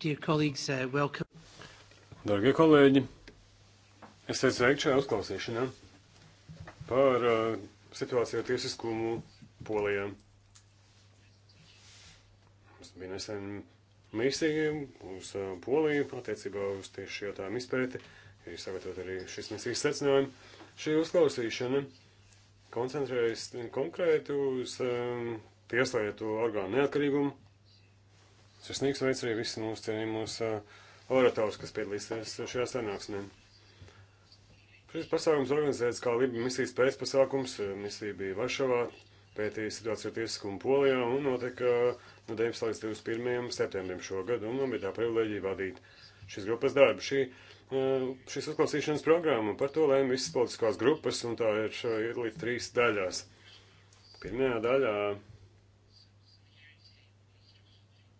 Dear colleagues, uh, welcome. Dargie kolēģi, es esmu sveikts šajā uzklausīšanā par uh, situāciju ar tiesiskumu Polijā. Mums bija nesen misija uz uh, Poliju attiecībā uz tieši jautājumu izpēti. Ir sagatavot arī šis misijas secinājumi. Šī uzklausīšana koncentrējas konkrēti uz um, tieslietu orgānu neatkarīgumu Sirsnīgs veids arī visi mūsu cienījumos uh, oratorus, kas piedalīsies uh, šajā sanāksmē. Šis pasākums organizēts kā Libija misijas pēcpasākums. Uh, misija bija Varšavā, pētīja situāciju tiesiskumu Polijā un notika no 19. līdz 21. septembrim šogad, un man bija tā privileģija vadīt šīs grupas darbu. Šī, šis uzklausīšanas programma par to lēma visas politiskās grupas, un tā ir iedalīta trīs daļās. Pirmajā daļā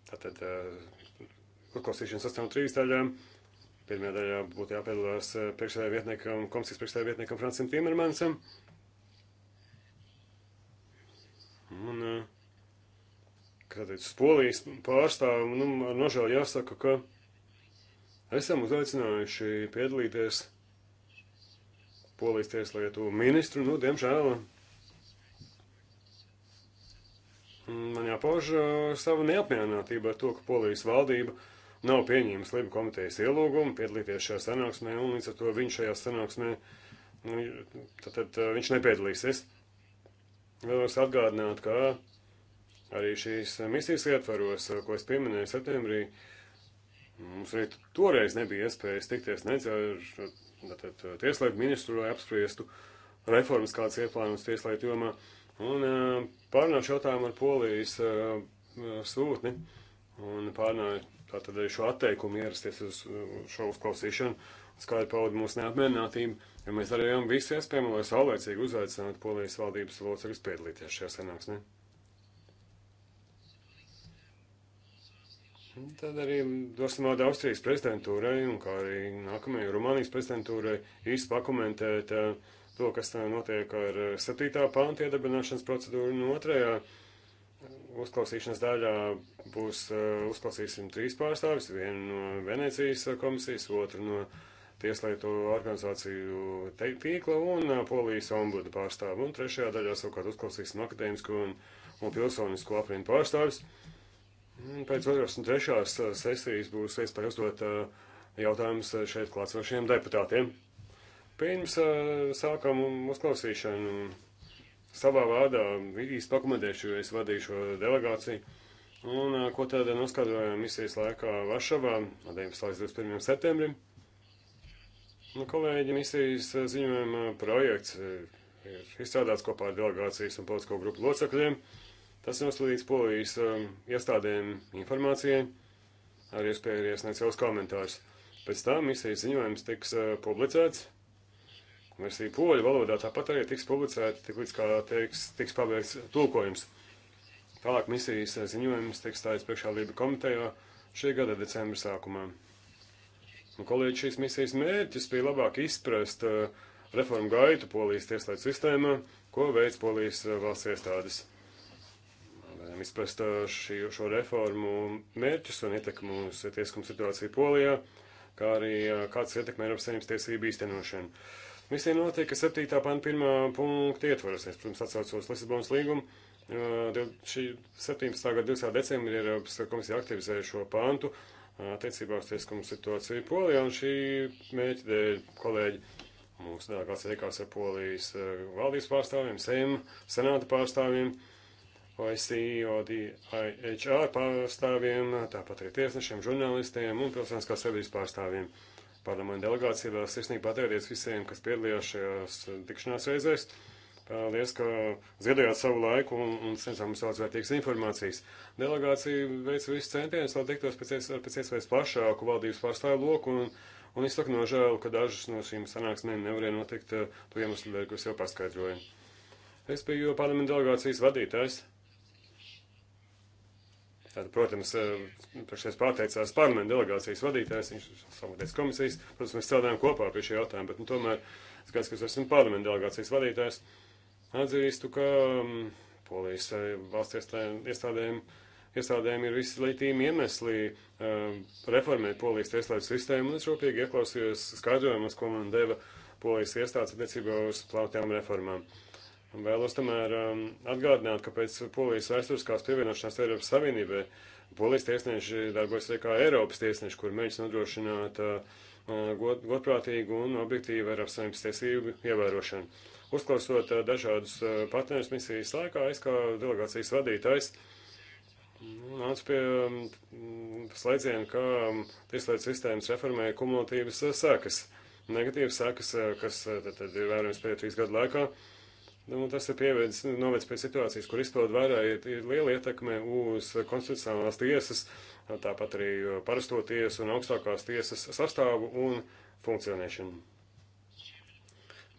Tātad eh, uzklausīšana sastāv no trīs daļām. Pirmajā daļā būtu jāpiedalās eh, priekšsēdē vietniekam, komisijas priekšsēdē vietniekam Francim Timermansam. Un, eh, kā teicu, polijas pārstāvu, nu, ar nožēlu jāsaka, ka esam uzaicinājuši piedalīties polijas tieslietu ministru, nu, diemžēl, man jāpauž savu neapmierinātību ar to, ka Polijas valdība nav pieņēmusi Libu komitejas ielūgumu piedalīties šajā sanāksmē, un līdz ar to viņš šajā sanāksmē, tad, tad viņš nepiedalīsies. Vēlos atgādināt, ka arī šīs misijas ietvaros, ko es pieminēju septembrī, mums arī toreiz nebija iespējas tikties nec ar tieslietu ministru, lai apspriestu reformas, kāds ieplānots tieslietu jomā. Uh, Un pārnāt šo jautājumu ar polijas sūtni un pārnāt tātad arī šo atteikumu ierasties uz šo uzklausīšanu. Skaidri pauda mūsu neapmierinātību, jo ja mēs darījām visu iespējamo, lai saulēcīgi uzaicinātu polijas valdības locekļus piedalīties šajā sanāksmē. Tad arī dosim vārdu Austrijas prezidentūrai un kā arī nākamajai Rumānijas prezidentūrai īsti pakomentēt uh, to, kas tā notiek ar 7. Eh, pānta iedarbināšanas procedūru, un otrajā eh, uzklausīšanas daļā būs eh, uzklausīsim trīs pārstāvis, vienu no Venecijas komisijas, otru no tieslietu organizāciju tīkla un polijas ombuda pārstāvu, un trešajā daļā savukārt uzklausīsim akadēmisku un, un pilsonisko apvienu pārstāvis. Un pēc 23. sesijas būs iespēja uzdot jautājumus šeit klātsošiem deputātiem. Pirms uh, sākam uzklausīšanu savā vārdā īsti pakomendēšu, jo es vadīšu delegāciju. Un uh, ko tad noskaidrojām misijas laikā Varšavā, 19. līdz 21. septembrim. Nu, kolēģi, misijas ziņojuma projekts ir izstrādāts kopā ar delegācijas un politisko grupu locekļiem. Tas noslēdzīts polijas um, iestādēm informācijai, ar iespēju iesniegt savus komentārus. Pēc tam misijas ziņojums tiks uh, publicēts versija poļu valodā, tāpat arī tiks publicēta, tik līdz kā teiks, tiks pabeigts tulkojums. Tālāk misijas ziņojums tiks stājas priekšā Lība komitejā šī gada decembra sākumā. Un kolēģi šīs misijas mērķis bija labāk izprast uh, reformu gaitu polijas tieslietu sistēmā, ko veids polijas uh, valsts iestādes. Vēlējām izprast uh, šī, šo reformu mērķus un ietekmu uz tieskumu situāciju Polijā, kā arī kāds ietekmē Eiropas saimnes tiesību īstenošanu. Visiem notiek, ka 7. panta 1. punkta ietvaros, es, protams, atsaucos Lisabonas līgumu, šī 17. gada 20. decembrī Eiropas komisija aktivizēja šo pantu attiecībā uz tieskumu situāciju Polijā, un šī mēķa dēļ kolēģi mūsu delegāts veikās ar Polijas valdības pārstāvjiem, SEM, senāta pārstāvjiem, OSI, ODIHR pārstāvjiem, tāpat arī tiesnešiem, žurnālistiem un pilsētiskās sabiedrības pārstāvjiem. Uh, parlamenta delegācija vēl sirsnīgi pateikties visiem, kas piedalījās šajās tikšanās reizēs. Paldies, ka ziedojāt savu laiku un, un sniedzām mums daudz vērtīgas informācijas. Delegācija veic visus centienus, lai tiktos pēc, pēc iespējas plašāku valdības pārstāvu loku un, un izsaka nožēlu, ka dažas no šīm sanāksmēm nevarēja notikt eh, to iemeslu dēļ, ko es jau paskaidroju. Es biju parlamenta delegācijas vadītājs. Tātad, protams, priekšējais eh, pateicās parlamenta delegācijas vadītājs, viņš samatēs komisijas, protams, mēs strādājam kopā pie šī jautājuma, bet nu, tomēr, skaidrs, ka es esmu parlamenta delegācijas vadītājs, atzīstu, ka mm, polijas eh, valsts iestādēm, iestādēm ir visi leitīmi iemesli uh, reformēt polijas tieslietu sistēmu, un es rūpīgi ieklausījos skaidrojumus, ko man deva polijas iestādes attiecībā uz plautām reformām. Uh, Un vēlos tomēr um, atgādināt, ka pēc polijas vēsturiskās pievienošanās Eiropas Savienībai polijas tiesneši darbojas arī kā Eiropas tiesneši, kur mēģina nodrošināt uh, god, godprātīgu un objektīvu Eiropas Savienības tiesību ievērošanu. Uzklausot uh, dažādus uh, partnerus misijas laikā, es kā delegācijas vadītājs mm, nācu pie um, slēdziena, ka um, tieslietu sistēmas reformē kumulatīvas uh, sākas, negatīvas sākas, uh, kas uh, tad, tad ir vērojams pēdējo trīs gadu laikā. Uh, Nu, tas ir pievedis, nu, novēc pie situācijas, kur izpildu vērā ir, ir liela ietekme uz konstitucionālās tiesas, tāpat arī uh, parasto tiesu un augstākās tiesas sastāvu un funkcionēšanu.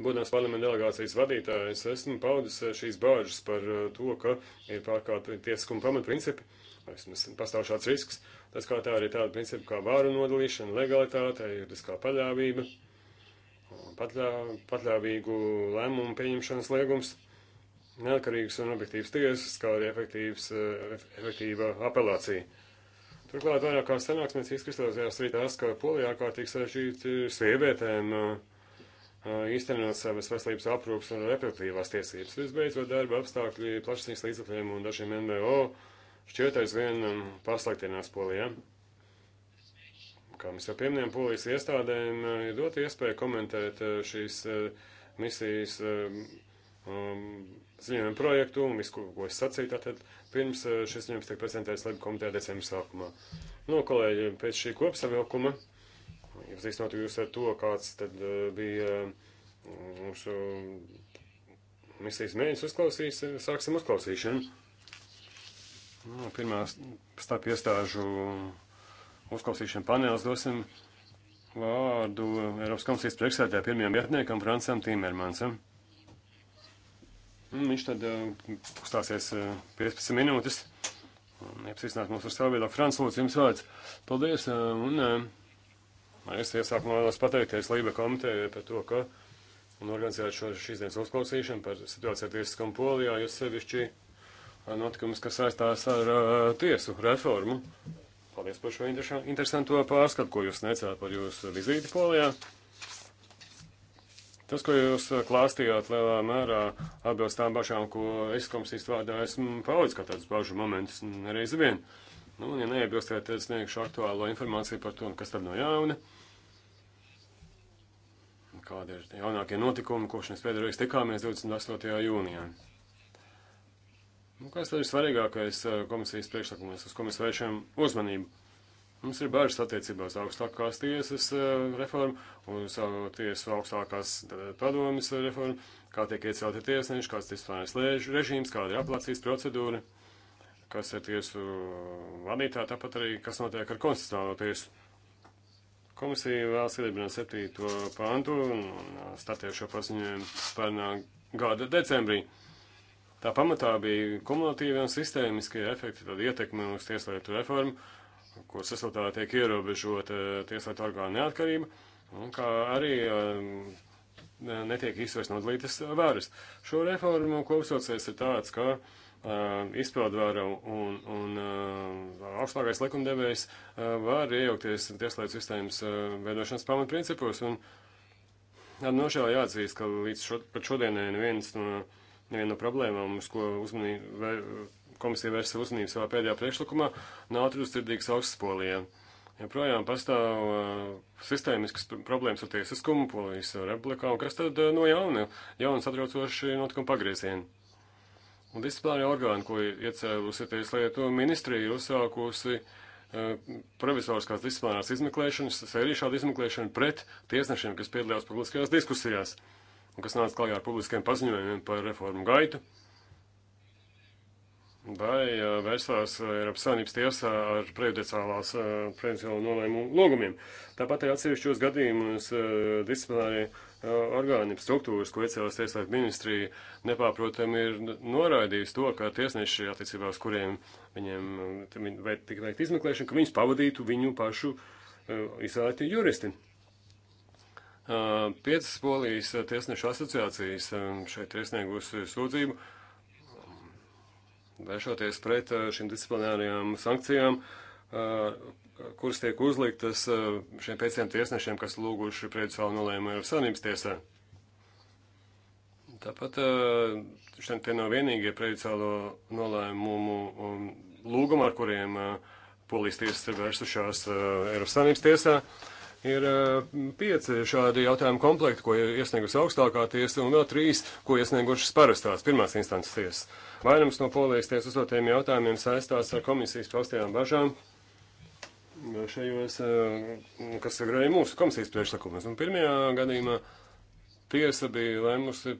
Būdams parlamenta delegācijas vadītājs, esmu paudis uh, šīs bāžas par uh, to, ka ir pārkārt tiesiskuma pamatprincipi, vismaz pastāv šāds risks, tas kā tā arī tāda principa kā vāru nodalīšana, legalitāte, juridiskā paļāvība patļā, patļāvīgu lēmumu pieņemšanas liegums, neatkarīgas un objektīvas tiesas, kā arī efektīvs, e, efektīva apelācija. Turklāt vairākās sanāksmēs izkristalizējās arī tās, ka polijā ārkārtīgi sarežģīti sievietēm e, e, īstenot savas veselības aprūpas un reproduktīvās tiesības. Visbeidzot, darba apstākļi plašsaziņas līdzekļiem un dažiem NVO šķiet aizvien pasliktinās polijā. Ja? Kā mēs jau pieminējām, polijas iestādēm eh, ir dot iespēju komentēt eh, šīs eh, misijas um, ziņojumu projektu un visu, ko es sacīju, tātad pirms šis ziņojums tiek prezentēts Lebu komitejā decembra sākumā. Nu, kolēģi, pēc šī kopsavilkuma, iepazīstinot jūs ar to, kāds tad bija mūsu misijas mēģinājums uzklausīs, sāksim uzklausīšanu. Nu, pirmā starp iestāžu uzklausīšana panels dosim vārdu Eiropas komisijas priekšsēdētāja pirmajam vietniekam Francam Timermansam. Viņš tad eh, uzstāsies 15 eh, minūtes. Iepazīstināt mūs ar savu viedokli. Frans, lūdzu, jums vārds. Paldies. Eh, un es iesākumā vēlos pateikties Lība komitejai par to, ka un organizēt šo šīs dienas uzklausīšanu par situāciju ar tiesiskumu polijā, jo sevišķi notikumus, kas saistās ar uh, tiesu reformu. Paldies par šo interesanto pārskatu, ko jūs necāt par jūsu vizīti Polijā. Tas, ko jūs klāstījāt lielā mērā, atbilst tām bažām, ko es komisijas vārdā esmu paudz, kā tāds bažu moments nereizi vien. Nu, un, ja neiebilstiet, tad sniegšu aktuālo informāciju par to, kas tad no jauna. Kādi ir jaunākie notikumi, kopš mēs pēdējoreiz tikāmies 28. jūnijā. Nu, kas tad ir svarīgākais eh, komisijas priekšlikumos, uz ko mēs vēršam uzmanību? Mums ir bažas attiecībā uz augstākās tiesas eh, reformu, uz tiesu augstākās eh, padomis reformu, kā tiek iecelti tiesneši, kāds disciplināris režīms, kāda ir aplācijas procedūra, kas ir tiesu vadītā, tāpat arī, kas notiek ar konstitucionālo tiesu. Komisija vēlas iedibināt 7. pantu un startējušo paziņojumu pērnā gada decembrī. Tā pamatā bija kumulatīvie un sistēmiskie efekti, tad ietekme uz tieslietu reformu, ko sasiltāvā tiek ierobežota eh, tieslietu orgānu neatkarība, un kā arī eh, netiek izvērst nodalītas varas. Šo reformu kopsaucējs ir tāds, ka uh, izpildvara un, un uh, augstākais likumdevējs uh, var iejaukties tieslietu sistēmas uh, veidošanas pamatprincipos, un nošēlē jāatzīst, ka līdz šo, pat šodienai neviens no. Nu, Neviena no problēmām, uz ko uzmanība, komisija vērsa uzmanību savā pēdējā priekšlikumā, nav trūcīdīgs augsts polijā. Joprojām pastāv uh, sistēmiskas problēmas ar tiesiskumu polijas republikā, un kas tad uh, no jauna, jauna satraucoši notikuma pagrieziena. Un disciplinārie orgāni, ko iecēlusi tieslietu ministrija, ir uzsākusi uh, provisoriskās disciplinārās izmeklēšanas, sēriju šādu izmeklēšanu pret tiesnešiem, kas piedalījās publiskajās diskusijās. Uh, un kas nāca klajā ar publiskiem paziņojumiem par reformu gaitu, vai vērsās Eiropas Savienības tiesā ar prejudiciālās prejudiciālo nolēmumu logumiem. Tāpat ir atsevišķos gadījumus disciplinārie orgāni struktūras, ko iecēlas tieslietu ministrija, nepārprotami ir noraidījis to, ka tiesneši attiecībā uz kuriem viņiem tika veikt izmeklēšana, ka viņus pavadītu viņu pašu izvēlēti juristi. Piecas polijas tiesnešu asociācijas šeit ir iesniegusi sūdzību, vēršoties pret šīm disciplinārajām sankcijām, kuras tiek uzliktas šiem pieciem tiesnešiem, kas lūguši priedusalu nolēmu ar sanības tiesā. Tāpat šeit tie nav vienīgie prejudicālo nolēmumu um, lūgumi, ar kuriem polijas tiesas ir vērsušās Eiropas Sanības tiesā. Uh, ir e, pieci šādi jautājumu komplekti, ko iesniegusi augstākā tiesa, un vēl trīs, ko iesniegušas parastās pirmās instances tiesas. Vairums no polijas tiesas uzdotiem jautājumiem saistās ar komisijas paustajām bažām šajos, e, kas ir arī mūsu komisijas priekšlikumus. Un pirmajā gadījumā tiesa bija lēmusi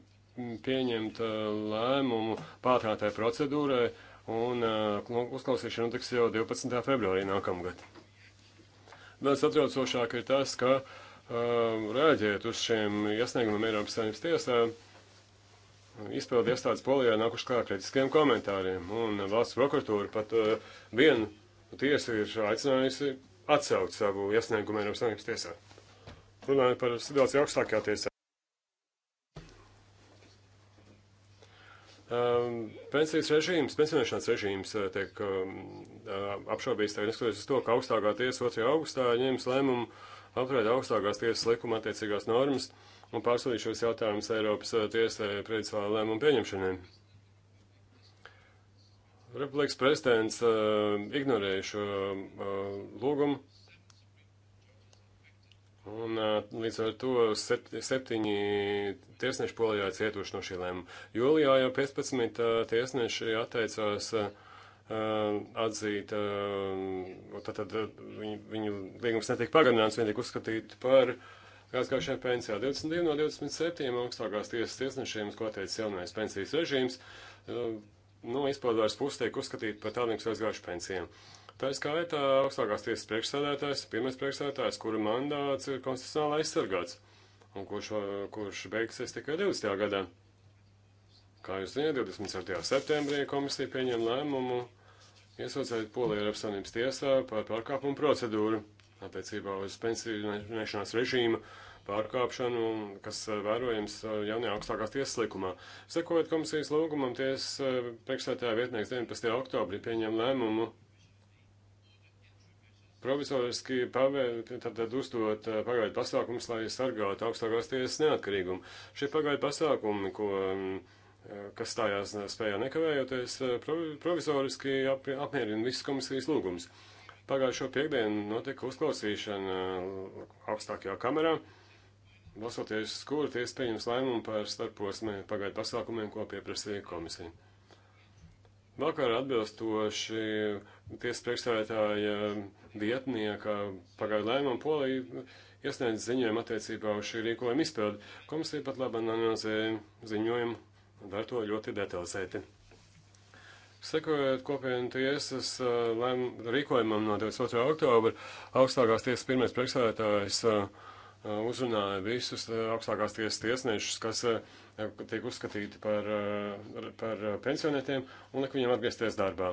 pieņemt e, lēmumu pātrātai procedūrai, un uzklausīšana tiks jau 12. februārī nākamgad. Vēl satraucošāk ir tas, ka uh, um, rēģēt uz šiem iesniegumiem Eiropas saimnes tiesā izpildu iestādes polijā nākuši klāt kritiskiem komentāriem, un valsts prokuratūra pat uh, vienu tiesu ir aicinājusi atsaukt savu iesniegumu Eiropas saimnes tiesā. Runājot par situāciju augstākajā tiesā. Um, pensijas režīms, pensionēšanas režīms uh, tiek um, apšaubīs tevi, neskatoties uz to, ka augstākā tiesa 2. augustā ņems lēmumu apturēt augstākās tiesas likuma attiecīgās normas un pārsūtīt šos jautājumus Eiropas tiesai priecvālu lēmumu pieņemšanai. Republikas prezidents uh, ignorēja šo uh, lūgumu, un uh, līdz ar to septiņi tiesneši polijā cietuši no šī lēmuma. Jūlijā jau 15 uh, tiesneši atteicās uh, atzīt, tad, tad viņu, viņu līgums netiek pagarināts, viņi tiek uzskatīti par gāzgājušajā pensijā. 22 no 27 augstākās tiesas tiesnešiem, ko attiec jaunais pensijas režīms, no izpildvaras puses tiek uzskatīti par tādiem, kas aizgājuši pensijām. Tā ir skaitā augstākās tiesas priekšsēdētājs, pirmais priekšsēdētājs, kura mandāts ir konstitucionāli aizsargāts un kurš, kurš beigsies tikai 20. gadā. Kā jūs zināt, 24. septembrī komisija pieņem lēmumu iesūdzēt Poliju Eiropas Savienības tiesā par pārkāpumu procedūru attiecībā uz pensiju nešanās režīmu pārkāpšanu, kas eh, vērojams eh, jaunajā augstākās tiesas likumā. Sekojot komisijas lūgumam, tiesas eh, priekšsētājā vietnieks 19. oktobrī pieņem lēmumu provizoriski pavērt, tad uzdot pagaidu pasākumus, lai sargātu augstākās tiesas neatkarīgumu. Šie pagaidu pasākumi, ko mm, Eh, kas stājās eh, spējā nekavējoties, eh, provizoriski apmierina visas komisijas lūgumus. Pagājušo piekdienu notika uzklausīšana augstākajā kamerā, balsoties, kur tiesa pieņems lēmumu par starposmē pagaidu pasākumiem, ko pieprasīja komisija. Vakar atbilstoši tiesas priekšstādātāja vietnieka pagaidu lēmumu Polija iesniedz ziņojumu attiecībā uz šī rīkojuma izpildi. Komisija pat labi analizēja ziņojumu Dar to ļoti detalizēti. Sekojot kopienu tiesas uh, lēm, rīkojumam no 22. oktobra, augstākās tiesas pirmais priekšsēdētājs uh, uh, uzrunāja visus augstākās tiesas tiesnešus, kas tiek uzskatīti par, par pensionētiem un liek viņiem atgriezties darbā.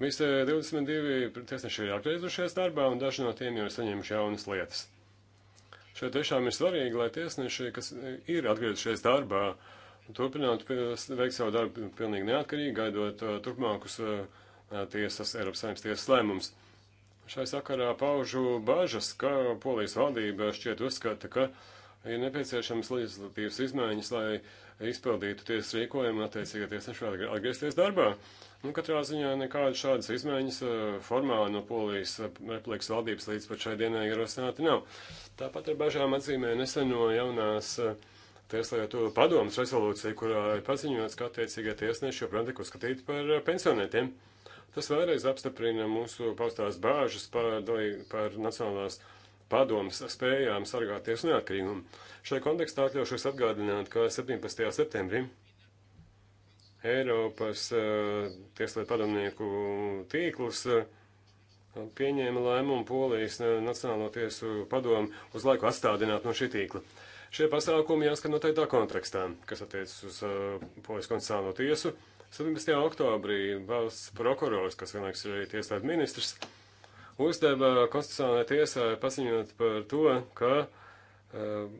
Visi 22 tiesneši ir atgriezušies darbā un daži no tiem jau ir saņēmuši jaunas lietas. Šeit tiešām ir svarīgi, lai tiesneši, kas ir atgriezušies darbā, uh, turpināt veikt savu darbu pilnīgi neatkarīgi, gaidot uh, turpmākus uh, uh, tiesas, Eiropas saimnes tiesas lēmumus. Šai sakarā paužu bažas, ka polijas valdība šķiet uzskata, ka ir nepieciešams legislatīvas izmaiņas, lai izpildītu tiesas rīkojumu un attiecīgā tiesneša vēl atgriezties darbā. Nu, katrā ziņā nekādas šādas izmaiņas formāli no polijas republikas valdības līdz pat šai dienai ierosināti nav. Tāpat ar bažām atzīmē neseno jaunās uh, tieslietu padomas rezolūcija, kurā ir paziņots, ka attiecīgie tiesneši joprojām tiek uzskatīti par eh, pensionētiem. Tas vēlreiz apstiprina mūsu paustās bāžas par, par nacionālās padomas spējām sargāt tiesu neatkarīgumu. Šai kontekstā atļaušos atgādināt, ka 17. septembrī Eiropas uh, tieslietu padomnieku tīklus uh, pieņēma lēmumu Polijas Nacionālo tiesu padomu uz laiku atstādināt no šī tīkla. Uh, Šie pasākumi jāskat noteiktā kontekstā, kas attiecas uz uh, Polijas konstitucionālo tiesu. 17. oktobrī valsts prokurors, kas vienlaikus ir arī tieslietu ministrs, uzdeva konstitucionālajai tiesai paziņot par to, ka uh,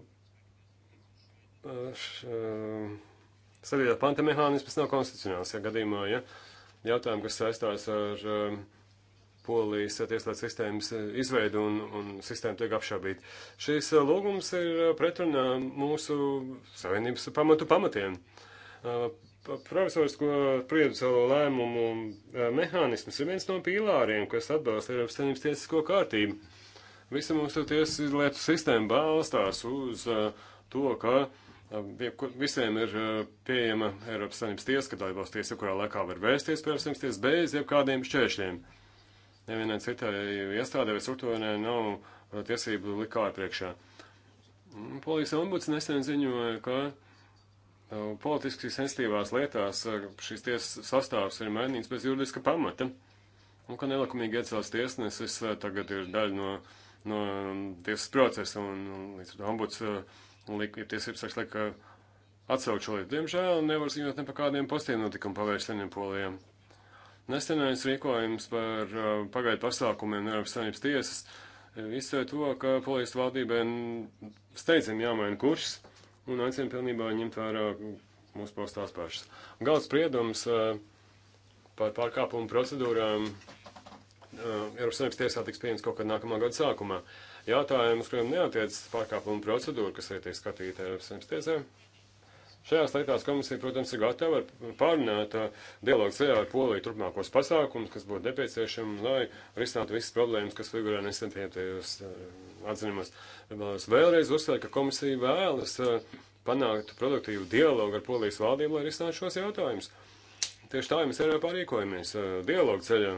uh, uh sadarbība panta mehānisms nav konstitucionāls, ja gadījumā, ja jautājumi, kas saistās ar uh, polijas tieslietu sistēmas eh, izveidu un, un sistēma tiek apšaubīta. Šis eh, lūgums ir eh, pretrunā mūsu savienības pamatu pamatiem. Profesors, ko priedu savu lēmumu mehānismus, ir viens no pīlāriem, kas atbalsta Eiropas Savienības tiesisko kārtību. Visa mūsu tieslietu sistēma balstās uz to, ka visiem ir pieejama Eiropas Savienības tiesa, ka dalībās tiesa, kurā laikā var vērsties pie Eiropas Savienības tiesas bez jebkādiem šķēršļiem. Ja nevienai citai iestādē vai struktūrai nav tiesību likā priekšā. Polijas ombuds nesen ziņoja, ka uh, politiski sensitīvās lietās uh, šīs tiesas sastāvs ir mainīts bez juridiska pamata, un ka nelikumīgi iecelts tiesnesis uh, tagad ir daļa no, no tiesas procesa, un, un līdz ar to ombuds tiesības saks lika atsaukt šo lietu. Diemžēl nevar ziņot ne par kādiem pozitīviem notikuma pavērsieniem Polijam. Nesenais rīkojums par uh, pagaidu pasākumiem Eiropas Savienības tiesas e, izsver to, ka polijas valdībai steidzami jāmaina kurs un aicina pilnībā ņemt vērā mūsu paustās pašas. Galds spriedums e, par pārkāpumu procedūrām e, Eiropas Savienības tiesā tiks pieņemts kaut kad nākamā gada sākumā. Jātājiem, uz kuriem neatiec pārkāpumu procedūra, kas ir tiek skatīta Eiropas Savienības tiesā, Šajās lietās komisija, protams, ir gatava pārunāt uh, dialogu ceļā ar Poliju turpmākos pasākumus, kas būtu nepieciešami, lai risinātu visas problēmas, kas figurē nesen pietajos uh, atziņumos. Vēlos vēlreiz uzsvērt, ka komisija vēlas uh, panākt produktīvu dialogu ar Polijas valdību, lai risinātu šos jautājumus. Tieši tā mēs Eiropā rīkojamies dialogu ceļā.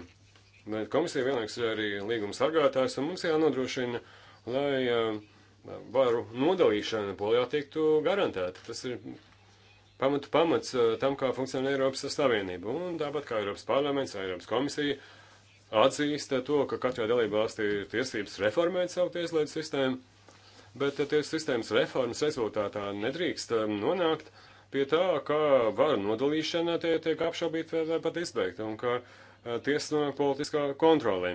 Bet komisija vienlaikus ir arī līguma sargātājs, un mums jānodrošina, lai varu nodalīšana polijā tiktu garantēta. Tas ir pamatu pamats eh, tam, kā funkcionē Eiropas Savienība. Un tāpat kā Eiropas parlaments vai Eiropas komisija atzīst to, ka katrā dalībvalstī ir tiesības reformēt savu tieslietu sistēmu, bet eh, tiesu sistēmas reformas rezultātā nedrīkst eh, nonākt pie tā, ka varu nodalīšana tie, tiek apšaubīta vai pat izbeigta un ka tiesa nonāk politiskā kontrolē.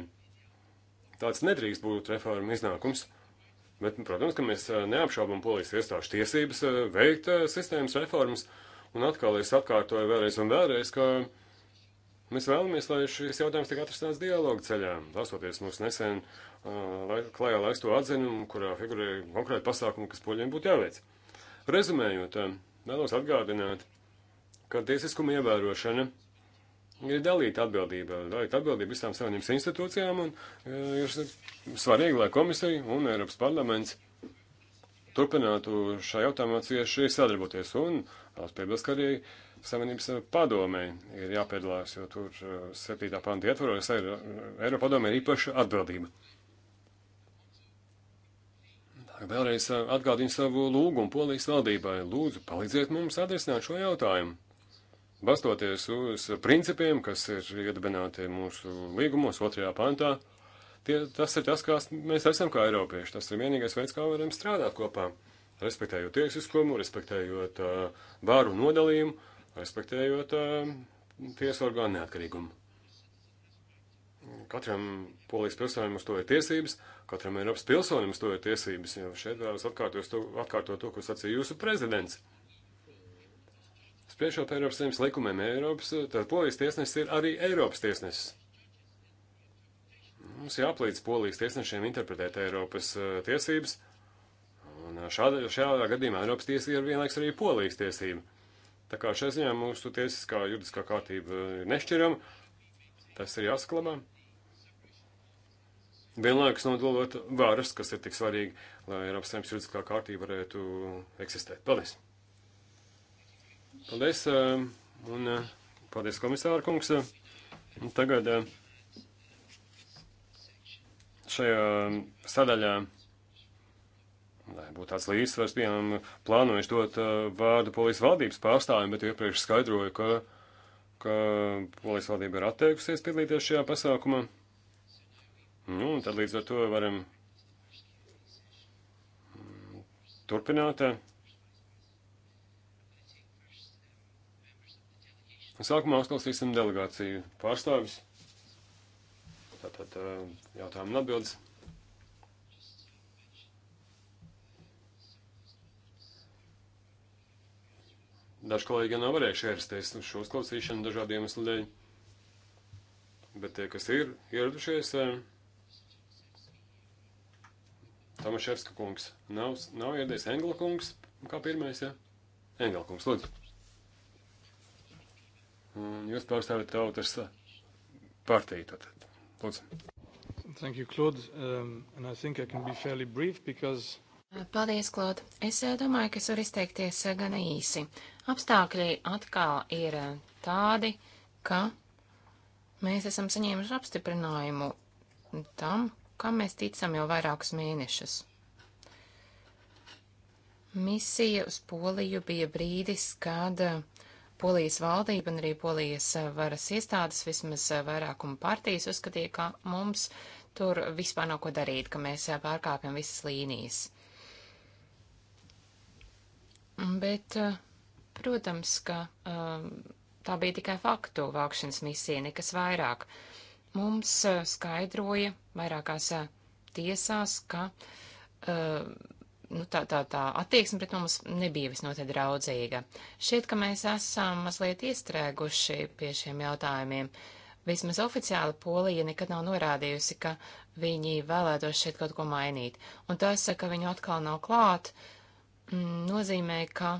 Tāds nedrīkst būt reforma iznākums. Bet, protams, ka mēs eh, neapšaubam polijas iestāžu tiesības eh, veikt eh, sistēmas reformas. Un atkal es atkārtoju vēlreiz un vēlreiz, ka mēs vēlamies, lai šis jautājums tiek atrastāts dialogu ceļā. Lausoties mūsu nesen lai, klajā laisto atzinumu, kurā figurēja konkrēti pasākumi, kas poļiem būtu jāveic. Rezumējot, vēlos atgādināt, ka tiesiskuma ievērošana ir dalīta atbildība, dalīta atbildība visām savienības institūcijām, un e, ir svarīgi, lai komisija un Eiropas parlaments turpinātu šajā jautājumā cieši sadarboties, un tās piebilst, ka arī savienības padomē ir jāpiedalās, jo tur 7. E, panta ietvaros Eiropa padomē ir īpaša atbildība. Vēlreiz e, atgādinu savu lūgumu polijas valdībai. Lūdzu, palīdziet mums atrisināt šo jautājumu. Balstoties uz principiem, kas ir iedibināti mūsu līgumos otrajā pantā, tie, tas ir tas, kā mēs esam kā eiropieši. Tas ir vienīgais veids, kā varam strādāt kopā. Respektējot tiesiskumu, respektējot uh, vāru nodalījumu, respektējot uh, tiesu orgānu neatkarīgumu. Katram polijas pilsonim uz to ir tiesības, katram Eiropas pilsonim uz to ir tiesības, jo šeit vēlas atkārtot to, atkārtot to ko sacīja jūsu prezidents. Uh, Piešot Eiropas Savienības likumiem Eiropas, eh, tad polijas tiesnesis ir arī Eiropas tiesnesis. Mums jāplīdz polijas tiesnešiem interpretēt Eiropas eh, tiesības, un eh, šādā, šajā gadījumā Eiropas tiesība ir vienlaiks arī polijas tiesība. Tā kā šai ziņā mūsu tiesiskā juridiskā kārtība ir nešķirama, tas ir jāsaklabā. Vienlaikus nodalot varas, kas ir tik svarīgi, lai Eiropas Savienības juridiskā kārtība varētu eksistēt. Paldies! Paldies, eh, un eh, paldies, komisāra kungs. Un tagad eh, šajā sadaļā, lai būtu tāds līdzsvars, bijām plānojuši dot vārdu polijas valdības pārstāvjiem, bet iepriekš skaidroju, ka, ka polijas valdība ir atteikusies piedalīties šajā pasākumā. Nu, tad līdz ar to varam mm, turpināt. Sākumā uzklausīsim delegāciju pārstāvis. Tātad eh, jautājumu un atbildes. Daži kolēģi nav varējuši ierasties uz šo uzklausīšanu dažādiem iemeslu dēļ, bet tie, kas ir ieradušies, eh, Tomaševska kungs nav, nav ieradies Engla kungs, kā pirmais, jā? Ja? Engla kungs, lūdzu. Un mm, jūs pārstāvat tautas partiju. Tātad. Lūdzu. Thank you, Claude. Um, and I think I can be fairly brief because. Paldies, Klaud. Es eh, domāju, ka es varu izteikties eh, gana īsi. Apstākļi atkal ir eh, tādi, ka mēs esam saņēmuši apstiprinājumu tam, kam mēs ticam jau vairākus mēnešus. Misija uz Poliju bija brīdis, kad uh, Polijas valdība un arī polijas eh, varas iestādes, vismaz eh, vairākuma partijas, uzskatīja, ka mums tur vispār nav ko darīt, ka mēs eh, pārkāpjam visas līnijas. Bet, protams, ka tā bija tikai faktu vākšanas misija, nekas vairāk. Mums skaidroja vairākās tiesās, ka nu, tā, tā, tā attieksme pret mums nebija visnotaļ draudzīga. Šķiet, ka mēs esam mazliet iestrēguši pie šiem jautājumiem. Vismaz oficiāli Polija nekad nav norādījusi, ka viņi vēlētos šeit kaut ko mainīt. Un tas, ka viņu atkal nav klāt, mm, nozīmē, ka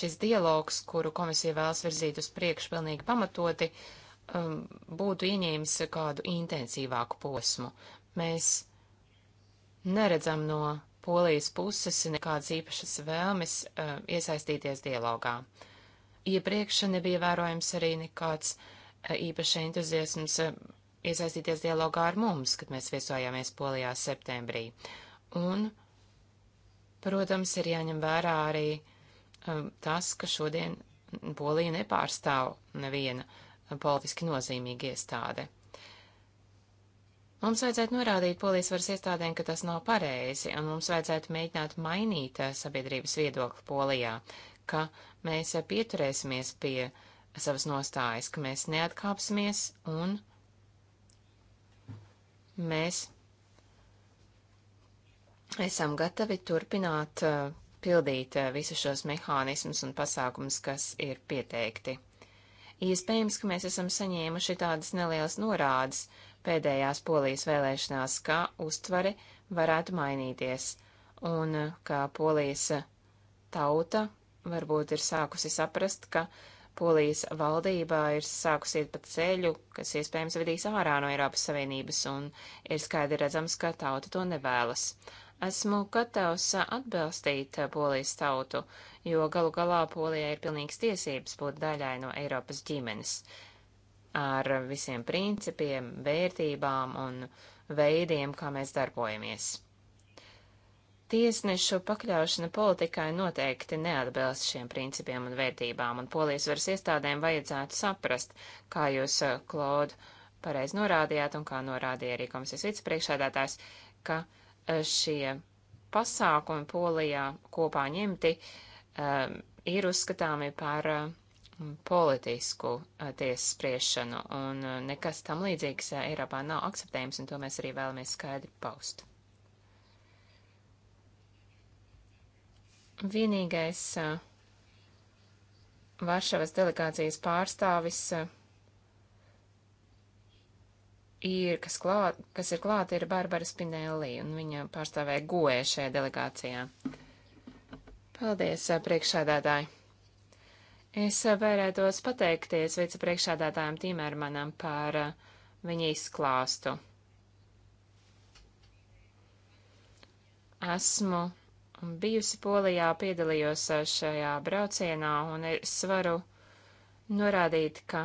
šis dialogs, kuru komisija vēlas virzīt uz priekšu pilnīgi pamatoti, um, būtu ieņēmis kādu intensīvāku posmu. Mēs neredzam no polijas puses nekādas īpašas vēlmes uh, iesaistīties dialogā. Iepriekš nebija vērojams arī nekāds uh, eh, īpaši entuziasms uh, iesaistīties dialogā ar mums, kad mēs viesojāmies Polijā septembrī. Un, protams, ir jāņem vērā arī um, tas, ka šodien Polija nepārstāv neviena politiski nozīmīga iestāde. Mums vajadzētu norādīt polijas varas iestādēm, ka tas nav pareizi, un mums vajadzētu mēģināt mainīt eh, sabiedrības viedokli polijā, ka mēs eh, pieturēsimies pie savas nostājas, ka mēs neatkāpsimies un mēs esam gatavi turpināt eh, pildīt visus šos mehānismus un pasākumus, kas ir pieteikti. Iespējams, ka mēs esam saņēmuši tādas nelielas norādes, pēdējās polijas vēlēšanās, ka uztvere varētu mainīties un uh, ka polijas uh, tauta varbūt ir sākusi saprast, ka polijas valdībā ir sākusi iet pa ceļu, kas iespējams vedīs ārā no Eiropas Savienības, un ir skaidri redzams, ka tauta to nevēlas. Esmu gatavs uh, atbalstīt polijas tautu, jo galu galā Polijai ir pilnīgs tiesības būt daļai no Eiropas ģimenes ar visiem principiem, vērtībām un veidiem, kā mēs darbojamies. Tiesnešu pakļaušana politikai noteikti neatbilst šiem principiem un vērtībām, un polijas varas iestādēm vajadzētu saprast, kā jūs, Klaudu, eh, pareizi norādījāt, un kā norādīja arī komisijas vicepriekšādātājs, ka eh, šie pasākumi polijā kopā ņemti um, ir uzskatāmi par uh, politisku eh, tiesas spriešanu, un eh, nekas tam līdzīgs eh, Eiropā nav akceptējams, un to mēs arī vēlamies skaidri paust. Vienīgais Varšavas delegācijas pārstāvis ir, kas, klāt, kas ir klāta, ir Barbara Spinelli, un viņa pārstāvēja goē šajā delegācijā. Paldies, priekšsēdētāji! Es vēlētos pateikties vicepriekšādātājiem Timermanam par uh, viņa izklāstu. Esmu bijusi Polijā, piedalījos uh, šajā braucienā, un es varu norādīt, ka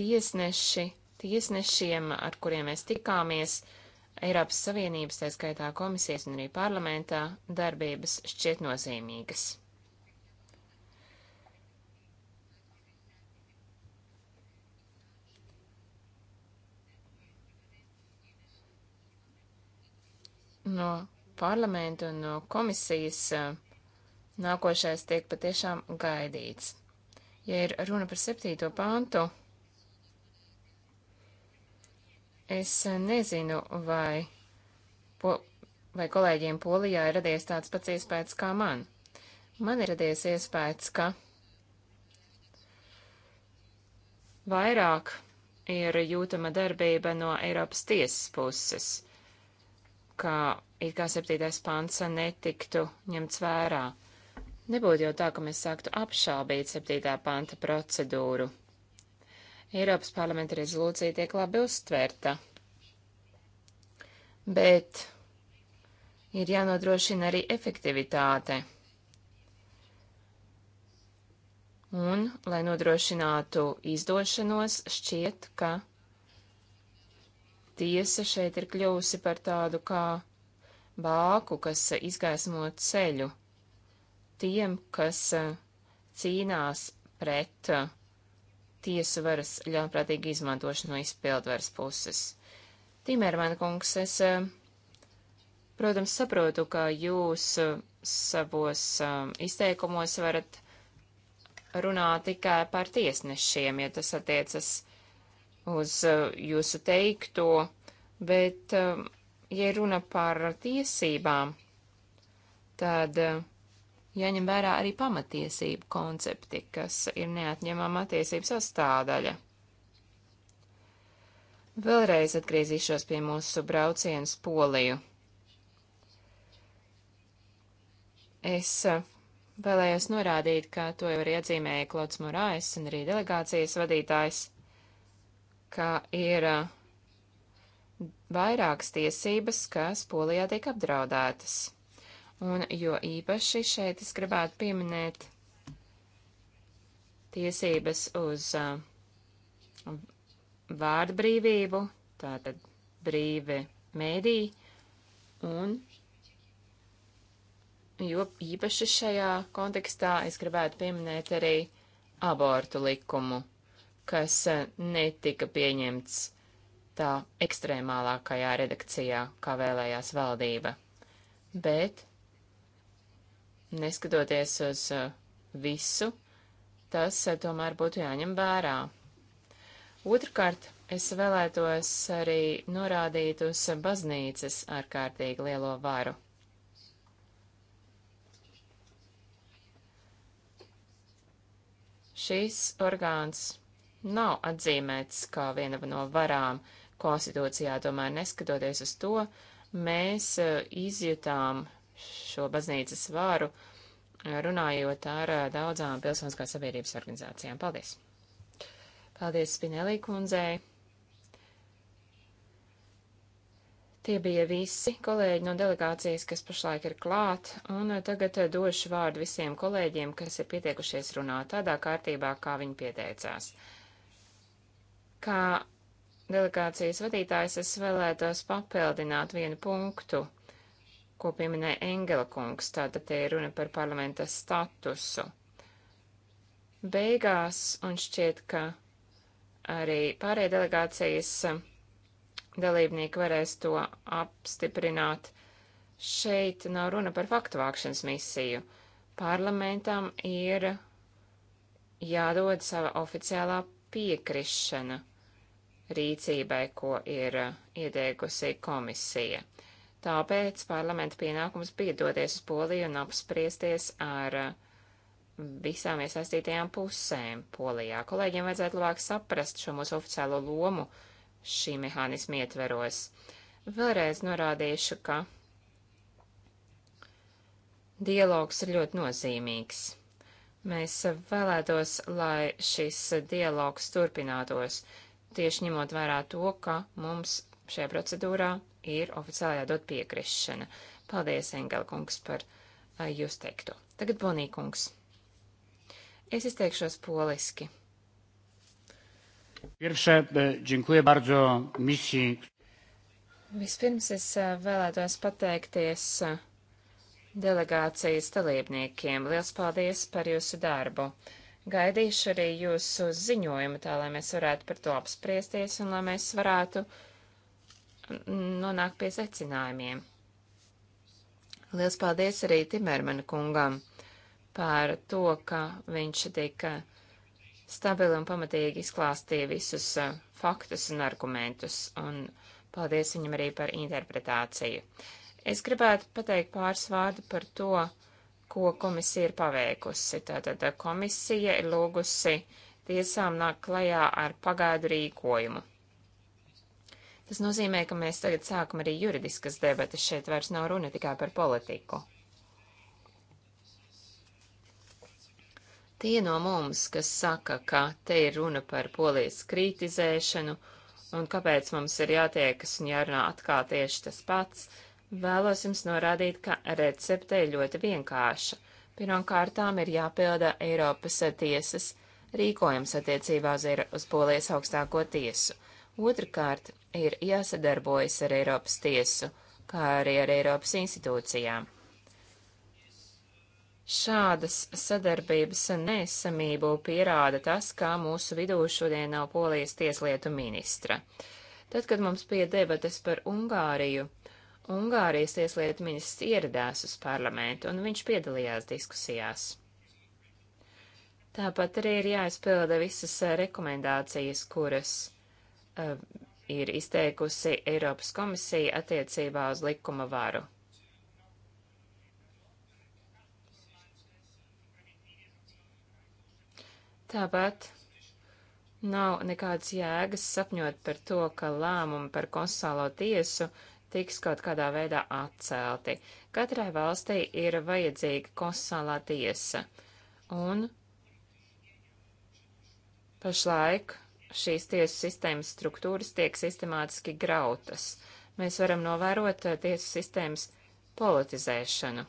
tiesneši, tiesnešiem, ar kuriem mēs tikāmies, uh, Eiropas Savienības, tā skaitā komisijas un arī parlamentā, darbības šķiet nozīmīgas. No parlamenta un no komisijas eh, nākošais tiek patiešām gaidīts. Ja ir runa par septīto pāntu, Es eh, nezinu, vai, po, vai kolēģiem Polijā ir radies tāds pats iespējas kā man. Man ir radies iespējas, ka vairāk ir jūtama darbība no Eiropas tiesas puses, ka it kā septītais pants netiktu ņemts vērā. Nebūtu jau tā, ka mēs sāktu apšābīt septītā panta procedūru. Eiropas parlamenta rezolūcija tiek labi uztvērta. Bet ir jānodrošina arī efektivitāte. Un, lai nodrošinātu izdošanos, šķiet, ka tiesa šeit ir kļuvusi par tādu kā bāku, kas izgaismo ceļu tiem, kas eh, cīnās pret uh, tiesu varas ļaunprātīgu izmantošanu no izpildvaras puses. Timermana kungs, es, eh, protams, saprotu, ka jūs eh, savos eh, izteikumos varat runāt tikai par tiesnešiem, ja tas attiecas uz jūsu teikto, bet, ja runa par tiesībām, tad uh, jāņem vērā arī pamatiesību koncepti, kas ir neatņemama tiesību sastāvdaļa. Vēlreiz atgriezīšos pie mūsu braucienas poliju. Es eh, vēlējos norādīt, ka to jau arī atzīmēja Klods Morais un arī delegācijas vadītājs, ka ir eh, vairākas tiesības, kas polijā tiek apdraudētas. Un jo īpaši šeit es gribētu pieminēt tiesības uz uh, vārdu brīvību, tātad brīvi mēdī, un jo īpaši šajā kontekstā es gribētu pieminēt arī abortu likumu, kas uh, netika pieņemts tā ekstrēmālākajā redakcijā, kā vēlējās valdība. Bet Neskatoties uz uh, visu, tas uh, tomēr būtu jāņem vērā. Otrkārt, es vēlētos arī norādīt uz baznīcas ārkārtīgi lielo varu. Šīs orgāns nav atzīmēts kā viena no varām konstitūcijā, tomēr neskatoties uz to, mēs uh, izjutām šo baznīcas vāru, runājot ar eh, daudzām pilsoniskās sabiedrības organizācijām. Paldies! Paldies Spinelī kundzei! Tie bija visi kolēģi no delegācijas, kas pašlaik ir klāt, un eh, tagad eh, došu vārdu visiem kolēģiem, kas ir pieteikušies runāt tādā kārtībā, kā viņi pieteicās. Kā delegācijas vadītājs es vēlētos papildināt vienu punktu ko pieminēja Engela kungs, tātad te ir runa par parlamenta statusu. Beigās, un šķiet, ka arī pārējie delegācijas dalībnieki varēs to apstiprināt, šeit nav runa par faktu vākšanas misiju. Parlamentam ir jādod sava oficiālā piekrišana rīcībai, ko ir uh, ieteikusi komisija. Tāpēc parlamenta pienākums bija doties uz Poliju un apspriesties ar uh, visām iesaistītajām pusēm Polijā. Kolēģiem vajadzētu labāk saprast šo mūsu oficiālo lomu šī mehānisma ietveros. Vēlreiz norādīšu, ka dialogs ir ļoti nozīmīgs. Mēs vēlētos, lai šis dialogs turpinātos, tieši ņemot vērā to, ka mums šajā procedūrā ir oficiāli jādod piekrišana. Paldies, Engelkungs, par uh, jūs teikto. Tagad Bonīkungs. Es izteikšos poliski. Pirmšē, e, džinkuja bardzo misiju. Vispirms es vēlētos pateikties delegācijas dalībniekiem. Liels paldies par jūsu darbu. Gaidīšu arī jūsu ziņojumu, tā lai mēs varētu par to apspriesties un lai mēs varētu uh, nonākt pie secinājumiem. Liels paldies arī Timermana kungam par to, ka viņš tik eh, stabili un pamatīgi izklāstīja visus eh, faktus un argumentus, un paldies viņam arī par interpretāciju. Es gribētu pateikt pāris vārdu par to, ko komisija ir paveikusi. Tātad eh, komisija ir lūgusi tiesām nāk klajā ar pagaidu rīkojumu. Tas nozīmē, ka mēs tagad sākam arī juridiskas debatas. Šeit vairs nav runa tikai par politiku. Tie no mums, kas saka, ka te ir runa par polijas kritizēšanu un kāpēc mums ir jātiekas un jārunā atkal tieši tas pats, vēlos jums norādīt, ka recepte ir ļoti vienkārša. Pirmkārtām ir jāpilda Eiropas tiesas rīkojums attiecībā uz Polijas augstāko tiesu. Otrakārt, ir jāsadarbojas ar Eiropas tiesu, kā arī ar Eiropas institūcijām. Šādas sadarbības nesamību pierāda tas, kā mūsu vidū šodien nav polijas tieslietu ministra. Tad, kad mums bija debates par Ungāriju, Ungārijas tieslietu ministrs ieradās uz parlamentu, un viņš piedalījās diskusijās. Tāpat arī ir jāizpilda visas eh, rekomendācijas, kuras uh, ir izteikusi Eiropas komisija attiecībā uz likuma varu. Tāpat nav nekādas jēgas sapņot par to, ka lēmumi par konstitucionālo tiesu tiks kaut kādā veidā atcelti. Katrai valstī ir vajadzīga konstitucionālā tiesa, un pašlaik šīs tiesu sistēmas struktūras tiek sistemātiski grautas. Mēs varam novērot eh, tiesu sistēmas politizēšanu.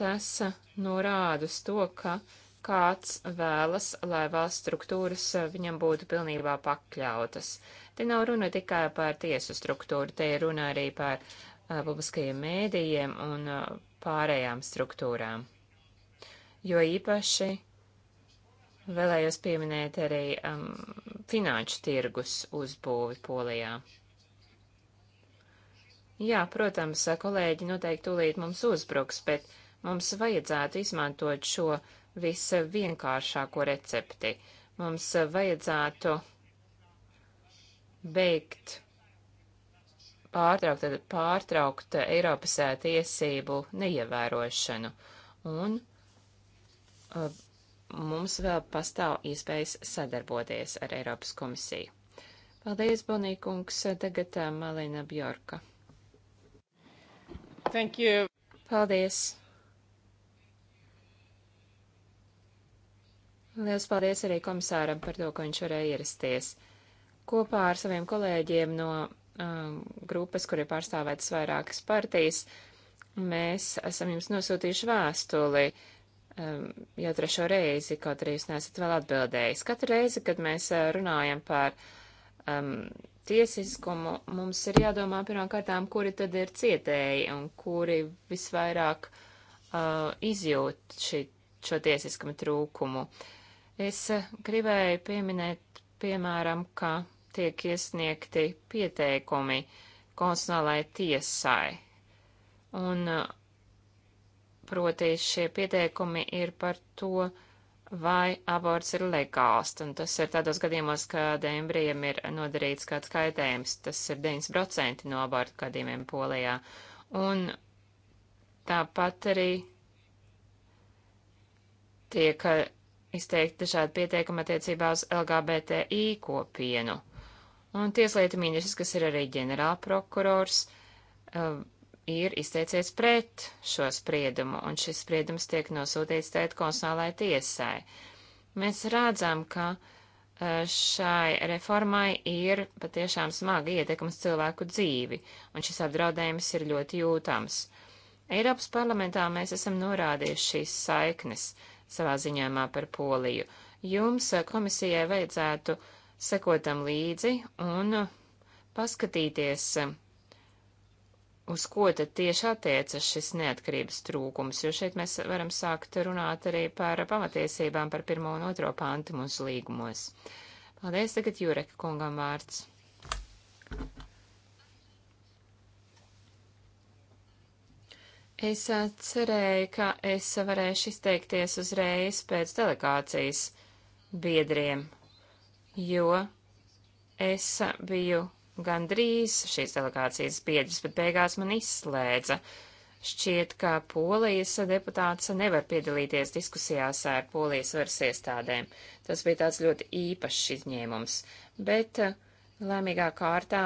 Tas eh, norāda uz to, ka kāds vēlas, lai valsts struktūras eh, viņam būtu pilnībā pakļautas. Te nav runa tikai par tiesu struktūru, te ir runa arī par uh, publiskajiem mēdījiem un uh, pārējām struktūrām jo īpaši vēlējos pieminēt arī um, finanšu tirgus uzbūvi Polijā. Jā, protams, kolēģi noteikti tūlīt mums uzbruks, bet mums vajadzētu izmantot šo visvienkāršāko recepti. Mums vajadzētu beigt pārtraukt, pārtraukt Eiropas tiesību neievērošanu un mums vēl pastāv iespējas sadarboties ar Eiropas komisiju. Paldies, Bonīkungs, tagad eh, Malina Bjorka. Thank you. Paldies. Liels paldies arī komisāram par to, ka viņš varēja ierasties. Kopā ar saviem kolēģiem no um, grupas, kur ir pārstāvētas vairākas partijas, mēs esam jums nosūtījuši vēstuli jau trešo reizi, kaut arī jūs nesat vēl atbildējis. Katru reizi, kad mēs eh, runājam par um, tiesiskumu, mums ir jādomā pirmkārtām, kuri tad ir cietēji un kuri visvairāk uh, izjūt ši, šo tiesiskumu trūkumu. Es eh, gribēju pieminēt, piemēram, ka tiek iesniegti pieteikumi konstitucionālajai tiesai. Un uh, Proti šie pieteikumi ir par to, vai aborts ir legāls, un tas ir tādos gadījumos, kad embrijam ir nodarīts kāds kaitējums, tas ir 9% no abortu gadījumiem Polijā. Un tāpat arī tiek uh, izteikti dažādi pieteikumi attiecībā uz LGBTI kopienu. Un tieslietu ministrs, kas ir arī ģenerālprokurors, uh, ir izteicies pret šo spriedumu, un šis spriedums tiek nosūtīts tēt konstitucionālajai tiesai. Mēs redzam, ka e, šai reformai ir patiešām smaga ietekmes cilvēku dzīvi, un šis apdraudējums ir ļoti jūtams. Eiropas parlamentā mēs esam norādījuši šīs saiknes savā ziņojumā par Poliju. Jums e, komisijai vajadzētu sekotam līdzi un paskatīties, e, uz ko tad tieši attiecas šis neatkarības trūkums, jo šeit mēs varam sākt runāt arī par pamatiesībām par pirmo un otro pantu mūsu līgumos. Paldies, tagad Jureka kungam vārds. Es cerēju, ka es varēšu izteikties uzreiz pēc delegācijas biedriem, jo es biju gandrīz šīs delegācijas biedrs, bet beigās man izslēdza. Šķiet, ka polijas deputāts nevar piedalīties diskusijās ar polijas varas iestādēm. Tas bija tāds ļoti īpašs izņēmums, bet eh, lēmīgā kārtā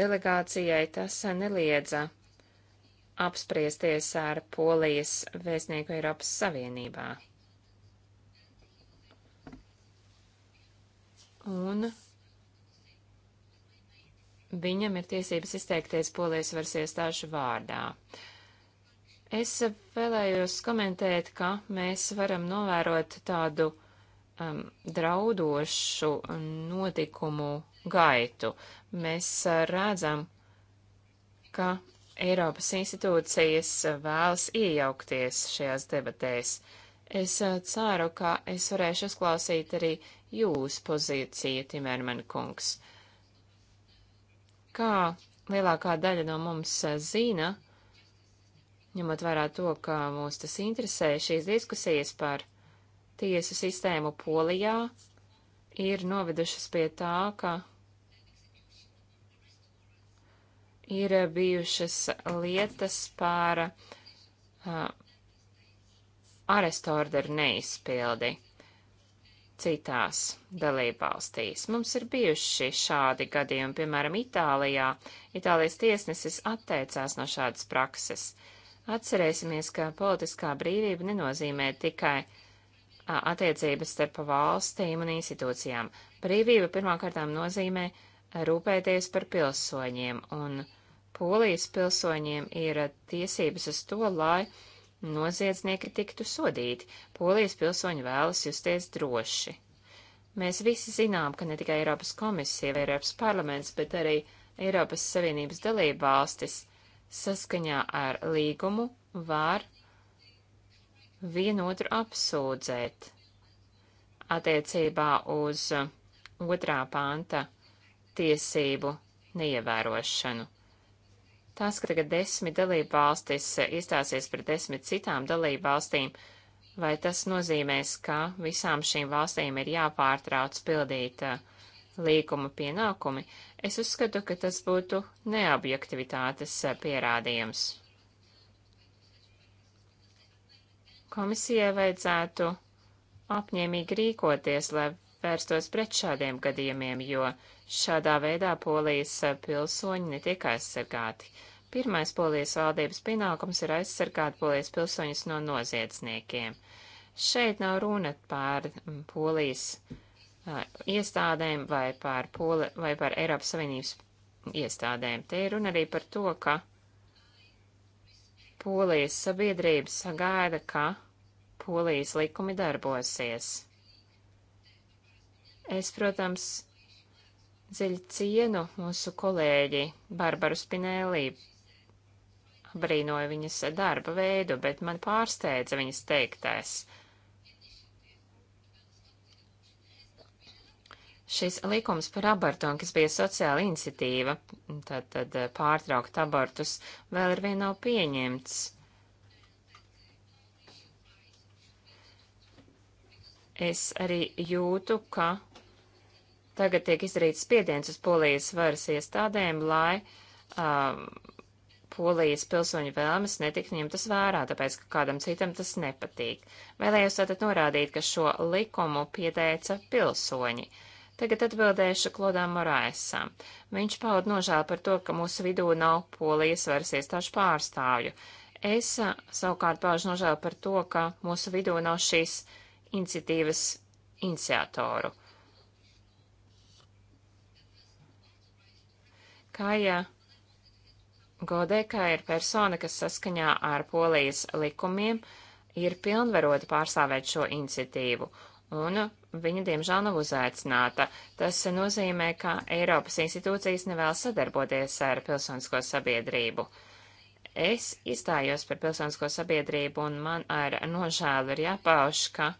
delegācijai tas neliedza apspriesties ar polijas vēstnieku Eiropas Savienībā. un viņam ir tiesības izteikties polijas varas iestāžu vārdā. Es vēlējos komentēt, ka mēs varam novērot tādu um, draudošu notikumu gaitu. Mēs uh, redzam, ka Eiropas institūcijas vēlas iejaukties šajās debatēs. Es uh, ceru, ka es varēšu uzklausīt arī jūs pozīcija, Timerman kungs. Kā lielākā daļa no mums eh, zina, ņemot vērā to, ka mūs tas interesē, šīs diskusijas par tiesu sistēmu Polijā ir novedušas pie tā, ka ir bijušas lietas par uh, eh, arestorderu neizpildi citās dalībvalstīs. Mums ir bijuši šādi gadījumi, piemēram, Itālijā. Itālijas tiesnesis atteicās no šādas prakses. Atcerēsimies, ka politiskā brīvība nenozīmē tikai attiecības starp valstīm un institūcijām. Brīvība pirmkārtām nozīmē rūpēties par pilsoņiem, un polijas pilsoņiem ir tiesības uz to, lai uh, noziedznieki tiktu sodīti, polijas pilsoņi vēlas justies droši. Mēs visi zinām, ka ne tikai Eiropas komisija vai Eiropas parlaments, bet arī Eiropas Savienības dalība valstis saskaņā ar līgumu var vienotru apsūdzēt attiecībā uz otrā panta tiesību neievērošanu. Tas, ka tagad desmit dalību valstis iestāsies par desmit citām dalību valstīm, vai tas nozīmēs, ka visām šīm valstīm ir jāpārtrauc pildīt uh, līguma pienākumi? Es uzskatu, ka tas būtu neobjektivitātes uh, pierādījums. Komisijai vajadzētu apņēmīgi rīkoties, lai vērstos pret šādiem gadījumiem, jo šādā veidā polijas pilsoņi netiek aizsargāti. Pirmais polijas valdības pienākums ir aizsargāt polijas pilsoņus no noziedzniekiem. Šeit nav runa par mm, polijas uh, iestādēm vai par, poli, vai par Eiropas Savienības iestādēm. Te ir runa arī par to, ka polijas sabiedrība sagaida, ka polijas likumi darbosies. Es, protams, dziļi cienu mūsu kolēģi Barbaru Spinēlī. Brīnoju viņas darba veidu, bet man pārsteidza viņas teiktais. Šis likums par abortonu, kas bija sociāla iniciatīva, tad, tad eh, pārtraukt abortus, vēl ir vien nav pieņemts. Es arī jūtu, ka Tagad tiek izdarīts spiediens uz polijas varas iestādēm, lai um, polijas pilsoņu vēlmes netiktu ņemtas vērā, tāpēc, ka kādam citam tas nepatīk. Vēlējos tātad norādīt, ka šo likumu pieteica pilsoņi. Tagad atbildēšu Klodām Moraesam. Viņš paud nožēlu par to, ka mūsu vidū nav polijas varas iestāžu pārstāvju. Es savukārt paužu nožēlu par to, ka mūsu vidū nav šīs iniciatīvas iniciatoru. Kaja Godeka ir persona, kas saskaņā ar polijas likumiem ir pilnvarota pārstāvēt šo iniciatīvu, un viņa diemžēl nav uzaicināta. Tas nozīmē, ka Eiropas institūcijas nevēlas sadarboties ar pilsonisko sabiedrību. Es izstājos par pilsonisko sabiedrību, un man ar nožēlu ir jāpauž, ka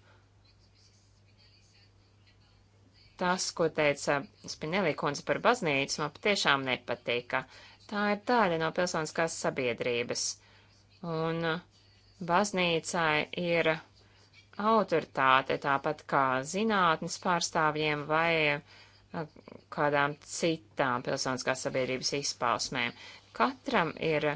Tas, ko teica Spinelli kundze par baznīcu, man patiešām nepatika. Tā ir daļa no pilsoniskās sabiedrības. Un baznīcai ir autoritāte, tāpat kā zinātnes pārstāvjiem vai eh, kādām citām pilsoniskās sabiedrības izpausmēm. Katram ir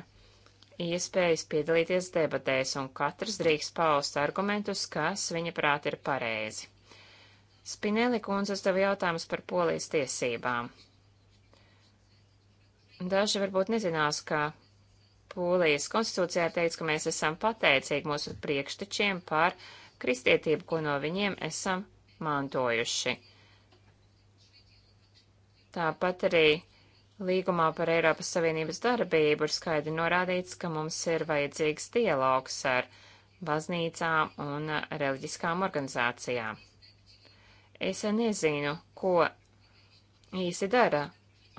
iespējas piedalīties debatēs, un katrs drīkst paust argumentus, kas viņa prāt ir pareizi. Spinelli kundze uzdeva jautājumus par polijas tiesībām. Daži varbūt nezinās, ka Polijas konstitūcijā teica, ka mēs esam pateicīgi mūsu priekštečiem par kristietību, ko no viņiem esam mantojuši. Tāpat arī līgumā par Eiropas Savienības darbību ir skaidri norādīts, ka mums ir vajadzīgs dialogs ar baznīcām un reliģiskām organizācijām. Es nezinu, ko īsi dara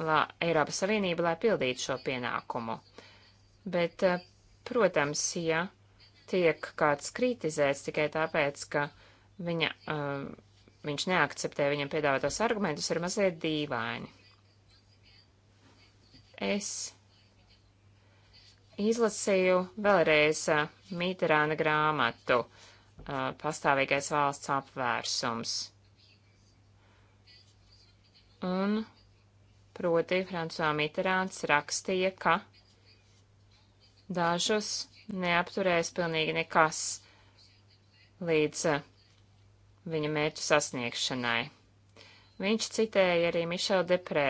la, Eiropas Savienība, lai pildītu šo pienākumu. Bet, eh, protams, ja tiek kāds kritizēts tikai tāpēc, ka viņa, um, viņš neakceptē viņam piedāvātos argumentus, ir mazliet dīvaini. Es izlasīju vēlreiz uh, eh, Mīterāna grāmatu uh, Pastāvīgais valsts apvērsums un proti Francā Mitterāns rakstīja, ka dažus neapturēs pilnīgi nekas līdz eh, viņa mērķu sasniegšanai. Viņš citēja arī Mišelu Deprē,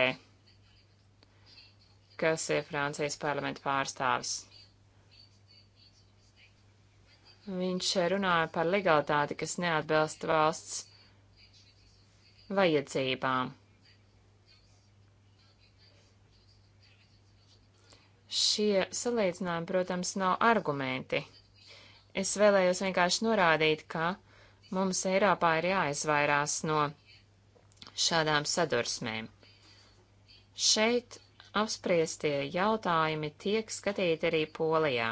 kas ir Francijas parlamenta pārstāvis. Viņš runāja par legalitāti, kas neatbilst valsts vajadzībām. Šie salīdzinājumi, protams, nav argumenti. Es vēlējos vienkārši norādīt, ka mums Eiropā ir jāizvairās no šādām sadursmēm. Šeit apspriestie jautājumi tiek skatīti arī Polijā.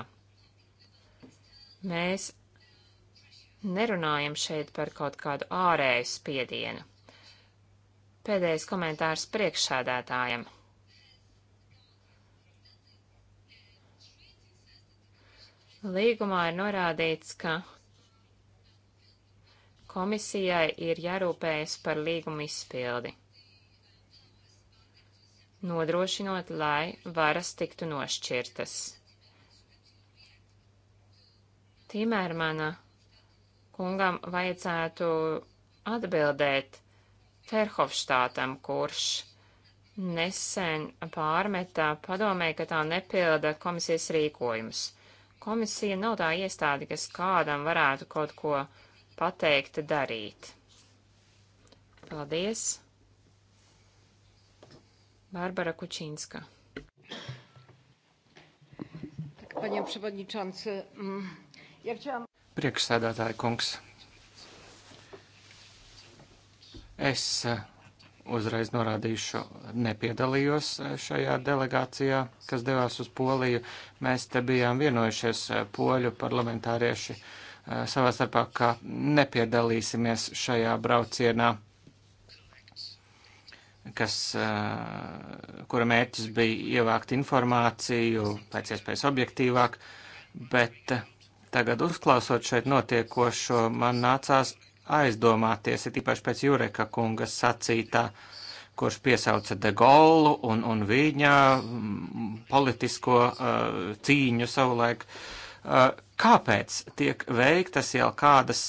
Mēs nerunājam šeit par kaut kādu ārēju spiedienu. Pēdējais komentārs priekšsādātājam. Līgumā ir norādīts, ka komisijai ir jārūpējas par līgumu izpildi, nodrošinot, lai varas tiktu nošķirtas. Timermana kungam vajadzētu atbildēt Ferhofštātam, kurš nesen pārmetā padomē, ka tā nepilda komisijas rīkojumus. Komisija nav tā iestāde, kas kādam varētu kaut ko pateikt, darīt. Paldies! Barbara Kučinska. Paņem Ševadničans. Mm, ja chciałam... Priekšsēdētāji kungs. Es uh, uzreiz norādīšu, nepiedalījos e, šajā delegācijā, kas devās uz Poliju. Mēs te bijām vienojušies e, poļu parlamentārieši e, savā starpā, ka nepiedalīsimies šajā braucienā, kas, kura mērķis bija ievākt informāciju pēc iespējas objektīvāk, bet tagad uzklausot šeit notiekošo, man nācās aizdomāties, ir tīpaši pēc Jureka kunga sacītā, kurš piesauca de Golu un, un viņa mm, politisko uh, cīņu savulaik. Uh, kāpēc tiek veiktas jau kādas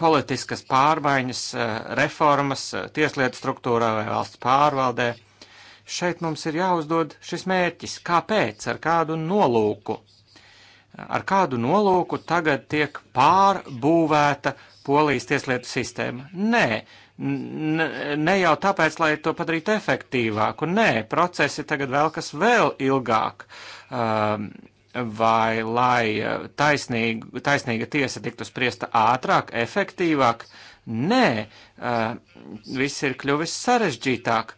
politiskas pārmaiņas, uh, reformas uh, tieslietu struktūrā vai valsts pārvaldē? Šeit mums ir jāuzdod šis mērķis. Kāpēc? Ar kādu nolūku? Ar kādu nolūku tagad tiek pārbūvēta uh, Polijas tieslietu sistēma. Nē, ne jau tāpēc, lai to padarītu efektīvāku. Nē, procesi tagad vēl kas vēl ilgāk. Um, Vai lai uh, taisnīga, taisnīga tiesa tiktu spriesta ātrāk, efektīvāk? Nē, uh, viss ir kļuvis sarežģītāk.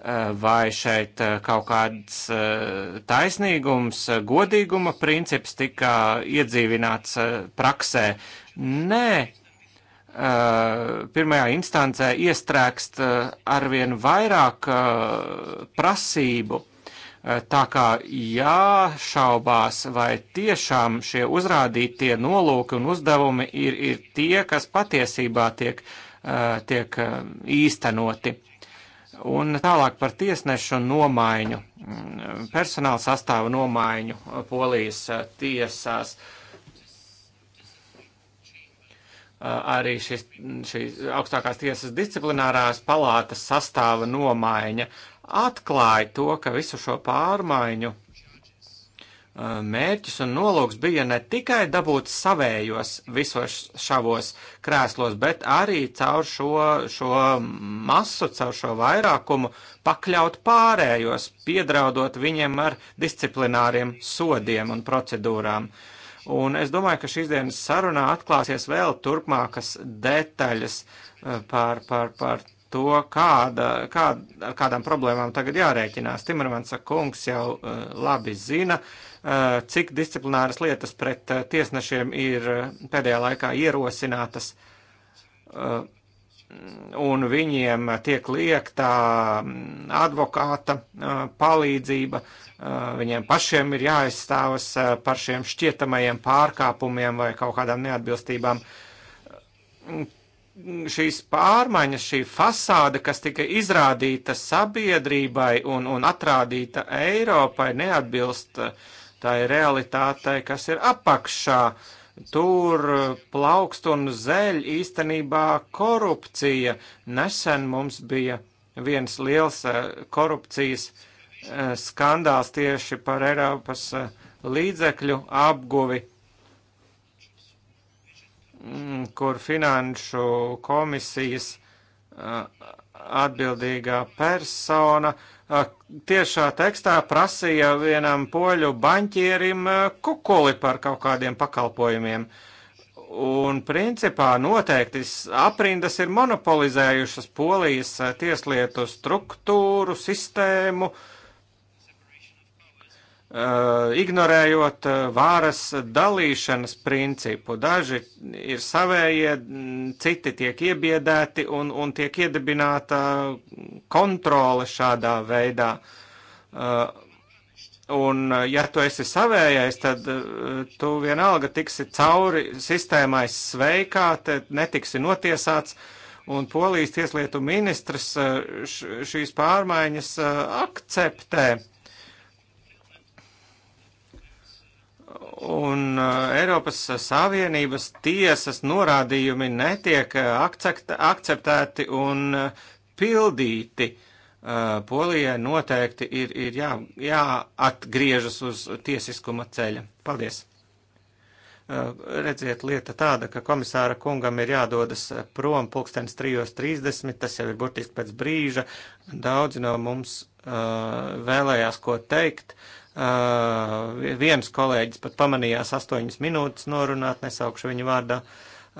Uh, vai šeit uh, kaut kāds uh, taisnīgums, uh, godīguma princips tika iedzīvināts praksē? Nē, Eh, pirmajā instancē iestrēgst eh, arvien vairāk eh, prasību. Tā kā jāšaubās, vai tiešām šie uzrādītie nolūki un uzdevumi ir, ir tie, kas patiesībā tiek, tiek īstenoti. Un tālāk par tiesnešu nomaiņu, mm, personāla sastāvu nomaiņu polijas tiesās. Uh, arī šis, šīs augstākās tiesas disciplinārās palātas sastāva nomaiņa atklāja to, ka visu šo pārmaiņu mērķis un nolūks bija ne tikai dabūt savējos visos šavos krēslos, bet arī caur šo, šo masu, caur šo vairākumu pakļaut pārējos, piedraudot viņiem ar disciplināriem sodiem un procedūrām. Uh, Un es domāju, ka šīs dienas sarunā atklāsies vēl turpmākas detaļas eh, par, par, par to, kāda, kāda, ar kādām problēmām tagad jārēķinās. Timermans kungs jau uh, labi zina, uh, cik disciplināras lietas pret uh, tiesnešiem ir uh, pēdējā laikā ierosinātas. Uh, un viņiem tiek liekta mm, advokāta mm, palīdzība, mm, viņiem pašiem ir jāizstāvas par šiem šķietamajiem pārkāpumiem vai kaut kādām neatbilstībām. Šīs pārmaiņas, šī fasāde, kas tika izrādīta sabiedrībai un, un atrādīta Eiropai, neatbilst tai realitātei, kas ir apakšā uh, Tur eh, plaukst un zeļ īstenībā korupcija. Nesen mums bija viens liels eh, korupcijas eh, skandāls tieši par Eiropas līdzekļu apguvi, mm, kur finanšu komisijas atbildīgā persona uh, tiešā tekstā prasīja vienam poļu baņķierim kukuli par kaut kādiem pakalpojumiem. Un principā noteikti aprindas ir monopolizējušas polijas tieslietu struktūru, sistēmu, uh, Eh, ignorējot eh, vāras dalīšanas principu. Daži ir savējie, mm, citi tiek iebiedēti un, un tiek iedibināta kontrole šādā veidā. Eh, un, ja tu esi savējais, tad tu vienalga tiksi cauri sistēmai sveikā, tad netiksi notiesāts. Un polijas tieslietu ministrs šīs pārmaiņas akceptē. Uh, un uh, Eiropas Savienības tiesas norādījumi netiek uh, akceptēti un uh, pildīti. Polijai noteikti ir, ir jā, jāatgriežas uz tiesiskuma ceļa. Paldies! Redziet, lieta tāda, ka komisāra kungam ir jādodas prom pulkstens 3.30, tas jau ir burtiski pēc brīža. Daudzi no mums uh, vēlējās ko teikt. Uh, Viens kolēģis pat pamanījās astoņas minūtes norunāt, nesaukšu viņu vārdā.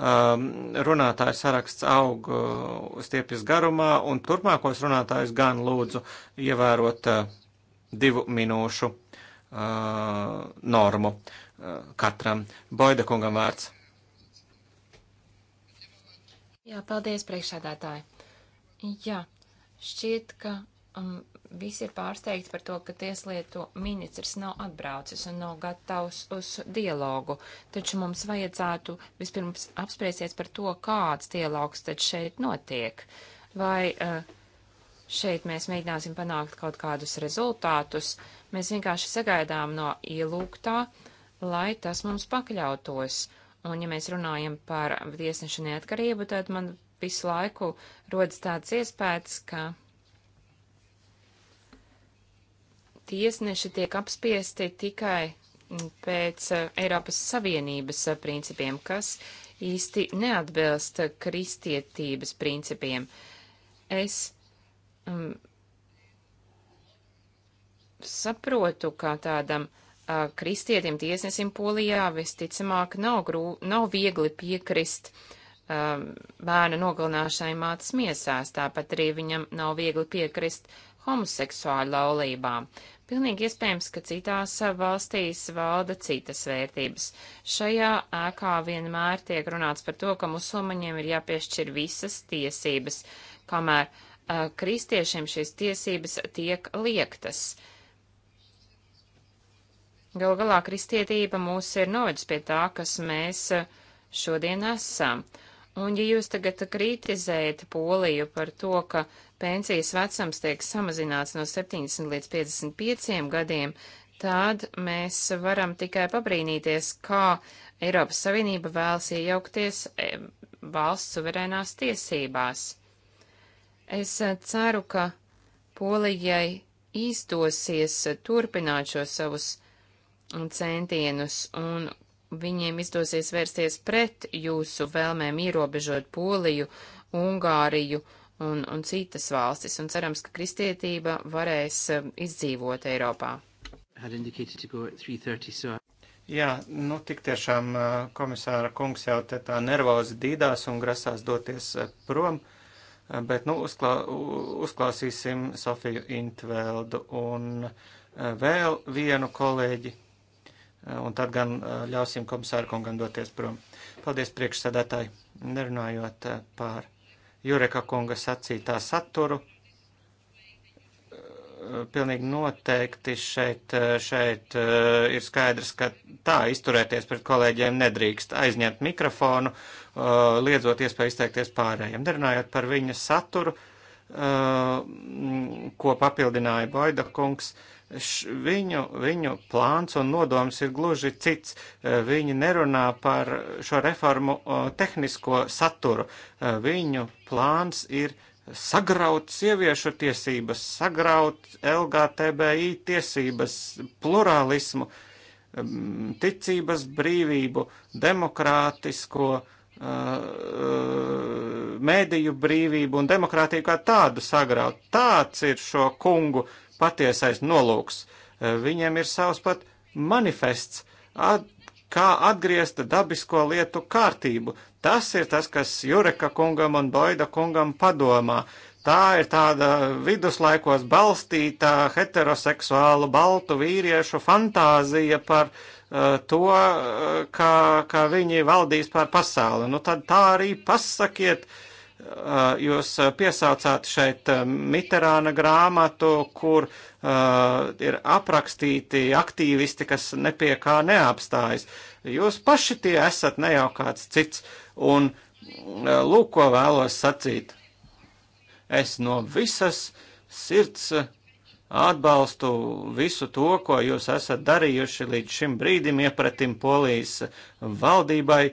Runātāju saraksts aug stiepjas garumā, un turpmākos runātājus gan lūdzu ievērot divu minūšu normu katram. Boida kungam vārds. Jā, paldies, priekšsēdētāji. Jā, šķiet, ka um, visi ir pārsteigti par to, ka tieslietu ministrs nav atbraucis un nav gatavs uz dialogu. Taču mums vajadzētu vispirms apspriesties par to, kāds dialogs tad šeit notiek. Vai eh, šeit mēs mēģināsim panākt kaut kādus rezultātus. Mēs vienkārši sagaidām no ielūgtā, lai tas mums pakļautos. Un ja mēs runājam par tiesnešu neatkarību, tad man visu laiku rodas tāds iespējas, ka tiesneši tiek apspiesti tikai pēc eh, Eiropas Savienības eh, principiem, kas īsti neatbilst kristietības principiem. Es um, saprotu, ka tādam uh, kristietim tiesnesim Polijā visticamāk nav, grū, nav viegli piekrist um, bērnu nogalināšanai mātes miesās, tāpat arī viņam nav viegli piekrist homoseksuālu laulībām. Pilnīgi iespējams, ka citās valstīs valda citas vērtības. Šajā ēkā vienmēr tiek runāts par to, ka musulmaņiem ir jāpiešķir visas tiesības, kamēr uh, kristiešiem šīs tiesības tiek liektas. Galu galā kristietība mūs ir novedis pie tā, kas mēs šodien esam. Uh, Un ja jūs tagad kritizējat Poliju par to, ka pensijas vecums tiek samazināts no 70 līdz 55 gadiem, tad mēs varam tikai pabrīnīties, kā Eiropas Savienība vēlas iejaukties e, valsts suverēnās tiesībās. Es e, ceru, ka Polijai izdosies turpināt šo savus centienus un viņiem izdosies vērsties pret jūsu vēlmēm ierobežot Poliju, Ungāriju un, un citas valstis, un cerams, ka kristietība varēs um, izdzīvot Eiropā. Jā, nu tik tiešām uh, komisāra kungs jau te tā nervozi dīdās un grasās doties uh, prom, uh, bet nu uzklā, uzklāsīsim Sofiju Intveldu un vēl vienu kolēģi Eh, un tad gan eh, ļausim komisāru kungam doties prom. Paldies priekšsēdētāji, nerunājot eh, par Jureka kunga sacītā saturu. Pilnīgi noteikti šeit, šeit ir skaidrs, ka tā izturēties pret kolēģiem nedrīkst aizņemt mikrofonu, liedzot iespēju izteikties pārējiem. Nerunājot par viņa saturu, ko papildināja Boida kungs, uh, š, viņu, viņu plāns un nodoms ir gluži cits. Eh, viņi nerunā par šo reformu eh, tehnisko saturu. Eh, viņu plāns ir sagraut sieviešu tiesības, sagraut LGTBI tiesības, plurālismu, mm, ticības brīvību, demokrātisko uh, mēdīju brīvību un demokrātiju kā tādu sagraut. Tāds ir šo kungu patiesais nolūks. Eh, viņiem ir savs pat manifests, at, kā atgriezt dabisko lietu kārtību. Tas ir tas, kas Jureka kungam un Boida kungam padomā. Tā ir tāda viduslaikos balstītā heteroseksuālu baltu vīriešu fantāzija par uh, to, uh, kā, kā viņi valdīs pār pasauli. Nu tad tā arī pasakiet uh, Uh, jūs uh, piesaucāt šeit uh, Mitterāna grāmatu, kur uh, ir aprakstīti aktīvisti, kas nepie kā neapstājas. Jūs paši tie esat ne jau kāds cits, un uh, lūk, ko vēlos sacīt. Es no visas sirds atbalstu visu to, ko jūs esat darījuši līdz šim brīdim iepratim Polijas valdībai.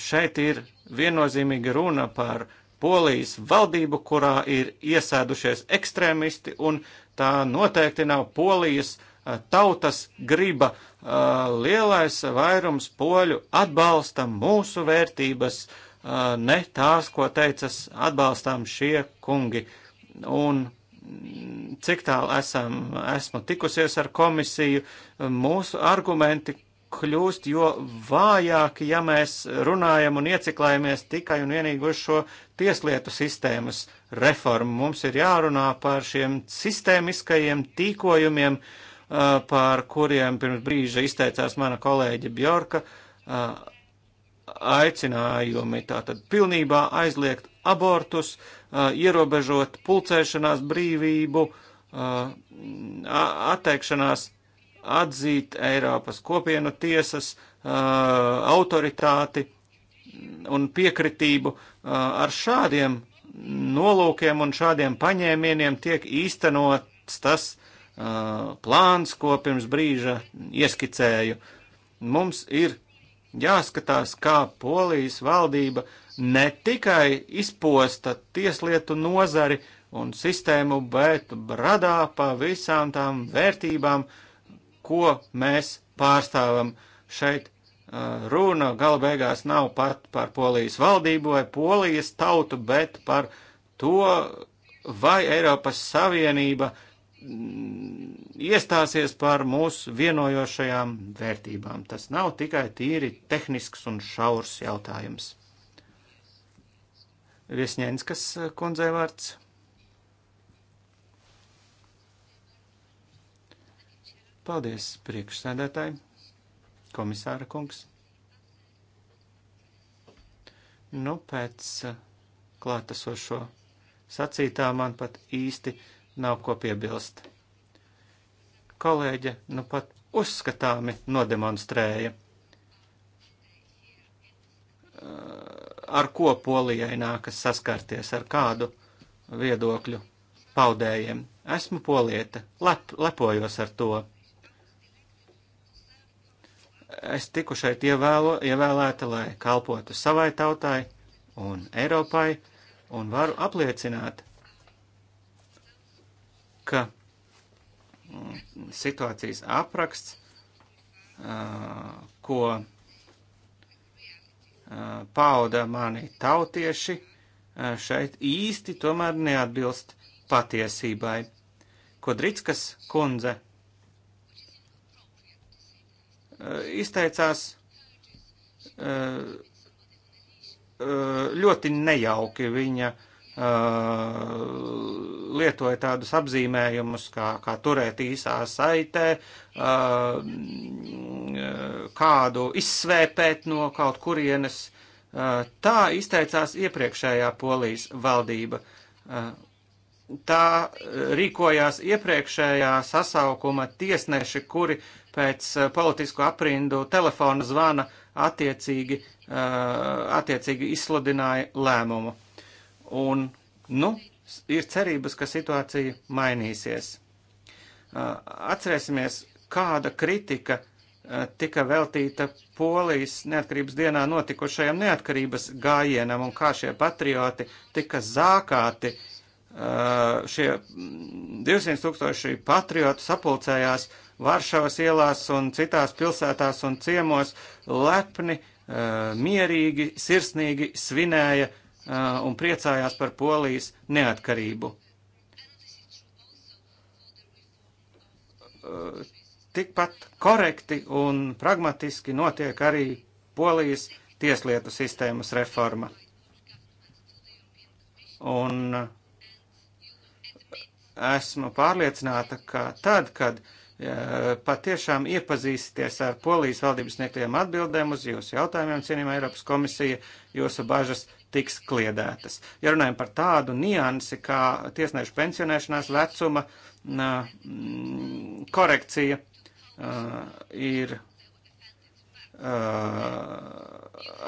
Šeit ir viennozīmīga runa par uh, Polijas valdību, kurā ir iesēdušies ekstrēmisti, un tā noteikti nav Polijas tautas griba. Lielais vairums poļu atbalsta mūsu vērtības, ne tās, ko teicas atbalstām šie kungi. Un mm, cik tālu esam, esmu tikusies ar komisiju, mūsu argumenti, kļūst jo vājāki, ja mēs runājam un ieciklājamies tikai un vienīgi uz šo tieslietu sistēmas reformu. Mums ir jārunā par šiem sistēmiskajiem tīkojumiem, par kuriem pirms brīža izteicās mana kolēģe Bjorka aicinājumi tātad pilnībā aizliegt abortus, ierobežot pulcēšanās brīvību, atteikšanās atzīt Eiropas kopienu tiesas uh, autoritāti un piekritību uh, ar šādiem nolūkiem un šādiem paņēmieniem tiek īstenots tas uh, plāns, ko pirms brīža ieskicēju. Mums ir jāskatās, kā polijas valdība ne tikai izposta tieslietu nozari un sistēmu, bet bradā pa visām tām vērtībām, uh, ko mēs pārstāvam šeit. Uh, runa gala beigās nav pat par polijas valdību vai polijas tautu, bet par to, vai Eiropas Savienība mm, iestāsies par mūsu vienojošajām vērtībām. Tas nav tikai tīri tehnisks un šaurs jautājums. Viesņēnskas uh, kundzei vārds. Paldies, priekšsēdētāji, komisāra kungs. Nu, pēc eh, klātesošo sacītā man pat īsti nav ko piebilst. Kolēģe nu pat uzskatāmi nodemonstrēja, eh, ar ko polijai nākas saskarties, ar kādu viedokļu paudējiem. Esmu polieta, lep, lepojos ar to es tiku šeit ievēlo, ievēlēta, lai kalpotu savai tautai un Eiropai, un varu apliecināt, ka mm, situācijas apraksts, ko pauda mani tautieši, šeit īsti tomēr neatbilst patiesībai. Kodrickas kundze Eh, izteicās eh, eh, ļoti nejauki. Viņa lietoja tādus apzīmējumus, kā, kā turēt īsā saitē, kādu izsvēpēt no kaut kurienes. Tā izteicās iepriekšējā polijas valdība. Tā rīkojās iepriekšējā sasaukuma tiesneši, kuri uh, pēc eh, politisko aprindu telefona zvana attiecīgi, eh, attiecīgi izsludināja lēmumu. Un, nu, ir cerības, ka situācija mainīsies. Eh, atcerēsimies, kāda kritika tika veltīta Polijas neatkarības dienā notikušajam neatkarības gājienam un kā šie patrioti tika zākāti Uh, šie 200 tūkstoši patriotu sapulcējās Varšavas ielās un citās pilsētās un ciemos lepni, uh, mierīgi, sirsnīgi svinēja uh, un priecājās par Polijas neatkarību. Tikpat korekti un pragmatiski notiek arī Polijas tieslietu sistēmas reforma. Un uh, esmu pārliecināta, ka tad, kad ja, patiešām iepazīsties ar polijas valdības sniegtajām atbildēm uz jūsu jautājumiem, cienījumā Eiropas komisija, jūsu bažas tiks kliedētas. Ja runājam par tādu niansi, kā tiesnešu pensionēšanās vecuma na, m, korekcija uh, ir uh,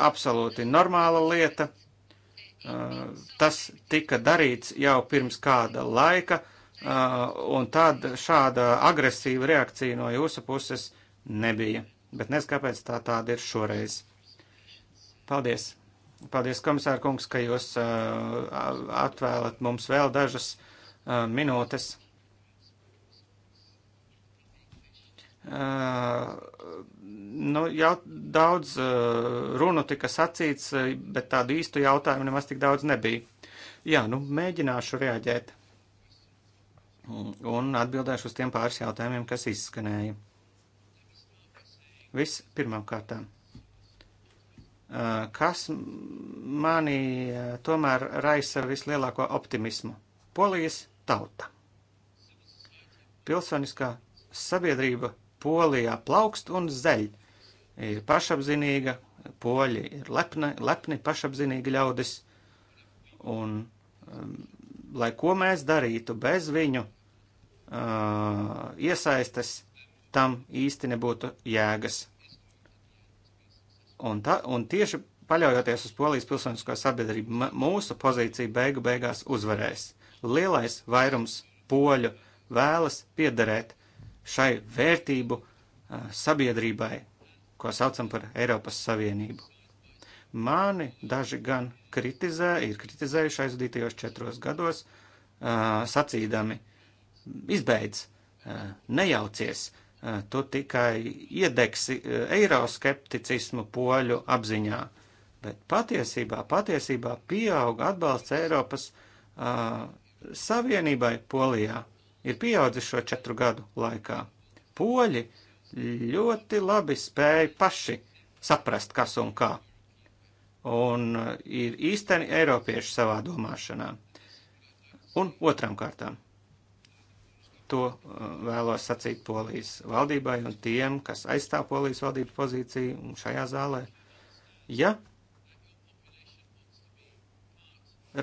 absolūti normāla lieta. Uh, tas tika darīts jau pirms kāda laika. Uh, Uh, un tad šāda agresīva reakcija no jūsu puses nebija. Bet nezinu, kāpēc tā tāda ir šoreiz. Paldies! Paldies, komisāra kungs, ka jūs uh, atvēlat mums vēl dažas uh, minūtes. Uh, nu, jau daudz uh, runu tika sacīts, bet tādu īstu jautājumu nemaz tik daudz nebija. Jā, nu, mēģināšu reaģēt un atbildēšu uz tiem pāris jautājumiem, kas izskanēja. Viss pirmām kārtām. Kas manī tomēr raisa vislielāko optimismu? Polijas tauta. Pilsoniskā sabiedrība Polijā plaukst un zeļ. Ir pašapzinīga, poļi ir lepni, lepni pašapzinīgi ļaudis. Un, um, lai ko mēs darītu bez viņu, Uh, iesaistes, tam īsti nebūtu jēgas. Un, ta, un tieši paļaujoties uz polijas pilsoniskā sabiedrību, mūsu pozīcija beigu beigās uzvarēs. Lielais vairums poļu vēlas piederēt šai vērtību uh, sabiedrībai, ko saucam par Eiropas Savienību. Mani daži gan kritizē, ir kritizējuši aizvadītajos četros gados, uh, sacīdami, uh, izbeidz, nejaucies, tu tikai iedegsi eiroskepticismu poļu apziņā. Bet patiesībā, patiesībā pieauga atbalsts Eiropas uh, Savienībai Polijā. Ir pieaudzis šo četru gadu laikā. Poļi ļoti labi spēja paši saprast, kas un kā. Un ir īsteni eiropieši savā domāšanā. Un otram kārtām To eh, vēlos sacīt Polijas valdībai un tiem, kas aizstāv Polijas valdības pozīciju šajā zālē. Ja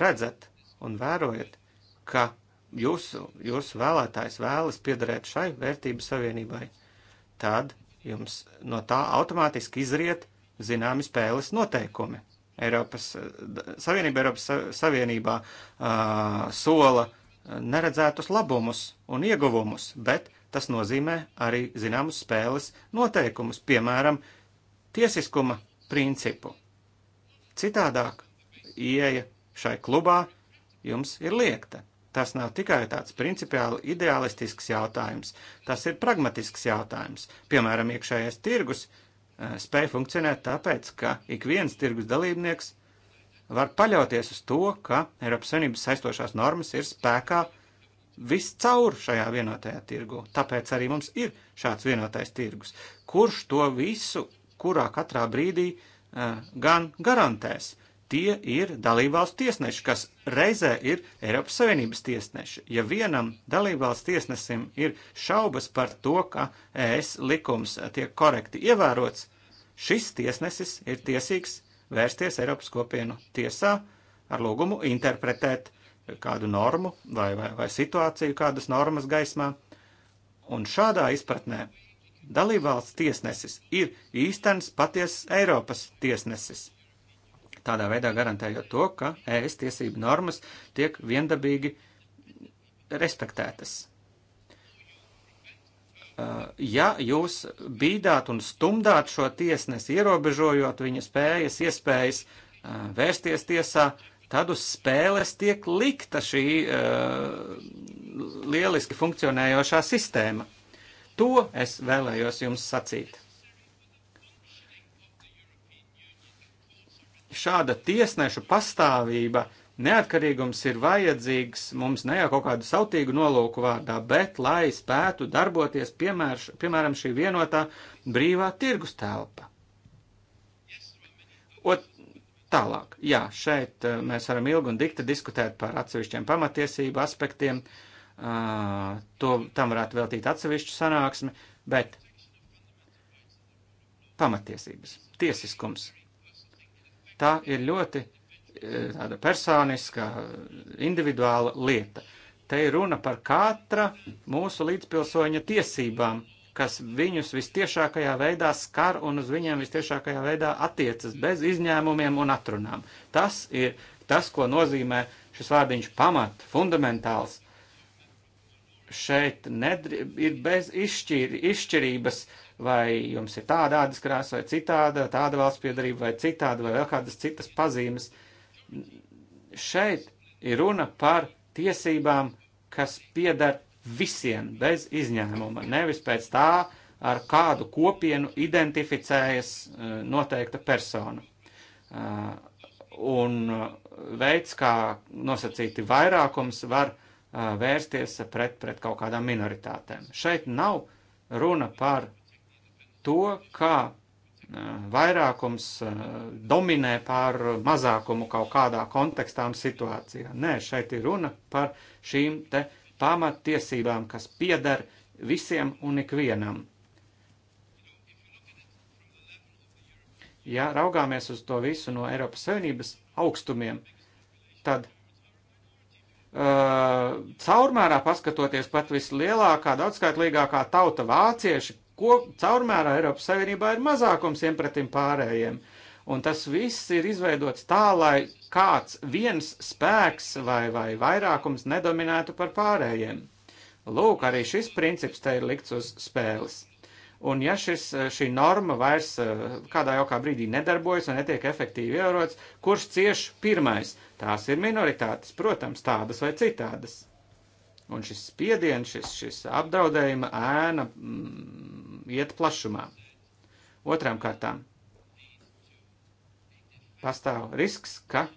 redzat un vērojat, ka jūsu, jūsu vēlētājs vēlas piederēt šai vērtību savienībai, tad jums no tā automātiski izriet zināmi spēles noteikumi. Eiropas eh, Savienība Eiropas Savienībā uh, sola uh, neredzētus labumus un ieguvumus, bet tas nozīmē arī zināmus spēles noteikumus, piemēram, tiesiskuma principu. Citādāk ieeja šai klubā jums ir liekta. Tas nav tikai tāds principiāli ideālistisks jautājums, tas ir pragmatisks jautājums. Piemēram, iekšējais tirgus eh, spēja funkcionēt tāpēc, ka ik viens tirgus dalībnieks var paļauties uz to, ka Eiropas Savienības saistošās normas ir spēkā viscaur šajā vienotajā tirgu. Tāpēc arī mums ir šāds vienotais tirgus, kurš to visu, kurā katrā brīdī uh, gan garantēs. Tie ir dalībvalsts tiesneši, kas reizē ir Eiropas Savienības tiesneši. Ja vienam dalībvalsts tiesnesim ir šaubas par to, ka ES likums tiek korekti ievērots, šis tiesnesis ir tiesīgs vērsties Eiropas kopienu tiesā ar lūgumu interpretēt kādu normu vai, vai, vai situāciju kādas normas gaismā. Un šādā izpratnē dalībvalsts tiesnesis ir īstenis patiesas Eiropas tiesnesis. Tādā veidā garantējot to, ka ES tiesību normas tiek viendabīgi respektētas. Eh, ja jūs bīdāt un stumdāt šo tiesnesi, ierobežojot viņa spējas, iespējas eh, vērsties tiesā, tad uz spēles tiek likta šī uh, lieliski funkcionējošā sistēma. To es vēlējos jums sacīt. Šāda tiesnešu pastāvība uh, Neatkarīgums ir vajadzīgs mums ne jau kaut kādu sautīgu nolūku vārdā, bet lai spētu darboties, piemēr, piemēram, šī vienotā brīvā tirgus telpa. Ot, tālāk, jā, šeit eh, mēs varam ilgi un dikti diskutēt par atsevišķiem pamatiesību aspektiem, uh, to tam varētu veltīt atsevišķu sanāksmi, bet pamatiesības, tiesiskums, tā ir ļoti tāda personiska, individuāla lieta. Te ir runa par katra mūsu līdzpilsoņa tiesībām, kas viņus vistiešākajā veidā skar un uz viņiem vistiešākajā veidā attiecas bez izņēmumiem un atrunām. Tas ir tas, ko nozīmē šis vārdiņš pamat, fundamentāls. Šeit nedri, ir bez izšķir, izšķirības uh, vai jums ir tāda ādas krāsa, vai citāda, tāda valsts piedarība, vai citāda, vai vēl kādas citas pazīmes šeit ir runa par tiesībām, kas pieder visiem bez izņēmuma, nevis pēc tā, ar kādu kopienu identificējas eh, noteikta persona. Eh, un eh, veids, kā nosacīti vairākums, var vērsties pret, pret kaut kādām minoritātēm. Šeit nav runa par to, kā vairākums eh, dominē pār mazākumu kaut kādā kontekstā un situācijā. Nē, šeit ir runa par šīm te pamattiesībām, kas pieder visiem un ikvienam. Ja raugāmies uz to visu no Eiropas Savienības augstumiem, tad Uh, caurmērā paskatoties, pat vislielākā, daudzskaitlīgākā tauta vācieši ko caurmērā Eiropas Savienībā ir mazākums iepratim pārējiem. Un tas viss ir izveidots tā, lai kāds viens spēks vai, vai vairākums nedominētu par pārējiem. Lūk, arī šis princips te ir likts uz spēles. Un ja šis, šī norma vairs eh, kādā jau kā brīdī nedarbojas un netiek efektīvi ievērots, kurš cieš pirmais? Tās ir minoritātes, protams, tādas vai citādas. Un šis spiediens, šis, šis apdraudējuma ēna mm, iet plašumā. Otrām kārtām pastāv risks, ka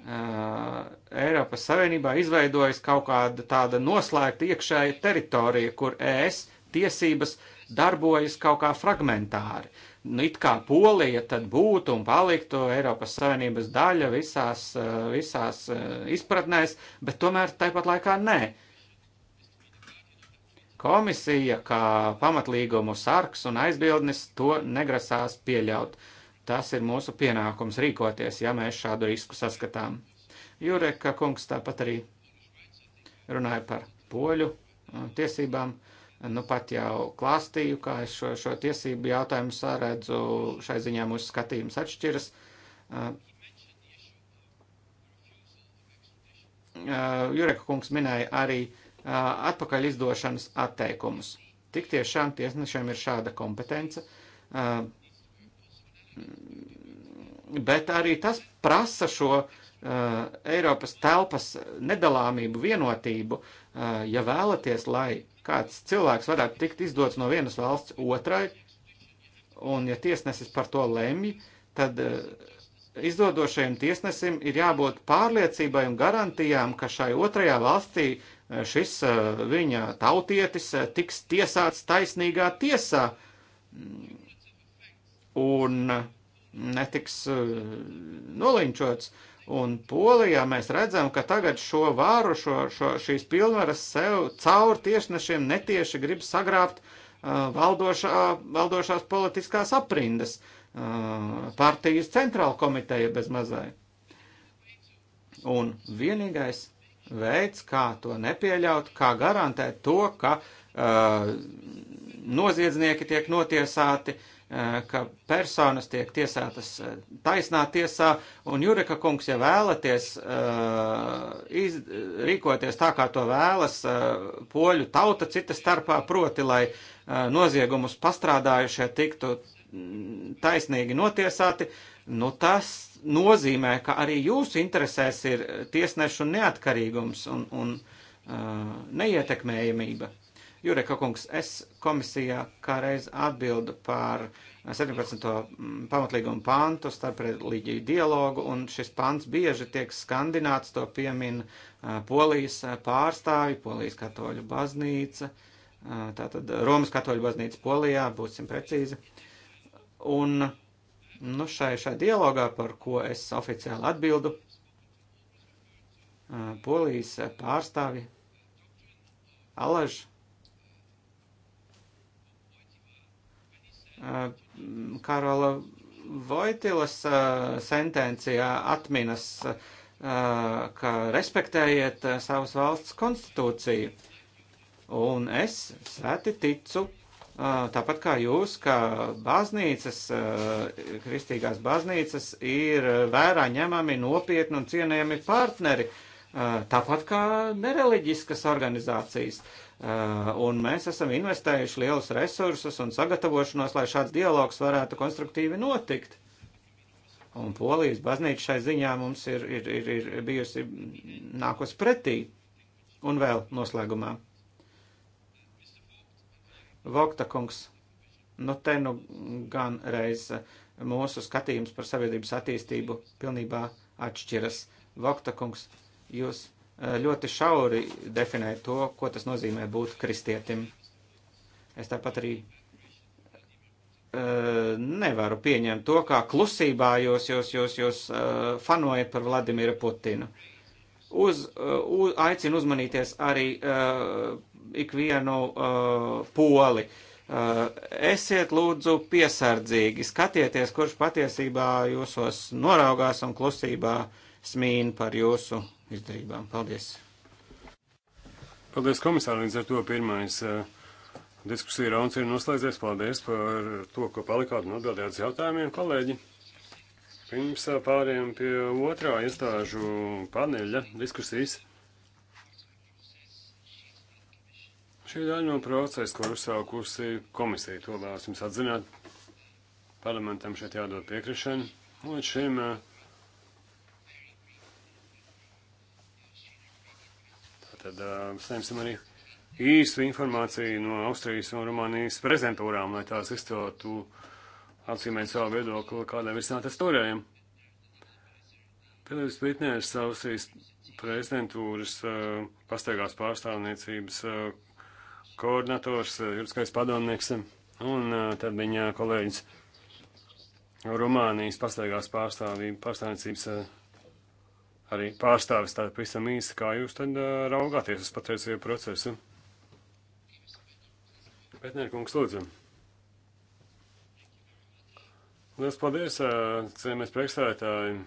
Uh, Eiropas Savienībā izveidojas kaut kāda tāda noslēgta iekšēja teritorija, kur ES tiesības darbojas kaut kā fragmentāri nu, it kā Polija tad būtu un paliktu Eiropas Savienības daļa visās, eh, visās eh, izpratnēs, bet tomēr tāpat laikā nē. Komisija, kā pamatlīgumu sargs un aizbildnis, to negrasās pieļaut. Tas ir mūsu pienākums rīkoties, ja mēs šādu risku saskatām. Jureka kungs tāpat arī runāja par poļu eh, tiesībām. Uh, nu pat jau klāstīju, kā es šo, šo tiesību jautājumu sāredzu, šai ziņā mūsu skatījums atšķiras. Uh, uh, Jureka kungs minēja arī uh, atpakaļ izdošanas atteikumus. Tik tiešām tiesnešiem ir šāda kompetence, bet arī tas prasa šo Eiropas telpas nedalāmību, vienotību, ja vēlaties, lai kāds cilvēks varētu tikt izdots no vienas valsts otrai, un ja tiesnesis par to lemj, tad eh, izdodošajam tiesnesim ir jābūt pārliecībai un garantijām, ka šai otrajā valstī eh, šis eh, viņa tautietis tiks tiesāts taisnīgā tiesā un netiks nolinčots. Un Polijā mēs redzam, ka tagad šo vāru, šo, šo, šīs pilnvaras sev caur tiešnešiem netieši grib sagrābt uh, valdošā, valdošās politiskās aprindas, uh, partijas centrāla komiteja bez mazai. Un vienīgais veids, kā to nepieļaut, kā garantēt to, ka uh, noziedznieki tiek notiesāti, uh, Eh, ka personas tiek tiesātas eh, taisnā tiesā, un Jureka kungs, ja vēlaties uh, iz, rīkoties tā, kā to vēlas uh, poļu tauta cita starpā, proti, lai uh, noziegumus pastrādājušie tiktu mm, taisnīgi notiesāti, nu tas nozīmē, ka arī jūsu interesēs ir tiesnešu neatkarīgums un, un uh, neietekmējamība. Jureka kungs, es komisijā kādreiz atbildu par 17. Mm, pamatlīgumu pantu starp reliģiju dialogu, un šis pants bieži tiek skandināts, to piemin polijas pārstāvi, polijas katoļu baznīca, tātad Romas katoļu baznīca Polijā, būsim precīzi. Un nu, šai, šai dialogā, par ko es oficiāli atbildu, polijas pārstāvi Alaž Eh, Karola Voitilas eh, sentencijā atminas, eh, ka respektējiet savas valsts konstitūciju. Un es sēti ticu, tāpat kā jūs, ka baznīcas, kristīgās baznīcas ir vērā ņemami nopietni un cienējami partneri, tāpat kā nereliģiskas organizācijas. Uh, Eh, un mēs esam investējuši lielus resursus un sagatavošanos, lai šāds dialogs varētu konstruktīvi notikt. Un polijas baznīca šai ziņā mums ir, ir, ir, ir bijusi nākos pretī. Un vēl noslēgumā. Vokta kungs, nu te nu gan reiz eh, mūsu skatījums par sabiedrības attīstību pilnībā atšķiras. Vokta kungs, jūs ļoti šauri definē to, ko tas nozīmē būt kristietim. Es tāpat arī e, nevaru pieņemt to, kā klusībā jūs, jūs, jūs, jūs e, fanojat par Vladimiru Putinu. Uz, e, uz, aicinu uzmanīties arī uh, ikvienu uh, poli. Uh, esiet lūdzu piesardzīgi, skatieties, kurš patiesībā jūsos noraugās un klusībā smīn par jūsu izdarībām. Paldies! Paldies, komisāri! Līdz ar to pirmais uh, diskusija rauns ir noslēdzies. Paldies par to, ko palikāt un atbildējāt uz jautājumiem, kolēģi! Pirms uh, eh, pāriem pie otrā iestāžu paneļa diskusijas. Šī daļa no procesa, ko uzsākusi komisija, to vēlas jums atzināt. Parlamentam šeit jādod piekrišana. Un šim uh, Tātad saņemsim arī īstu informāciju no Austrijas un Rumānijas prezidentūrām, lai tās izceltu atzīmēt savu viedokli, kādai visnātas turējiem. Pēdējais Vitnērs Austrijas prezidentūras uh, pastaigās pārstāvniecības uh, koordinators, uh, juridiskais padomnieks un tad viņa kolēģis Rumānijas pastaigās pārstāvniecības arī pārstāvis tādu pavisam īsi, kā jūs tad uh, raugāties uz patreizējo procesu. Pētniekungs, lūdzu. Lielas paldies, uh, cienījamies priekšstādētāji,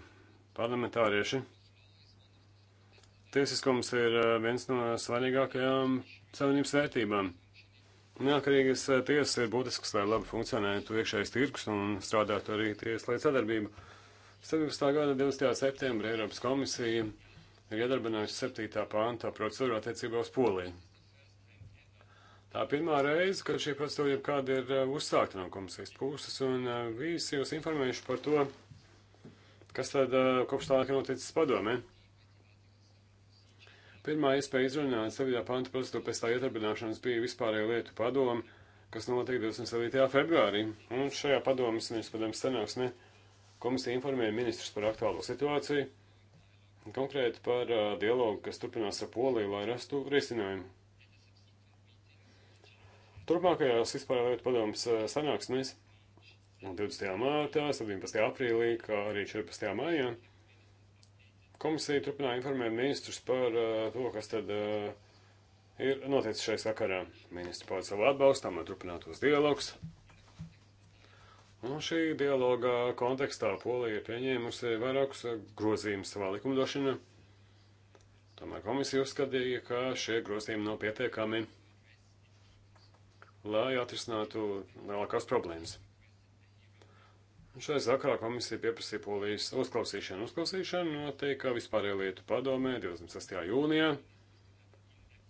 parlamentārieši. Tiesiskums ir uh, viens no svarīgākajām savienības vērtībām. Neatkarīgas tiesas ir būtisks, lai labi funkcionētu iekšējais tirgus un strādātu arī tieslietu sadarbību. Uh, 17. gada 20. septembra Eiropas komisija ir iedarbinājusi 7. pāntā procedūru attiecībā uz Poliju. Tā pirmā reize, kad šī procedūra jebkāda ir eh, uzsākta no komisijas puses, un eh, visi jūs informējuši par to, kas tad eh, kopš tālāk ir noticis padomē. Pirmā iespēja izrunāt 7. pānta procedūru pēc tā iedarbināšanas bija vispārēja lietu padoma, kas notika 27. februārī, un šajā padomas un, es padomu, sanāksmē. Ne Komisija informēja ministrus par aktuālo situāciju, konkrēti par uh, dialogu, kas turpinās ar Poliju, lai rastu risinājumu. Turpmākajās vispārlietu padomas sanāksmēs 20. mārtā, 17. aprīlī, kā arī 14. maijā komisija turpināja informēt ministrus par uh, to, kas tad uh, ir noticis šai sakarā. Ministri pauda savu atbalstu, tam ir turpinātos dialogs. Un nu, šī dialogā kontekstā Polija ir pieņēmusi vairākus eh, grozījumus savā likumdošanā. Tomēr komisija uzskatīja, ka šie grozījumi nav pietiekami, lai atrisinātu lielākās problēmas. Un šai sakarā komisija pieprasīja polijas uzklausīšanu. Uzklausīšana notika vispārējā lietu padomē 26. jūnijā,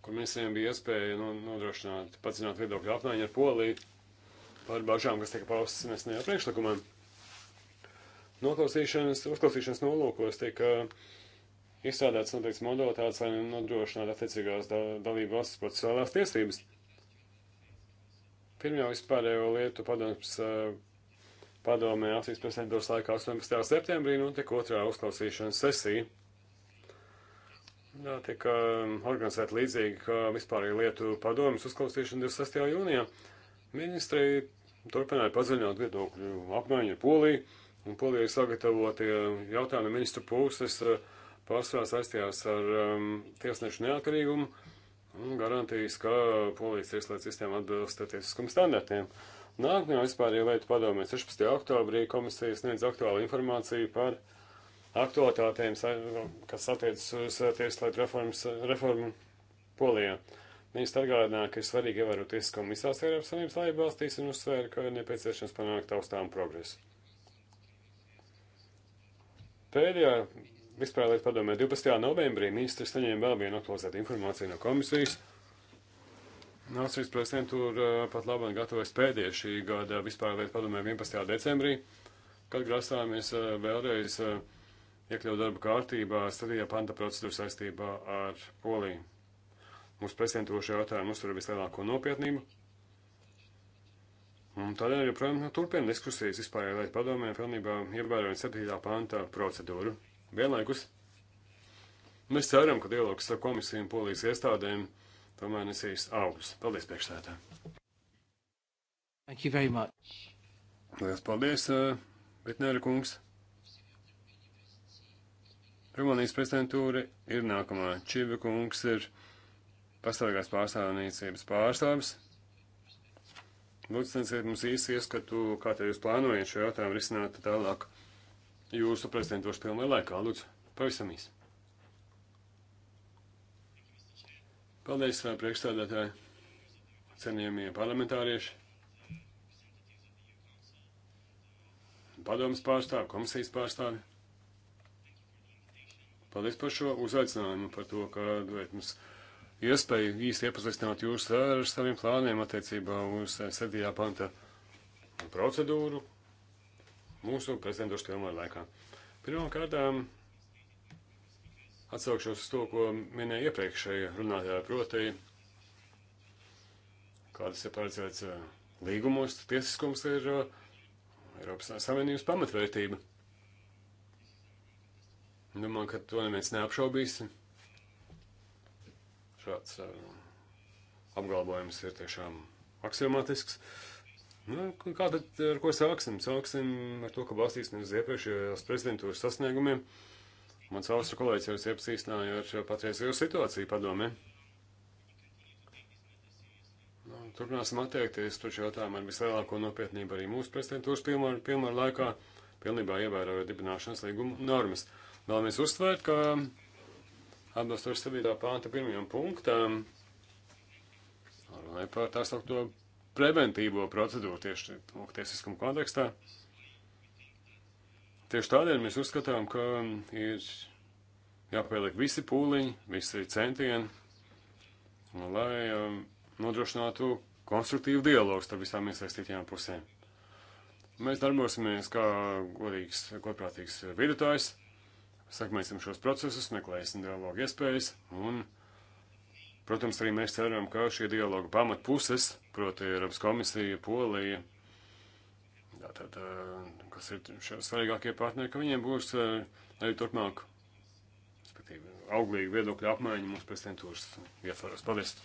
kur mēs viņiem bija iespēja nu, nodrošināt, pacināt viedokļu apmaiņu ar Poliju par bažām, kas tika paustas nesenajā priekšlikumā. Noklausīšanas, uzklausīšanas nolūkos tika izstrādāts noteikts modalitātes, lai nodrošinātu attiecīgās da, dalību valsts procesuālās tiesības. Pirmajā vispārējo lietu padoms padomē Latvijas prezidentūras laikā 18. septembrī notika otrā uzklausīšanas sesija. Tā tika organizēta līdzīgi, kā vispārējo lietu padomas uzklausīšana 26. jūnijā. Ministri turpināja paziņot viedokļu apmaiņu ar Poliju, un Polija ir sagatavotie jautājumi ministru puses eh, pārsvarā saistījās ar um, tiesnešu neatkarīgumu un garantijas, ka polijas tieslietu sistēma atbilst tiesiskumu standartiem. Nākamajā vispārējā lietu padomē 16. oktobrī komisija sniedz aktuālu informāciju par aktualitātēm, kas attiecas uz eh, tieslietu reformas, eh, reformu Polijā. Ministrs atgādināja, ka ir svarīgi ievērot tiesiskumu visās Eiropas Savienības laiba valstīs un uzsvēra, ka ir nepieciešams panākt taustām progresu. Pēdējā vispārlietu padomē 12. novembrī ministrs saņēma vēl vienu aktualizētu informāciju no komisijas. Nācijas prezidentūra pat labam gatavojas pēdējā šī gada vispārlietu padomē 11. decembrī, kad grasāmies eh, vēlreiz eh, iekļaut darba kārtībā studijā panta procedūru saistībā ar Poliju. Mūsu prezidentūra šajā jautājumā uztver vislielāko nopietnību. Un tādēļ joprojām nu, turpina diskusijas vispārējā lietu padomē, pilnībā ievērojot 7. pānta procedūru. Vienlaikus mēs ceram, ka dialogs ar komisiju un polijas iestādēm tomēr nesīs augļus. Paldies, priekšstādā! Thank you very much. Lielas paldies, Bitnēra kungs. Rumānijas prezidentūra ir nākamā. Čiva kungs ir pastāvīgās pārstāvniecības pārstāvis. Lūdzu, sniedziet mums īsi ieskatu, kā te jūs plānojat šo jautājumu risināt tālāk jūsu prezidentošu pilnvaru laikā. Lūdzu, pavisam īsi. Paldies, priekšstādātāji, cenījamie parlamentārieši, padomas pārstāvi, komisijas pārstāvi. Paldies par šo uzaicinājumu, par to, ka dodat mums. Uh, iespēju īsti iepazīstināt jūs ar saviem plāniem attiecībā uz 7. panta procedūru mūsu prezidentūras pilnvaru laikā. Pirmkārt, atsaukšos uz to, ko minēja iepriekšējā runātāja, proti, kādas ir paredzēts eh, līgumos, tiesiskums ir eh, Eiropas Savienības pamatvērtība. Domāju, nu, ka to neviens neapšaubīs. Šāds um, apgalvojums ir tiešām aksiomatisks. Nu, kā tad, ar ko sāksim? Sāksim ar to, ka balstīsimies uz iepriekšējās prezidentūras sasniegumiem. Mans valsts kolēģis jau iepazīstināja ar patreizējo situāciju padomē. Nu, turpināsim attiekties par šo jautājumu ar vislielāko nopietnību arī mūsu prezidentūras pilnvaru, pilnvaru laikā, pilnībā ievērojot dibināšanas līguma normas. Vēlamies uzsvērt, ka atbilstoši 7. pānta pirmajam punktam, runāja par tā saukto preventīvo procedūru tieši tiesiskam kontekstā. Tieši tādēļ mēs uzskatām, ka ir jāpieliek visi pūliņi, visi centieni, lai um, nodrošinātu konstruktīvu dialogu starp visām iesaistītajām pusēm. Mēs darbosimies kā godīgs, godprātīgs vidutājs. Sakmēsim šos procesus, meklēsim dialogu iespējas un, protams, arī mēs ceram, ka šie dialogu pamatpuses, proti Eiropas komisija, Polija, tātad, eh, kas ir svarīgākie partneri, ka viņiem būs eh, arī turpmāk, respektīvi, auglīga viedokļa apmaiņa mūsu prezidentūras ietvaros. Paldies!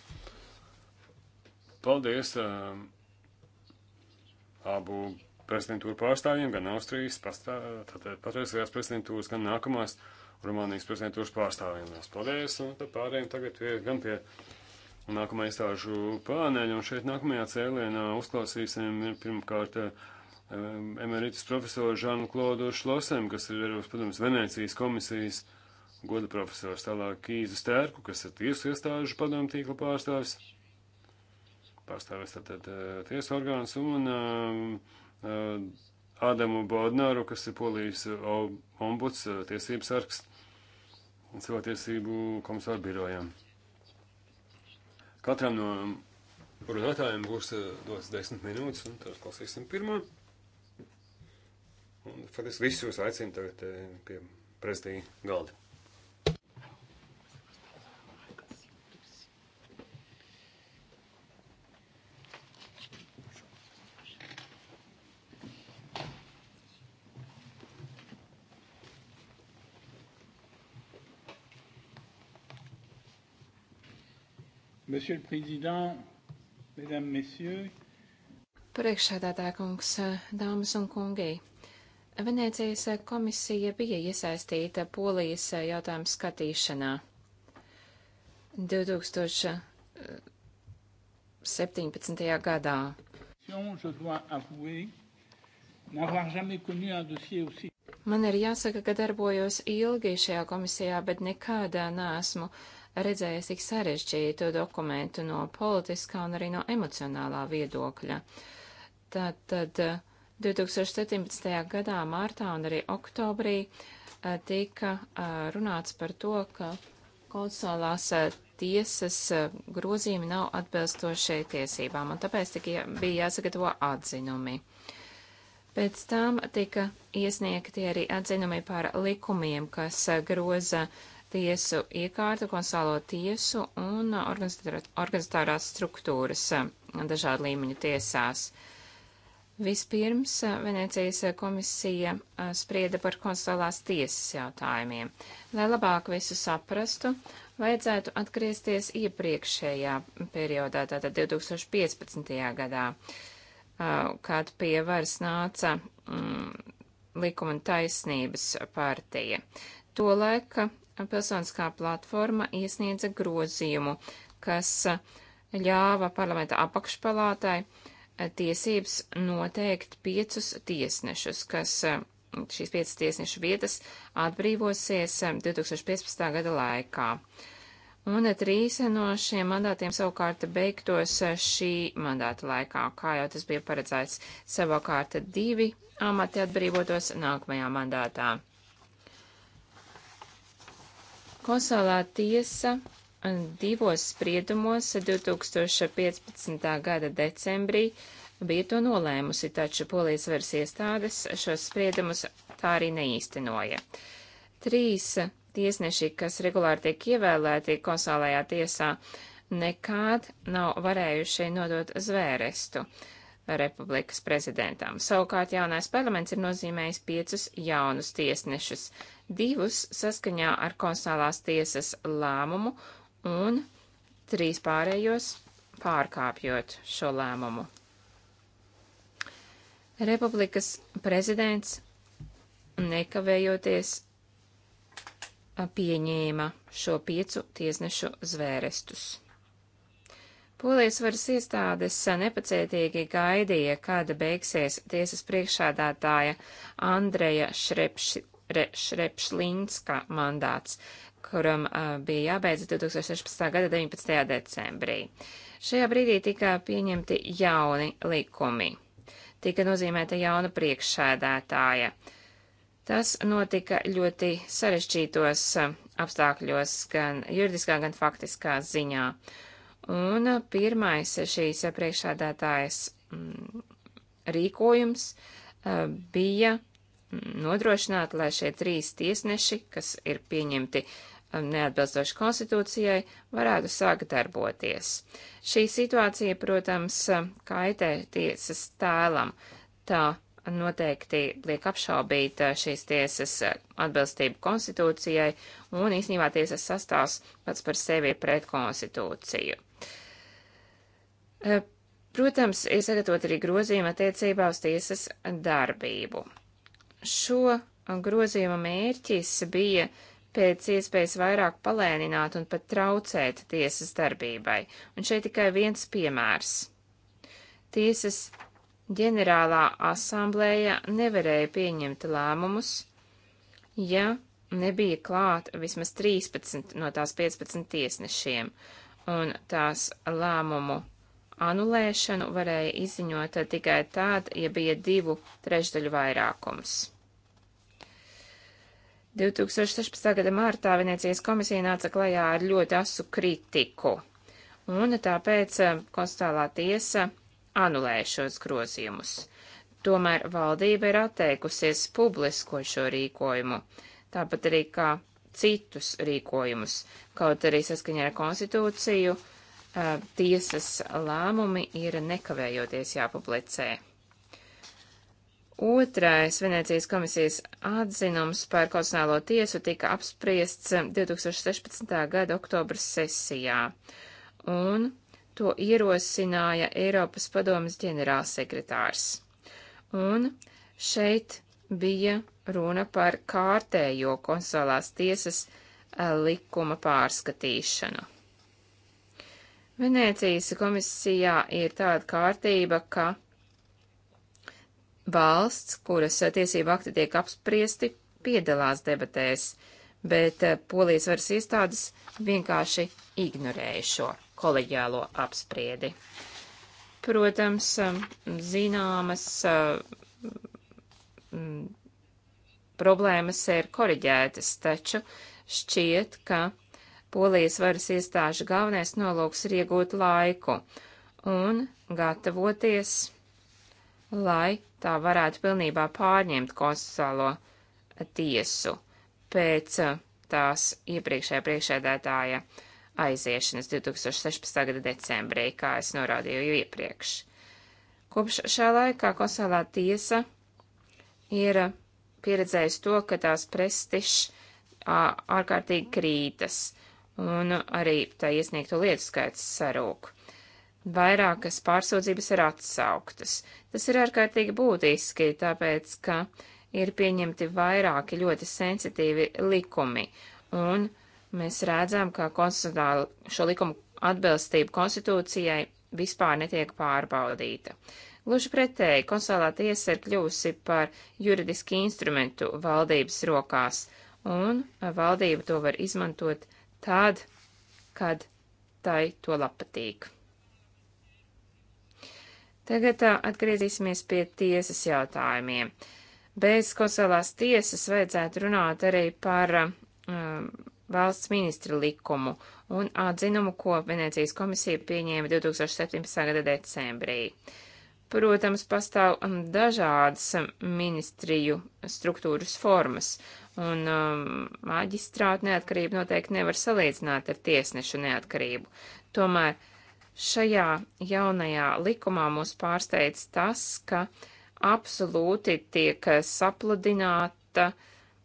Paldies! Eh, abu prezidentūru pārstāvjiem, gan Austrijas patreizējās prezidentūras, gan nākamās Rumānijas prezidentūras pārstāvjiem. Mēs paldies, un tad pārējiem tagad pie, gan pie nākamā iestāžu pāneļa, un šeit nākamajā cēlienā uzklausīsim pirmkārt eh, emeritus profesoru Žanu Klodu Šlosem, kas ir Eiropas padomus Venēcijas komisijas goda profesors, tālāk Kīzu Stērku, kas ir tiesu iestāžu padomu tīkla pārstāvis, pārstāvis tātad eh, tiesu orgāns, un uh, Ādamu Bodnāru, kas ir polijas ombuds, tiesības sargs un cilvēktiesību komisāru birojām. Katram no runātājiem būs dots desmit minūtes, un tad klausīsim pirmo. Un faktiski visus jūs aicinu tagad pie prezidija galda. Monsieur le Président, Mesdames, Messieurs. Priekšsēdētāja kungs, dāmas un kungi. Venēcijas komisija bija iesaistīta polijas jautājumu skatīšanā. 2017. Eh, gadā. Man ir jāsaka, ka darbojos ilgi šajā komisijā, bet nekādā nesmu uh, redzējis, cik sarežģītu dokumentu no politiskā un arī no emocionālā viedokļa. Tātad 2017. Eh, gadā mārtā un arī oktobrī eh, tika eh, runāts par to, ka konsolās tiesas grozījumi nav atbilstošie tiesībām, un tāpēc tika, bija jāsagatavo atzinumi. Pēc tam tika iesniegti arī atzinumi par likumiem, kas groza uh, tiesu iekārtu, konsālo tiesu un organizatorās struktūras eh, dažādu līmeņu tiesās. Vispirms eh, Venecijas eh, komisija sprieda par konstālās tiesas jautājumiem. Lai labāk visu saprastu, vajadzētu atgriezties iepriekšējā periodā, tātad 2015. gadā, kad pie varas nāca mm, likuma taisnības partija. Tolaik pilsoniskā platforma iesniedza grozījumu, kas ļāva parlamenta apakšpalātai eh, tiesības noteikt piecus tiesnešus, kas eh, šīs piecas tiesnešu vietas atbrīvosies 2015. Eh, gada laikā. Un trīs no šiem mandātiem savukārt beigtos šī mandāta laikā, kā jau tas bija paredzēts, savukārt divi amati atbrīvotos nākamajā mandātā. Kosovā tiesa divos spriedumos 2015. gada decembrī bija to nolēmusi, taču polijas varas iestādes šos spriedumus tā arī neīstenoja. Trīs tiesneši, kas regulāri tiek ievēlēti Kosovālajā tiesā, nekād nav varējuši nodot zvērestu republikas prezidentam. Savukārt jaunais parlaments ir nozīmējis piecus jaunus tiesnešus divus saskaņā ar konstitucionālās tiesas lēmumu un trīs pārējos pārkāpjot šo lēmumu. Republikas prezidents nekavējoties pieņēma šo piecu tiesnešu zvērestus. Polijas varas iestādes nepacietīgi gaidīja, kāda beigsies tiesas priekšādātāja Andreja Šrepši Šrepšlinska mandāts, kuram uh, bija jābeidz 2016. gada 19. decembrī. Šajā brīdī tika pieņemti jauni likumi. Tika nozīmēta jauna priekšsēdētāja. Tas notika ļoti sarežģītos apstākļos, gan juridiskā, gan faktiskā ziņā. Un pirmais šīs priekšsēdētājas mm, rīkojums bija nodrošināt, lai šie trīs tiesneši, kas ir pieņemti um, neatbilstoši konstitūcijai, varētu sākt darboties. Šī situācija, protams, um, kaitē tiesas tēlam. Tā noteikti liek apšaubīt uh, šīs tiesas uh, atbilstību konstitūcijai, un īsnībā tiesas sastāvs pats par sevi ir pret konstitūciju. Uh, protams, ir sagatavot arī grozījuma attiecībā uz tiesas darbību. Šo grozījumu mērķis bija pēc iespējas vairāk palēnināt un pat traucēt tiesas darbībai. Un šeit tikai viens piemērs. Tiesas ģenerālā asamblēja nevarēja pieņemt lēmumus, ja nebija klāt vismaz 13 no tās 15 tiesnešiem, un tās lēmumu anulēšanu varēja izziņot tikai tad, ja bija divu trešdaļu vairākums. 2016. gada martā Venecijas komisija nāca klajā ar ļoti asu kritiku, un tāpēc eh, konstitucionālā tiesa anulēja šos grozījumus. Tomēr valdība ir atteikusies publisko šo rīkojumu, tāpat arī kā citus rīkojumus, kaut arī saskaņā ar konstitūciju uh, tiesas lēmumi ir nekavējoties jāpublicē. Otrais Venecijas komisijas atzinums par konstitucionālo tiesu tika apspriests 2016. gada oktobra sesijā, un to ierosināja Eiropas padomas ģenerālsekretārs. Un šeit bija runa par kārtējo konstitucionālās tiesas likuma pārskatīšanu. Venēcijas komisijā ir tāda kārtība, ka valsts, kuras tiesību akti tiek apspriesti, piedalās debatēs, bet eh, polijas varas iestādes vienkārši ignorēja šo koleģiālo apspriedi. Protams, eh, zināmas eh, problēmas ir koriģētas, taču šķiet, ka Polijas varas iestāžu galvenais nolūks ir iegūt laiku un gatavoties, lai tā varētu pilnībā pārņemt konstitucionālo tiesu pēc uh, tās iepriekšējā priekšēdētāja aiziešanas 2016. gada decembrī, kā es norādīju jau iepriekš. Kopš šā laikā konstitucionālā tiesa ir uh, pieredzējusi to, ka tās prestižs uh, ārkārtīgi krītas un arī tā iesniegto lietu skaits sarūk. Vairākas pārsūdzības ir atsauktas. Tas ir ārkārtīgi būtiski, tāpēc, ka ir pieņemti vairāki ļoti sensitīvi likumi, un mēs redzam, ka konstitucionāli šo likumu atbilstību konstitūcijai vispār netiek pārbaudīta. Gluži pretēji, konsulārā tiesa ir kļuvusi par juridiski instrumentu valdības rokās, un valdība to var izmantot tad, kad tai to patīk. Tagad atgriezīsimies pie tiesas jautājumiem. Bez Kosovās tiesas vajadzētu runāt arī par um, valsts ministra likumu un atzinumu, ko Venecijas komisija pieņēma 2017. gada decembrī. Uh, Protams, pastāv um, dažādas um, ministriju struktūras formas, un um, maģistrāta neatkarība noteikti nevar salīdzināt ar tiesnešu neatkarību. Tomēr šajā jaunajā likumā mūs pārsteidz tas, ka absolūti tiek uh, sapludināta,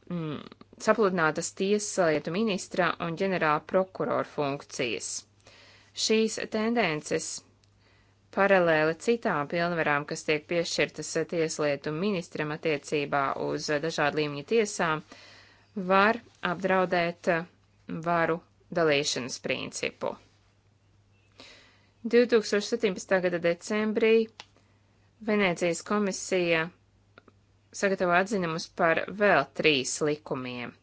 mm, sapludinātas tieslietu ministra un ģenerāla prokurora funkcijas. Šīs tendences paralēli citām pilnvarām, kas tiek piešķirtas tieslietu ministram attiecībā uz dažādu līmeņu tiesām, var apdraudēt varu dalīšanas principu. 2017. gada decembrī Venēcijas komisija sagatavo atzinumus par vēl trīs likumiem.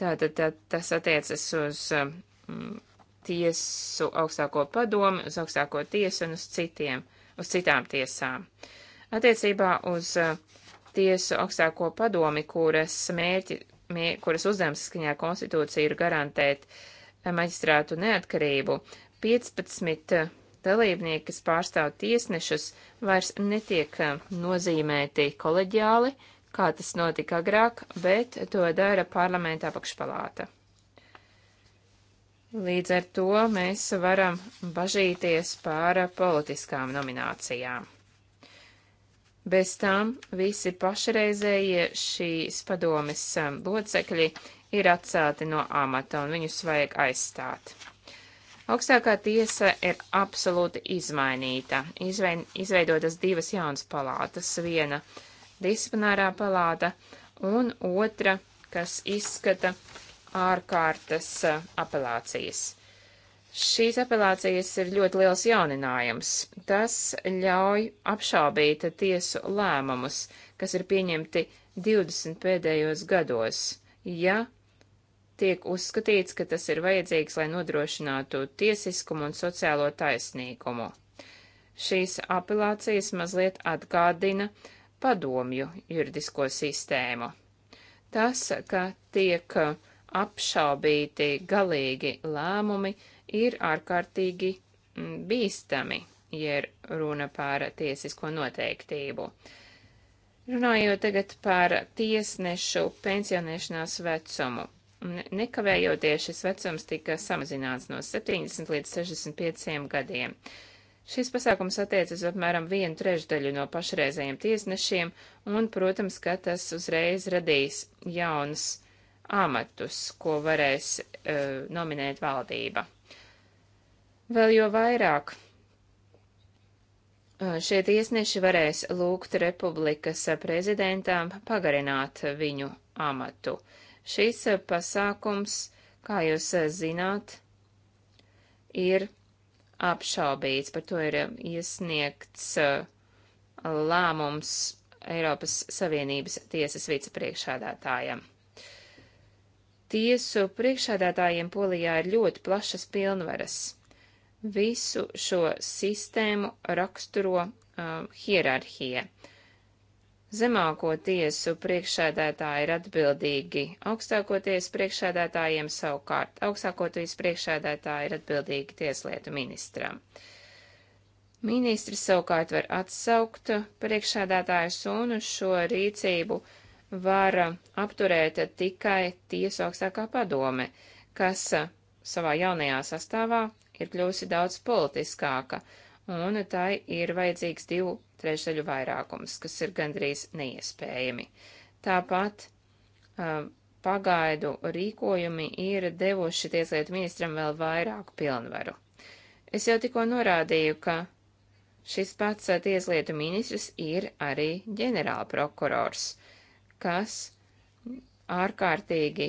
Tātad tā, tas attiecas uz mm, tiesu augstāko padomu, uz augstāko tiesu un uz, citiem, uz citām tiesām. Attiecībā uz uh, tiesu augstāko padomi, kuras, mērķi, mē, kuras uzdevums saskaņā konstitūcija ir garantēt uh, maģistrātu neatkarību, 15 uh, dalībnieki, kas pārstāv tiesnešus, vairs netiek nozīmēti koleģiāli, kā tas notika agrāk, bet to dara parlamenta apakšpalāta. Līdz ar to mēs varam bažīties par politiskām nominācijām. Bez tam visi pašreizējie šīs padomes um, locekļi ir atcelti no amata un viņus vajag aizstāt. Augstākā tiesa ir absolūti izmainīta. Izvein, izveidotas divas jaunas palātas, viena disciplinārā palāta un otra, kas izskata uh, ārkārtas eh, apelācijas. Šīs apelācijas ir ļoti liels jauninājums. Tas ļauj apšaubīt tiesu lēmumus, kas ir pieņemti 20 pēdējos gados, ja tiek uzskatīts, ka tas ir vajadzīgs, lai nodrošinātu tiesiskumu un sociālo taisnīgumu. Šīs apelācijas mazliet atgādina padomju juridisko sistēmu. Tas, ka tiek uh, apšaubīti galīgi lēmumi ir ārkārtīgi mm, bīstami, ja ir runa par tiesisko noteiktību. Runājot tagad par tiesnešu pensionēšanās vecumu. Nekavējoties šis vecums tika samazināts no 70 līdz 65 gadiem. Šis pasākums attiecas apmēram vienu trešdaļu no pašreizējiem tiesnešiem, un, protams, ka tas uzreiz radīs jaunas amatus, ko varēs uh, nominēt valdība. Vēl jo vairāk e, Šie tiesneši varēs lūgt republikas prezidentām pagarināt viņu amatu. Šis pasākums, kā jūs zināt, ir apšaubīts. Par to ir iesniegts e, lēmums Eiropas Savienības tiesas vicepriekšādātājam. Tiesu priekšādātājiem Polijā ir ļoti plašas pilnvaras. Visu šo sistēmu raksturo um, hierarhija. Zemāko tiesu priekšsēdētāji ir atbildīgi augstāko tiesu priekšsēdētājiem, savukārt augstāko tiesu priekšsēdētāji ir atbildīgi tieslietu ministram. Ministri savukārt var atsaukt priekšsēdētājus un uz šo rīcību uh, var uh, apturēt tikai tiesu augstākā padome, kas uh, savā jaunajā sastāvā ir kļūsi daudz politiskāka, un tai ir vajadzīgs divu trešdaļu vairākums, kas ir gandrīz neiespējami. Tāpat um, pagaidu rīkojumi ir devuši tieslietu ministram vēl vairāku pilnvaru. Es jau tikko norādīju, ka šis pats tieslietu ministrs ir arī ģenerāla prokurors kas ārkārtīgi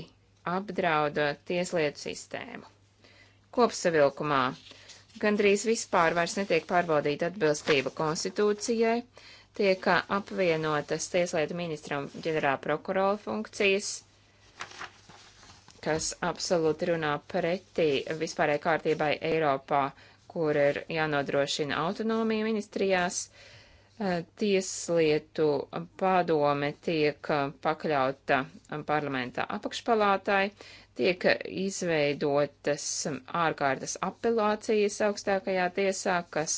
apdrauda tieslietu sistēmu. Kopsavilkumā gandrīz vispār vairs netiek pārbaudīta atbilstība konstitūcijai, tiek apvienotas tieslietu ministram ģenerāla prokurora funkcijas, kas absolūti runā pretī vispārējai kārtībai Eiropā, kur ir jānodrošina autonomija ministrijās. Uh, Eh, tieslietu padome tiek eh, pakļauta eh, parlamentā apakšpalātai, tiek izveidotas ārkārtas apelācijas augstākajā tiesā, kas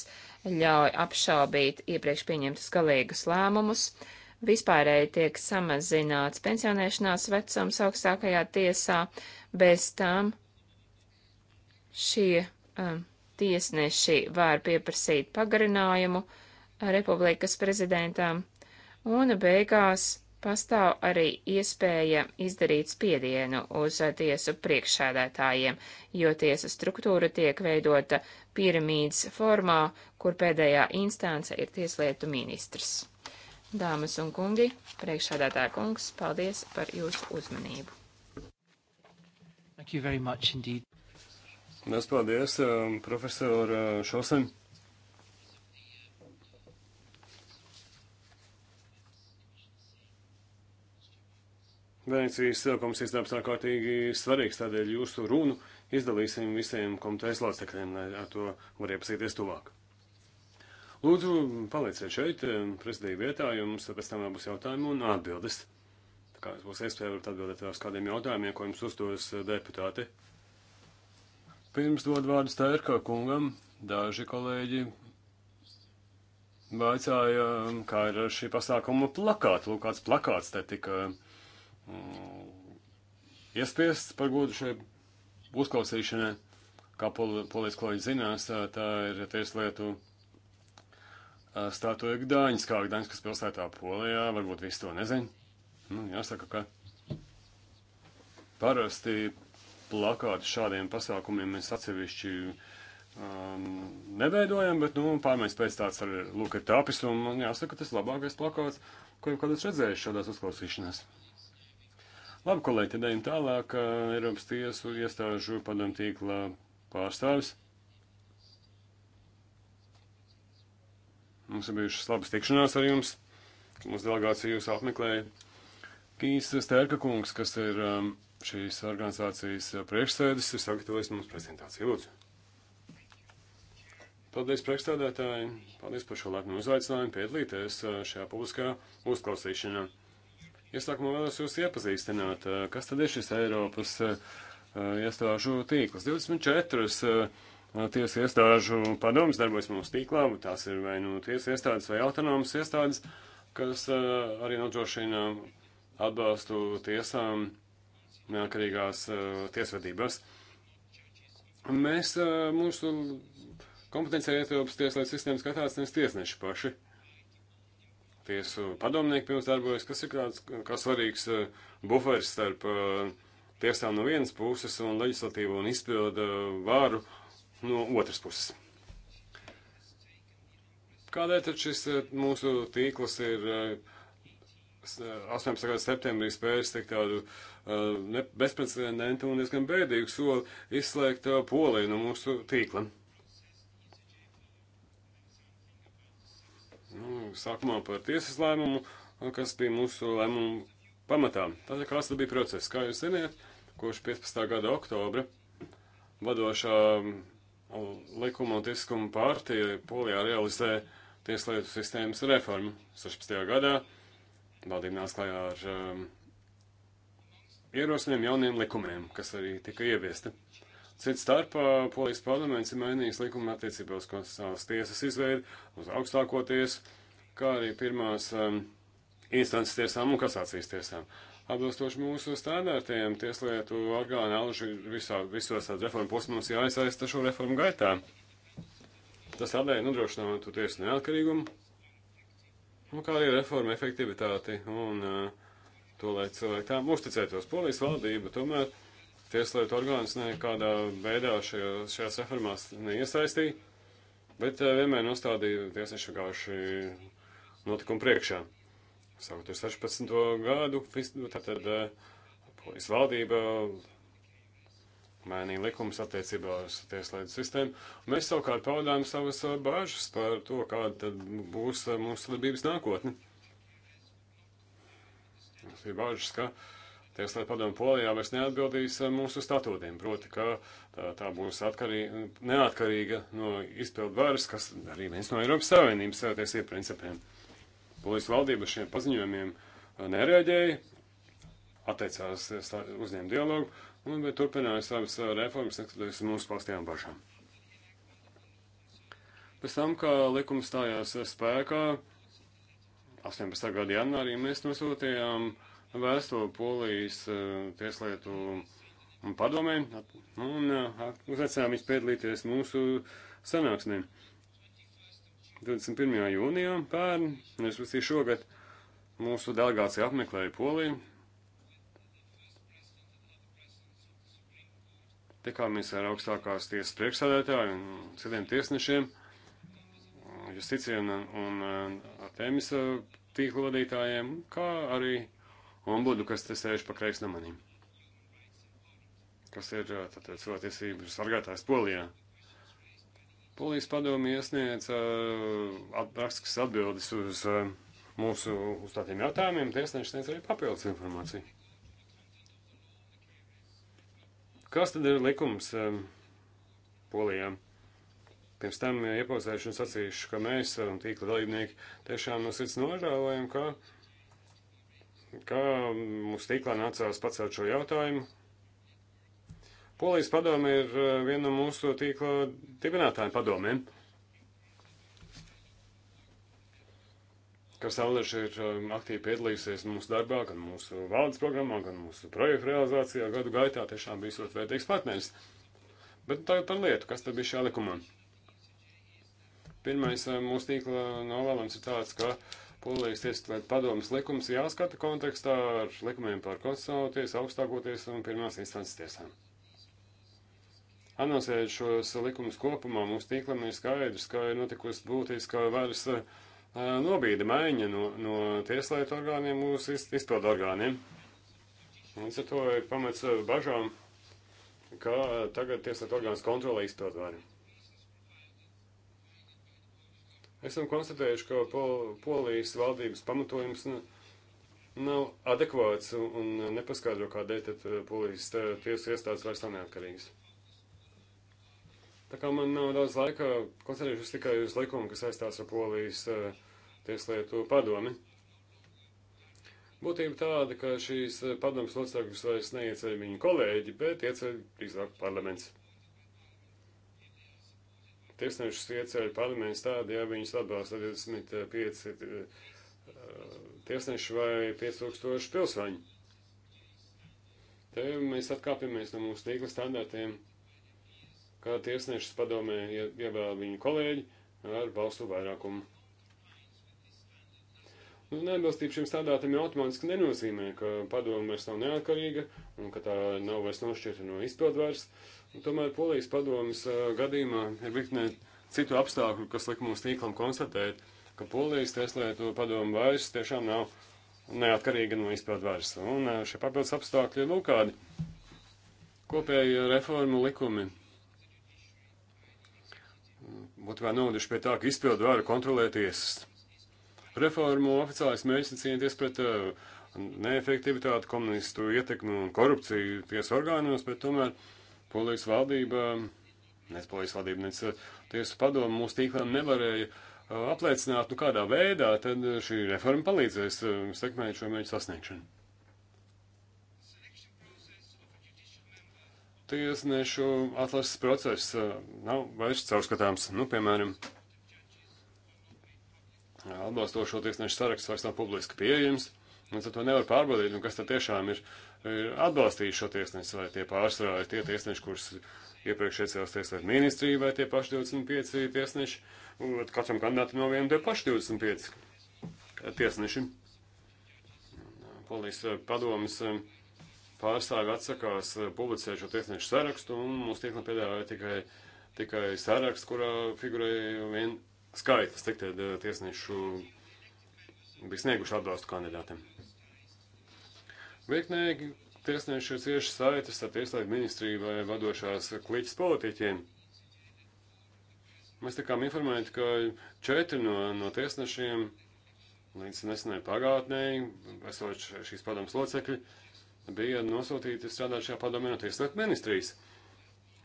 ļauj apšaubīt iepriekš pieņemtus galīgus lēmumus. Vispārēji tiek samazināts pensionēšanās vecums augstākajā tiesā, bez tam šie um, tiesneši var pieprasīt pagarinājumu, uh, republikas prezidentam, un beigās pastāv arī iespēja izdarīt spiedienu uz tiesu priekšsēdētājiem, jo tiesa struktūra tiek veidota piramīdas formā, kur pēdējā instance ir tieslietu ministrs. Dāmas un kungi, priekšsēdētāja kungs, paldies par jūsu uzmanību. Thank you very much indeed. Mēs paldies, um, profesor uh, Šosen. Venecijas komisijas darbs ir ārkārtīgi svarīgs, tādēļ jūsu runu izdalīsim visiem komitejas locekļiem, lai ar to var iepazīties tuvāk. Lūdzu, palieciet šeit, eh, prezidija vietā, jums pēc tam vēl būs jautājumi un atbildes. Tā kā būs iespēja varat atbildēt vēl uz kādiem jautājumiem, ko jums uzdos eh, deputāti. Pirms dod vārdu Stērka kungam, daži kolēģi vaicāja, eh, kā ir ar šī pasākuma plakāta. Lūk, kāds plakāts te tika. Uh, Mm. iespiests par godu šai uzklausīšanai. Kā polijas kolēģi zinās, tā ir tieslietu stātoja Gdaņas, kā Gdaņas pilsētā Polijā. Varbūt visi to nezin. Nu, jāsaka, ka parasti plakātu šādiem pasākumiem mēs atsevišķi um, neveidojam, bet, nu, pārmaiņas pēc tāds arī lūk ir tapis, un man jāsaka, tas labākais plakāts, ko jau kādreiz redzējuši šādās uzklausīšanās. Labi, kolēģi, tad ejam tālāk. Eiropas tiesu iestāžu padomu tīkla pārstāvis. Mums ir bijušas labas tikšanās ar jums. Mūsu delegācija jūs apmeklēja. Kīs Stērka kungs, kas ir um, šīs organizācijas priekšsēdis, ir sagatavojis mums prezentāciju. Lūdzu. Paldies priekšstādētāji, paldies par šo lepnu uzaicinājumu piedalīties šajā publiskā uzklausīšanā. Iesākumā vēlos jūs iepazīstināt, kas tad ir šis Eiropas iestāžu tīkls. 24 tiesu iestāžu padomus darbojas mūsu tīklā, tās ir vai nu tiesu iestādes vai autonomas iestādes, kas arī nodrošina atbalstu tiesām neatkarīgās tiesvedības. Mēs mūsu kompetencijā ietilpst tieslietu sistēmas katāsnes tiesneši paši tiesu padomnieki pirms darbojas, kas ir tāds kā svarīgs eh, buferis starp eh, tiesām no vienas puses un leģislatīvu un izpildu vāru no otras puses. Kādēļ tad šis eh, mūsu tīkls ir 18. gada septembrī spējis tik tādu bezprecedentu un diezgan bēdīgu soli izslēgt Poliju no mūsu tīkla? sākumā par tiesas lēmumu, kas bija mūsu lēmumu pamatā. Tātad kāds tad bija process, kā jūs ziniet, kopš 15. gada oktobra vadošā um, likuma un tiesiskuma pārtie Polijā realizē tieslietu sistēmas reformu 16. gadā. Valdība nāca klajā ar um, ierosiniem jauniem likumiem, kas arī tika ieviesti. Cits starpā Polijas parlaments ir mainījis likumu attiecībā uz konstitucionālas tiesas izveidi, uz augstāko tiesu, kā arī pirmās um, instances tiesām un kasācijas tiesām. Atbilstoši mūsu standārtiem tieslietu orgāni aluži visā, visos tādas reformu posmos jāiesaista šo reformu gaitā. Tas tādēļ nodrošinātu tiesu neatkarīgumu, un kā arī reformu efektivitāti un uh, to, lai cilvēki tām uzticētos. Polijas valdība tomēr tieslietu orgāns nekādā veidā šajos, šajās reformās neiesaistīja, bet uh, vienmēr nostādīja tiesnešu gājuši notikumu priekšā. Sākot ar 16. gadu, nu, tātad eh, polijas valdība mainīja likumus attiecībā uz tieslietu sistēmu. Mēs savukārt paudām savas eh, bāžas par to, kāda tad būs eh, mūsu sadarbības nākotne. Mums bija bāžas, ka tieslietu padomu Polijā vairs neatbildīs mūsu statūtiem, proti, ka tā, tā būs atkarīga, neatkarīga no izpildu varas, kas arī viens no Eiropas Savienības tiesību principiem. Polijas valdība šiem paziņojumiem uh, nereaģēja, atteicās eh, uzņemt dialogu un turpināja savas eh, reformas, neskatoties mūsu paustajām bažām. Pēc tam, kā likums stājās eh, spēkā, 18. gada janvārī mēs nosūtījām vēstuli Polijas tieslietu padomē un uzaicinājām viņus piedalīties mūsu sanāksmēm. 21. jūnijā pērn, respektīvi nu, šogad, mūsu delegācija apmeklēja Poliju. Tikāmies ar augstākās tiesas priekšsādētāju un citiem tiesnešiem, justīcijiem un, un, un tēmis uh, tīklu vadītājiem, kā arī ombudu, kas te sēž pa kreisnamanīm, kas ir uh, tātad cilvēktiesības sargātājs Polijā. Polijas padomi iesniedz uh, atbrakstas atbildes uz uh, mūsu uzstātiem jautājumiem, tiesneši sniedz arī papildus informāciju. Kas tad ir likums um, Polijām? Pirms tam iepauzēšu un sacīšu, ka mēs un um, tīkla dalībnieki tiešām no sirds nožēlojam, ka, ka mums tīklā nācās pacelt šo jautājumu, Polijas padome ir eh, viena no mūsu tīkla dibinātājiem padomēm. Kas Alleša ir eh, aktīvi piedalījusies mūsu darbā, gan mūsu valdes programmā, gan mūsu projektu realizācijā gadu gaitā, tiešām bija ļoti vērtīgs partneris. Bet tā ir par lietu, kas tad bija šajā likumā. Pirmais eh, mūsu tīkla novēlams ir tāds, ka Polijas tieslietu padomas likums jāskata kontekstā ar likumiem par konstitucionālo tiesu, augstāko tiesu un pirmās instances tiesām. Analizējot šos likumus kopumā, mums tīklam ir skaidrs, ka ir notikusi būtiska varas eh, nobīde maiņa no, no tieslietu orgāniem uz izpildu orgāniem. Līdz ar to ir pamats bažām, ka eh, tagad tieslietu orgāns kontrolē izpildu varu. Esam konstatējuši, ka pol, polijas valdības pamatojums nav adekvāts un nepaskaidro, kādēļ tad eh, polijas tiesu iestādes vairs nav neatkarīgas. Tā kā man nav daudz laika, koncentrēšos tikai uz likumu, kas saistās ar polijas uh, tieslietu padomi. Būtība tāda, ka šīs eh, padomas locekļus vairs neieceļ viņu kolēģi, bet ieceļ drīzāk parlaments. Tiesnešus ieceļ parlaments tādi, ja viņus atbalsta 25 uh, eh, tiesneši vai 5000 pilsoņi. Te mēs atkāpjamies no mūsu tīkla standartiem kā tiesnešas padomē ievēl viņu kolēģi ar balstu vairākumu. Nu, neatbilstība šim standārtam jau automātiski nenozīmē, ka padome vairs nav neatkarīga un ka tā nav vairs nošķirta no izpildvaras. Tomēr polijas padomas uh, gadījumā ir virkne citu apstākļu, kas lika mums tīklam konstatēt, ka polijas tieslietu padomu vairs tiešām nav neatkarīga no izpildvaras. Un uh, šie papildus apstākļi ir lūkādi. Kopēja reformu likumi būtībā noveduši pie tā, ka izpildu varu kontrolē tiesas. Reformu oficiālais mērķis cīnīties pret uh, neefektivitāti, komunistu ietekmi un korupciju tiesu orgānos, bet tomēr polijas valdība, nec polijas valdība, nec uh, tiesu padomu mūsu tīklām nevarēja uh, apliecināt, nu kādā veidā tad šī reforma palīdzēs uh, sekmēt šo mērķu sasniegšanu. tiesnešu atlases process nav vairs caurskatāms. Nu, piemēram, atbalstošo tiesnešu saraksts vairs nav publiski pieejams, un tad to nevar pārbaudīt, un nu, kas tad tiešām ir, ir atbalstījis šo tiesnešu, vai tie pārsvarā ir tie tiesneši, kurus iepriekš iecēlās tieslietu ministrija, vai tie paši 25 tiesneši, un katram kandidātam nav vien tie paši 25 tiesneši. Polijas padomas. Um, pārstāvi atsakās eh, publicēt šo tiesnešu sarakstu, un mums tiekam piedāvāja tikai, tikai saraksts, kurā figurēja vien skaitlis, tik tad eh, tiesnešu bija snieguši atbalstu kandidātiem. Veiknēji tiesneši ir cieši saites ar tieslietu ministriju vai vadošās kliķis politiķiem. Mēs tikām informēti, ka četri no, no tiesnešiem līdz nesenai pagātnēji, esot šīs padomas locekļi, uh, bija nosūtīti strādāt šajā padomē no tieslietu ministrijas.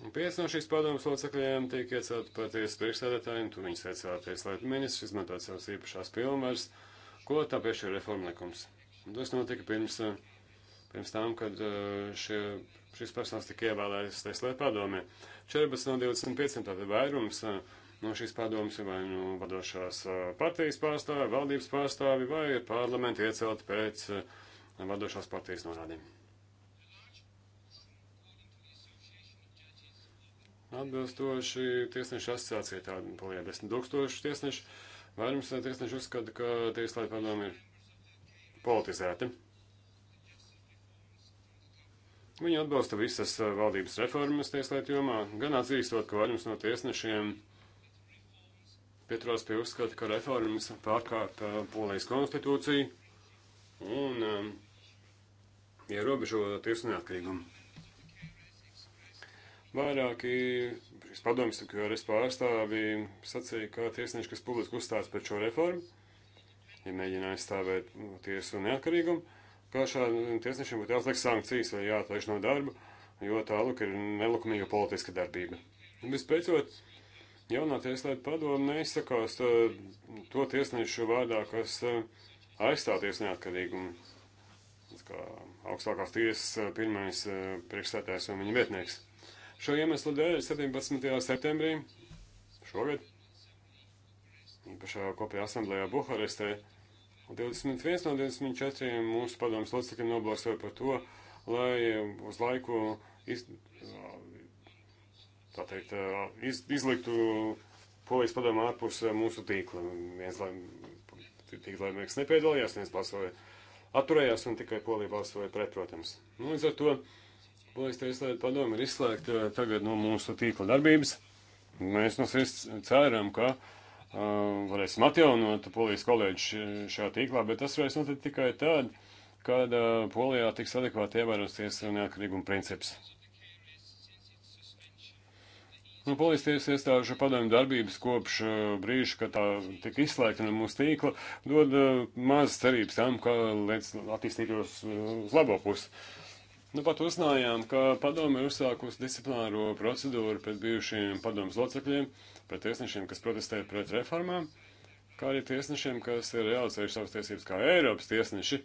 Un pieci no šīs padomas locekļiem tika iecelt par tiesu priekšsēdētājiem, tu viņus iecēlā tieslietu ministrs, izmantot savas īpašās pilnvaras, ko tāpēc ir reforma likums. Un tas notika pirms, eh, pirms tam, kad eh, šie, šis personāls tika ievēlēts tieslietu padomē. 14 no 25, tātad vairums eh, no šīs padomas ir vai nu vadošās partijas pārstāvi, valdības pārstāvi vai ir parlamenti iecelti pēc uh, vadošās partijas norādēm. Atbilstoši tiesnešu asociācijai tāda paliek 10 tūkstoši tiesnešu. Vairums tiesnešu uzskata, ka tieslietu padomu ir politizēta. Viņi atbalsta visas valdības reformas tieslietu jomā, gan atzīstot, ka vairums no tiesnešiem pieturās pie uzskata, ka reformas pārkāpj eh, Polijas konstitūciju un um, ierobežo tiesu neatkarīgumu. Vairāki šīs padomjas, ko arī pārstāvi, sacīja, ka tiesneši, kas publiski uzstāsta par šo reformu, ja mēģināja stāvēt nu, tiesu neatkarīgumu, ka šādiem tiesnešiem būtu jāuzliek sankcijas vai jāatlaiž no darba, jo tālāk ir nelikumīga politiska darbība. Vispēcot, jaunā tieslietu padoma neizsakās eh, to tiesnešu vārdā, kas eh, aizstāties neatkarīgumu kā augstākās tiesas eh, pirmais eh, priekšstādājs un viņa vietnieks. Šo iemeslu dēļ 17. septembrī šogad īpašā kopējā asamblējā Buharestē 21 no 24 mūsu padomus locekļiem nobalsoja par to, lai uz laiku iz, tā teikt, eh, iz, izliktu polijas padomu ārpus mūsu tīkla. Viens tīkla laimnieks nepiedalījās, viens balsoja atturējās un tikai Polija balsoja pret, protams. Nu, līdz ar to Polijas tieslietu padomu ir izslēgta eh, tagad no mūsu tīkla darbības. Mēs no sirds ceram, ka uh, varēsim atjaunot polijas kolēģi šajā tīklā, bet tas varēs notikt tikai tad, kad uh, Polijā tiks adekvāti ievēroties neatkarīguma princips. Nu, Policijas iestāžu padomju darbības kopš uh, brīža, kad tā tika izslēgta no mūsu tīkla, dod uh, maz cerības tam, ka lietas attīstītos uh, uz labo pusi. Nu, pat uzzinājām, ka padomju ir uzsākusi disciplināro procedūru pret bijušiem padomus locekļiem, pret tiesnešiem, kas protestē pret reformām, kā arī tiesnešiem, kas ir realizējuši savas tiesības kā Eiropas tiesneši,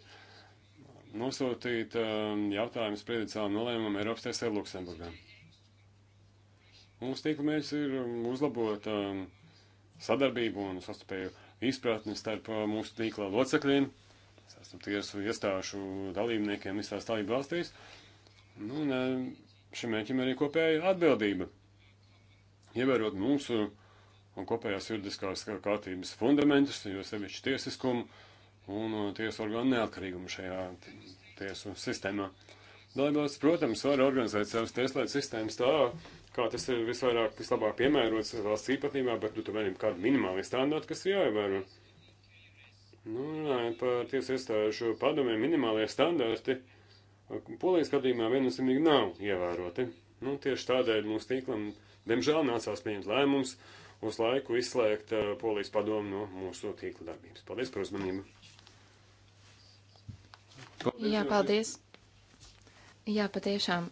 nosūtīt uh, jautājumus priedicām nolēmumam Eiropas tiesē Luksemburgā. Mums tīkla mērķis ir um, uzlabot um, sadarbību un sastapēju izpratni starp uh, mūsu tīkla locekļiem. Mēs esam tiesu iestāšu dalībniekiem visās dalību valstīs. Nu, un um, šim mērķim arī kopēja atbildība. Ievērot mūsu un kopējās juridiskās kārtības fundamentus, jo sevišķi tiesiskumu un uh, tiesu orgānu neatkarīgumu šajā tiesu sistēmā. Dalībās, protams, var organizēt savas tieslietu sistēmas tā, kā tas ir visvairāk, vislabāk piemērots valsts īpatnībā, bet nu, tomēr ir kādi minimāli standarti, kas ir jāievēro. Nu, runājot par tiesu iestāžu padomiem, minimālie standarti polijas skatījumā viennozīmīgi nav ievēroti. Nu, tieši tādēļ mūsu tīklam, diemžēl, nācās pieņemt lēmums uz laiku izslēgt uh, polijas padomu no mūsu tīkla darbības. Paldies par uzmanību! Paldies, Jā, paldies! Jūs. Jā, patiešām,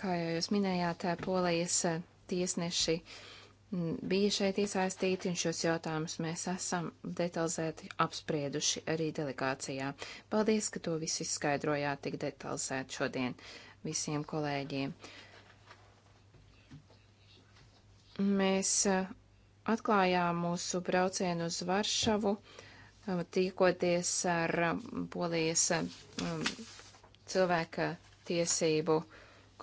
kā jau jūs minējāt, polijas tiesneši bija šeit iesaistīti, un šos jautājumus mēs esam detalizēti apsprieduši arī delegācijā. Paldies, ka to visu izskaidrojāt tik detalizēti šodien visiem kolēģiem. Mēs atklājām mūsu braucienu uz Varšavu, tīkoties ar polijas cilvēka tiesību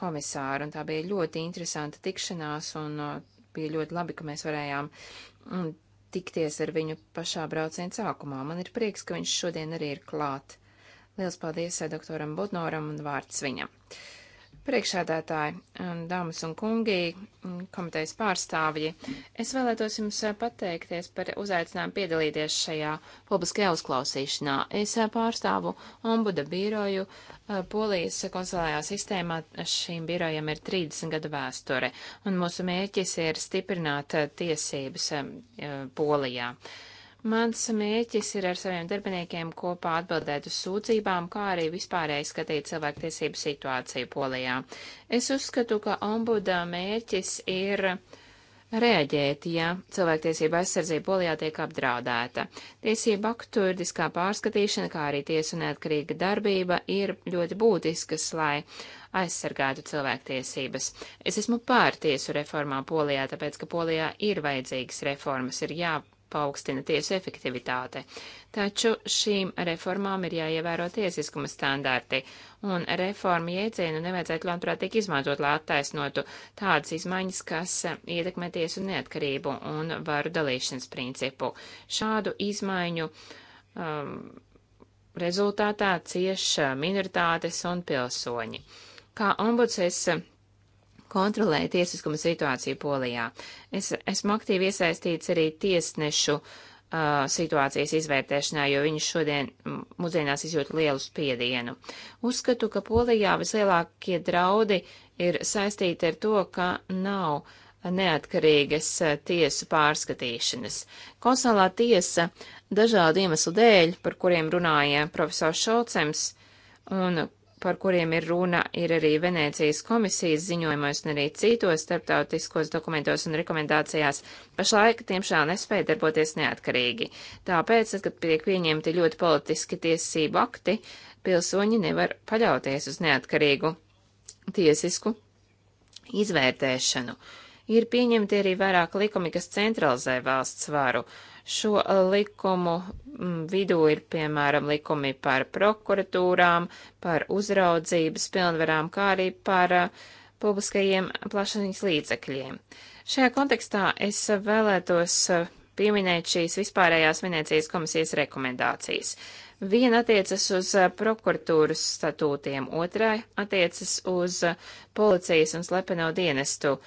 komisāru, un tā bija ļoti interesanta tikšanās, un uh, bija ļoti labi, ka mēs varējām mm, tikties ar viņu pašā brauciena sākumā. Man ir prieks, ka viņš šodien arī ir klāt. Liels paldies eh, doktoram Budnoram un vārds viņam. Uh, Priekšādātāji, dāmas un kungi, komitejas pārstāvji, es vēlētos jums pateikties par uzaicinājumu piedalīties šajā publiskajā uzklausīšanā. Es pārstāvu ombuda biroju Polijas konsulārajā sistēmā. Šīm birojam ir 30 gadu vēsture, un mūsu mērķis ir stiprināt tiesības Polijā. Uh, Mans mērķis ir ar saviem darbiniekiem kopā atbildēt uz sūdzībām, kā arī vispārēji skatīt cilvēktiesību situāciju Polijā. Es uzskatu, ka ombuda mērķis ir reaģēt, ja cilvēktiesība aizsardzība Polijā tiek apdraudēta. Tiesība aktu juridiskā pārskatīšana, kā arī tiesu neatkarīga darbība ir ļoti būtiskas, lai aizsargātu cilvēktiesības. Es esmu pār tiesu reformām Polijā, tāpēc, ka Polijā ir vajadzīgas reformas, ir jā paaugstina tiesu efektivitāte. Taču šīm reformām ir jāievēro tiesiskuma standarti, un reformu jēdzienu nevajadzētu ļaunprātīgi izmantot, lai attaisnotu tādas izmaiņas, kas ietekmē tiesu neatkarību un varu dalīšanas principu. Šādu izmaiņu um, rezultātā cieš minoritātes un pilsoņi. Kā ombuds es kontrolē tiesiskuma situāciju Polijā. Es esmu aktīvi iesaistīts arī tiesnešu uh, situācijas izvērtēšanā, jo viņi šodien mūsdienās mm, izjūt lielu spiedienu. Uzskatu, ka Polijā vislielākie draudi ir saistīti ar to, ka nav neatkarīgas uh, tiesu pārskatīšanas. Konstitucionālā tiesa dažādu iemeslu dēļ, par kuriem runāja profesors Šolcems, un par kuriem ir runa, ir arī Venēcijas komisijas ziņojumos un arī citos starptautiskos dokumentos un rekomendācijās, pašlaik tiemžēl nespēja darboties neatkarīgi. Tāpēc, kad tiek pieņemti ļoti politiski tiesību akti, pilsoņi nevar paļauties uz neatkarīgu tiesisku izvērtēšanu. Ir pieņemti arī vairāk likumi, kas centralizē valsts varu. Uh, Šo uh, likumu mm, vidū ir, piemēram, likumi par prokuratūrām, par uzraudzības pilnvarām, kā arī par uh, publiskajiem plašsaziņas līdzekļiem. Šajā kontekstā es vēlētos uh, pieminēt šīs vispārējās Venecijas komisijas rekomendācijas. Viena attiecas uz prokuratūras statūtiem, otrai attiecas uz policijas un slepeno dienestu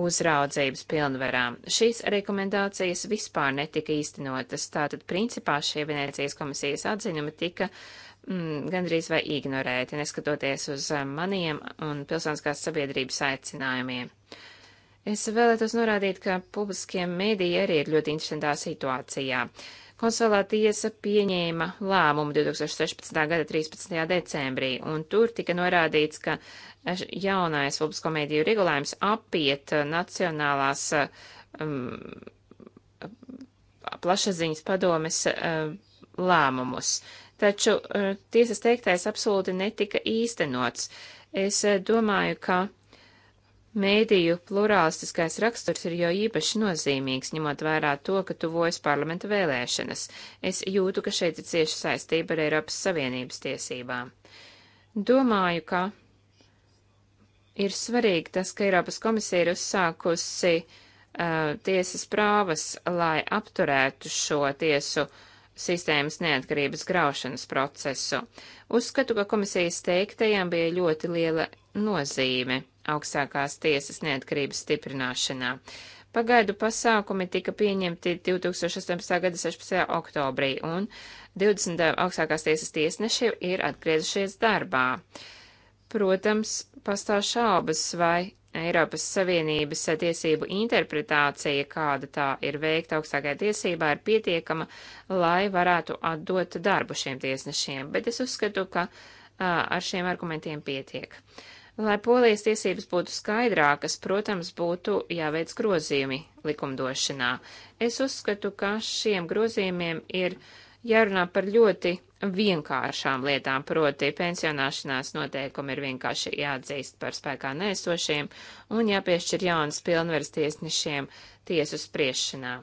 uzraudzības pilnvarām. Šīs rekomendācijas vispār netika īstenotas, tātad principā šie Venecijas komisijas atziņumi tika mm, gandrīz vai ignorēti, neskatoties uz eh, maniem un pilsoniskās sabiedrības aicinājumiem. Es vēlētos norādīt, ka publiskiem mēdī arī ir ļoti interesantā situācijā. Uh, Kosovā tiesa pieņēma lēmumu 2016. gada 13. decembrī, un tur tika norādīts, ka e, jaunais publisko mēdīju regulējums apiet e, nacionālās um, e, plašaziņas padomes um, lēmumus. Taču uh, tiesas teiktais absolūti netika īstenots. Es uh, domāju, ka Mēdīju plurālistiskais raksturs ir jau īpaši nozīmīgs, ņemot vērā to, ka tuvojas parlamenta vēlēšanas. Es jūtu, ka šeit ir cieša saistība ar Eiropas Savienības tiesībām. Domāju, ka ir svarīgi tas, ka Eiropas komisija ir uzsākusi uh, tiesas prāvas, lai apturētu šo tiesu sistēmas neatkarības graušanas procesu. Uzskatu, ka komisijas teiktajām bija ļoti liela nozīme augstākās tiesas neatkarības stiprināšanā. Pagaidu pasākumi tika pieņemti 2018. gada 16. oktobrī, un 20 augstākās tiesas tiesneši ir atgriezušies darbā. Protams, pastāv šaubas, vai Eiropas Savienības tiesību interpretācija, kāda tā ir veikta augstākajā tiesībā, ir pietiekama, lai varētu atdot darbu šiem tiesnešiem, bet es uzskatu, ka a, ar šiem argumentiem pietiek. Uh, Lai polijas tiesības būtu skaidrākas, protams, būtu jāveic grozījumi likumdošanā. Es uzskatu, ka šiem grozījumiem ir jārunā par ļoti vienkāršām lietām, proti pensionāšanās noteikumi ir vienkārši jāatzīst par spēkā nēsošiem un jāpiešķir jaunas pilnveres tiesnešiem tiesu spriešanā.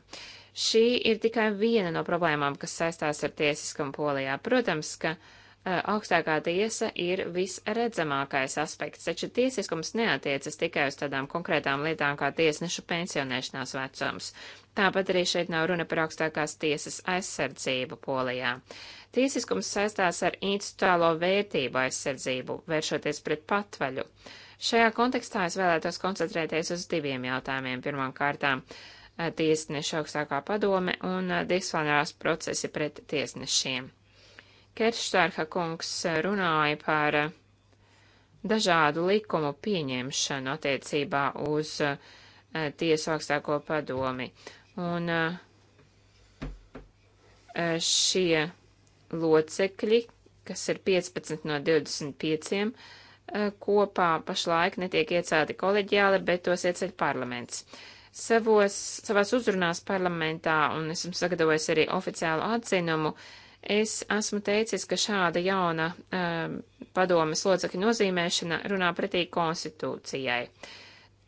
Šī ir tikai viena no problēmām, kas saistās ar tiesiskumu polijā. Protams, ka uh, Eh, augstākā tiesa ir visredzamākais aspekts, taču tiesiskums neatiecas tikai uz tādām konkrētām lietām kā tiesnešu pensionēšanās vecums. Tāpat arī šeit nav runa par augstākās tiesas aizsardzību polijā. Tiesiskums saistās ar institucionālo vērtību aizsardzību, vēršoties pret patvaļu. Šajā kontekstā es vēlētos koncentrēties uz diviem jautājumiem. Pirmām kārtām eh, tiesneša augstākā padome un eh, disciplinārās procesi pret tiesnešiem. Kerštārha kungs eh, runāja par eh, dažādu likumu pieņemšanu attiecībā uz uh, tiesu augstāko padomi. Un uh, šie locekļi, kas ir 15 no 25, uh, kopā pašlaik netiek iecelti koleģiāli, bet tos ieceļ parlaments. Savos, savās uzrunās parlamentā, un esmu sagatavojis arī oficiālu atzinumu, uh, Es esmu teicis, ka šāda jauna um, padomas locekļa nozīmēšana runā pretī konstitūcijai.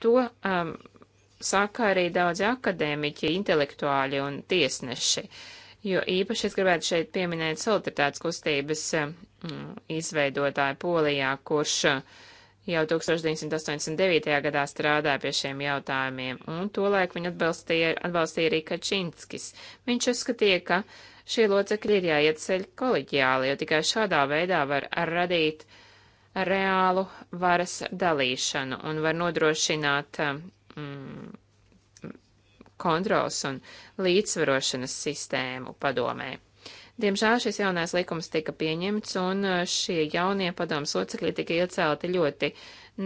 To um, saka arī daudzi akadēmiķi, intelektuāļi un tiesneši. Jo īpaši es gribētu šeit pieminēt solidaritātes kustības mm, izveidotāju Polijā, kurš uh, jau 1989. gadā strādāja pie šiem jautājumiem, un tolaik viņu atbalstīja, atbalstīja arī Kačinskis. Viņš uzskatīja, ka Šie locekļi ir jāiet ceļ koleģiāli, jo tikai šādā veidā var radīt reālu varas dalīšanu un var nodrošināt mm, kontrols un līdzsvarošanas sistēmu padomē. Diemžēl šis jaunais likums tika pieņemts, un uh, šie jaunie padomas locekļi tika iecelti ļoti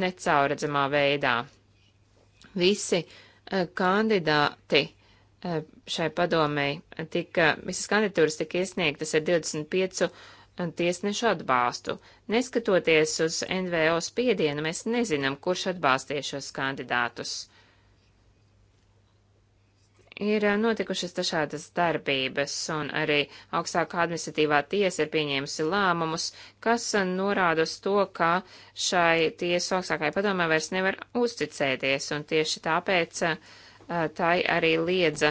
necauredzamā veidā. Visi uh, kandidāti Eh, šai padomēji tika, visas kandidatūras tika iesniegtas ar 25 eh, tiesnešu atbalstu. Neskatoties uz NVO spiedienu, mēs nezinām, kurš atbalstīja šos kandidātus. Ir eh, notikušas dažādas darbības, un arī augstākā administratīvā tiesa ir pieņēmusi lēmumus, kas norāda uz to, ka šai tiesu augstākajai padomē vairs nevar uzticēties, un tieši tāpēc uh, Uh, tai arī liedza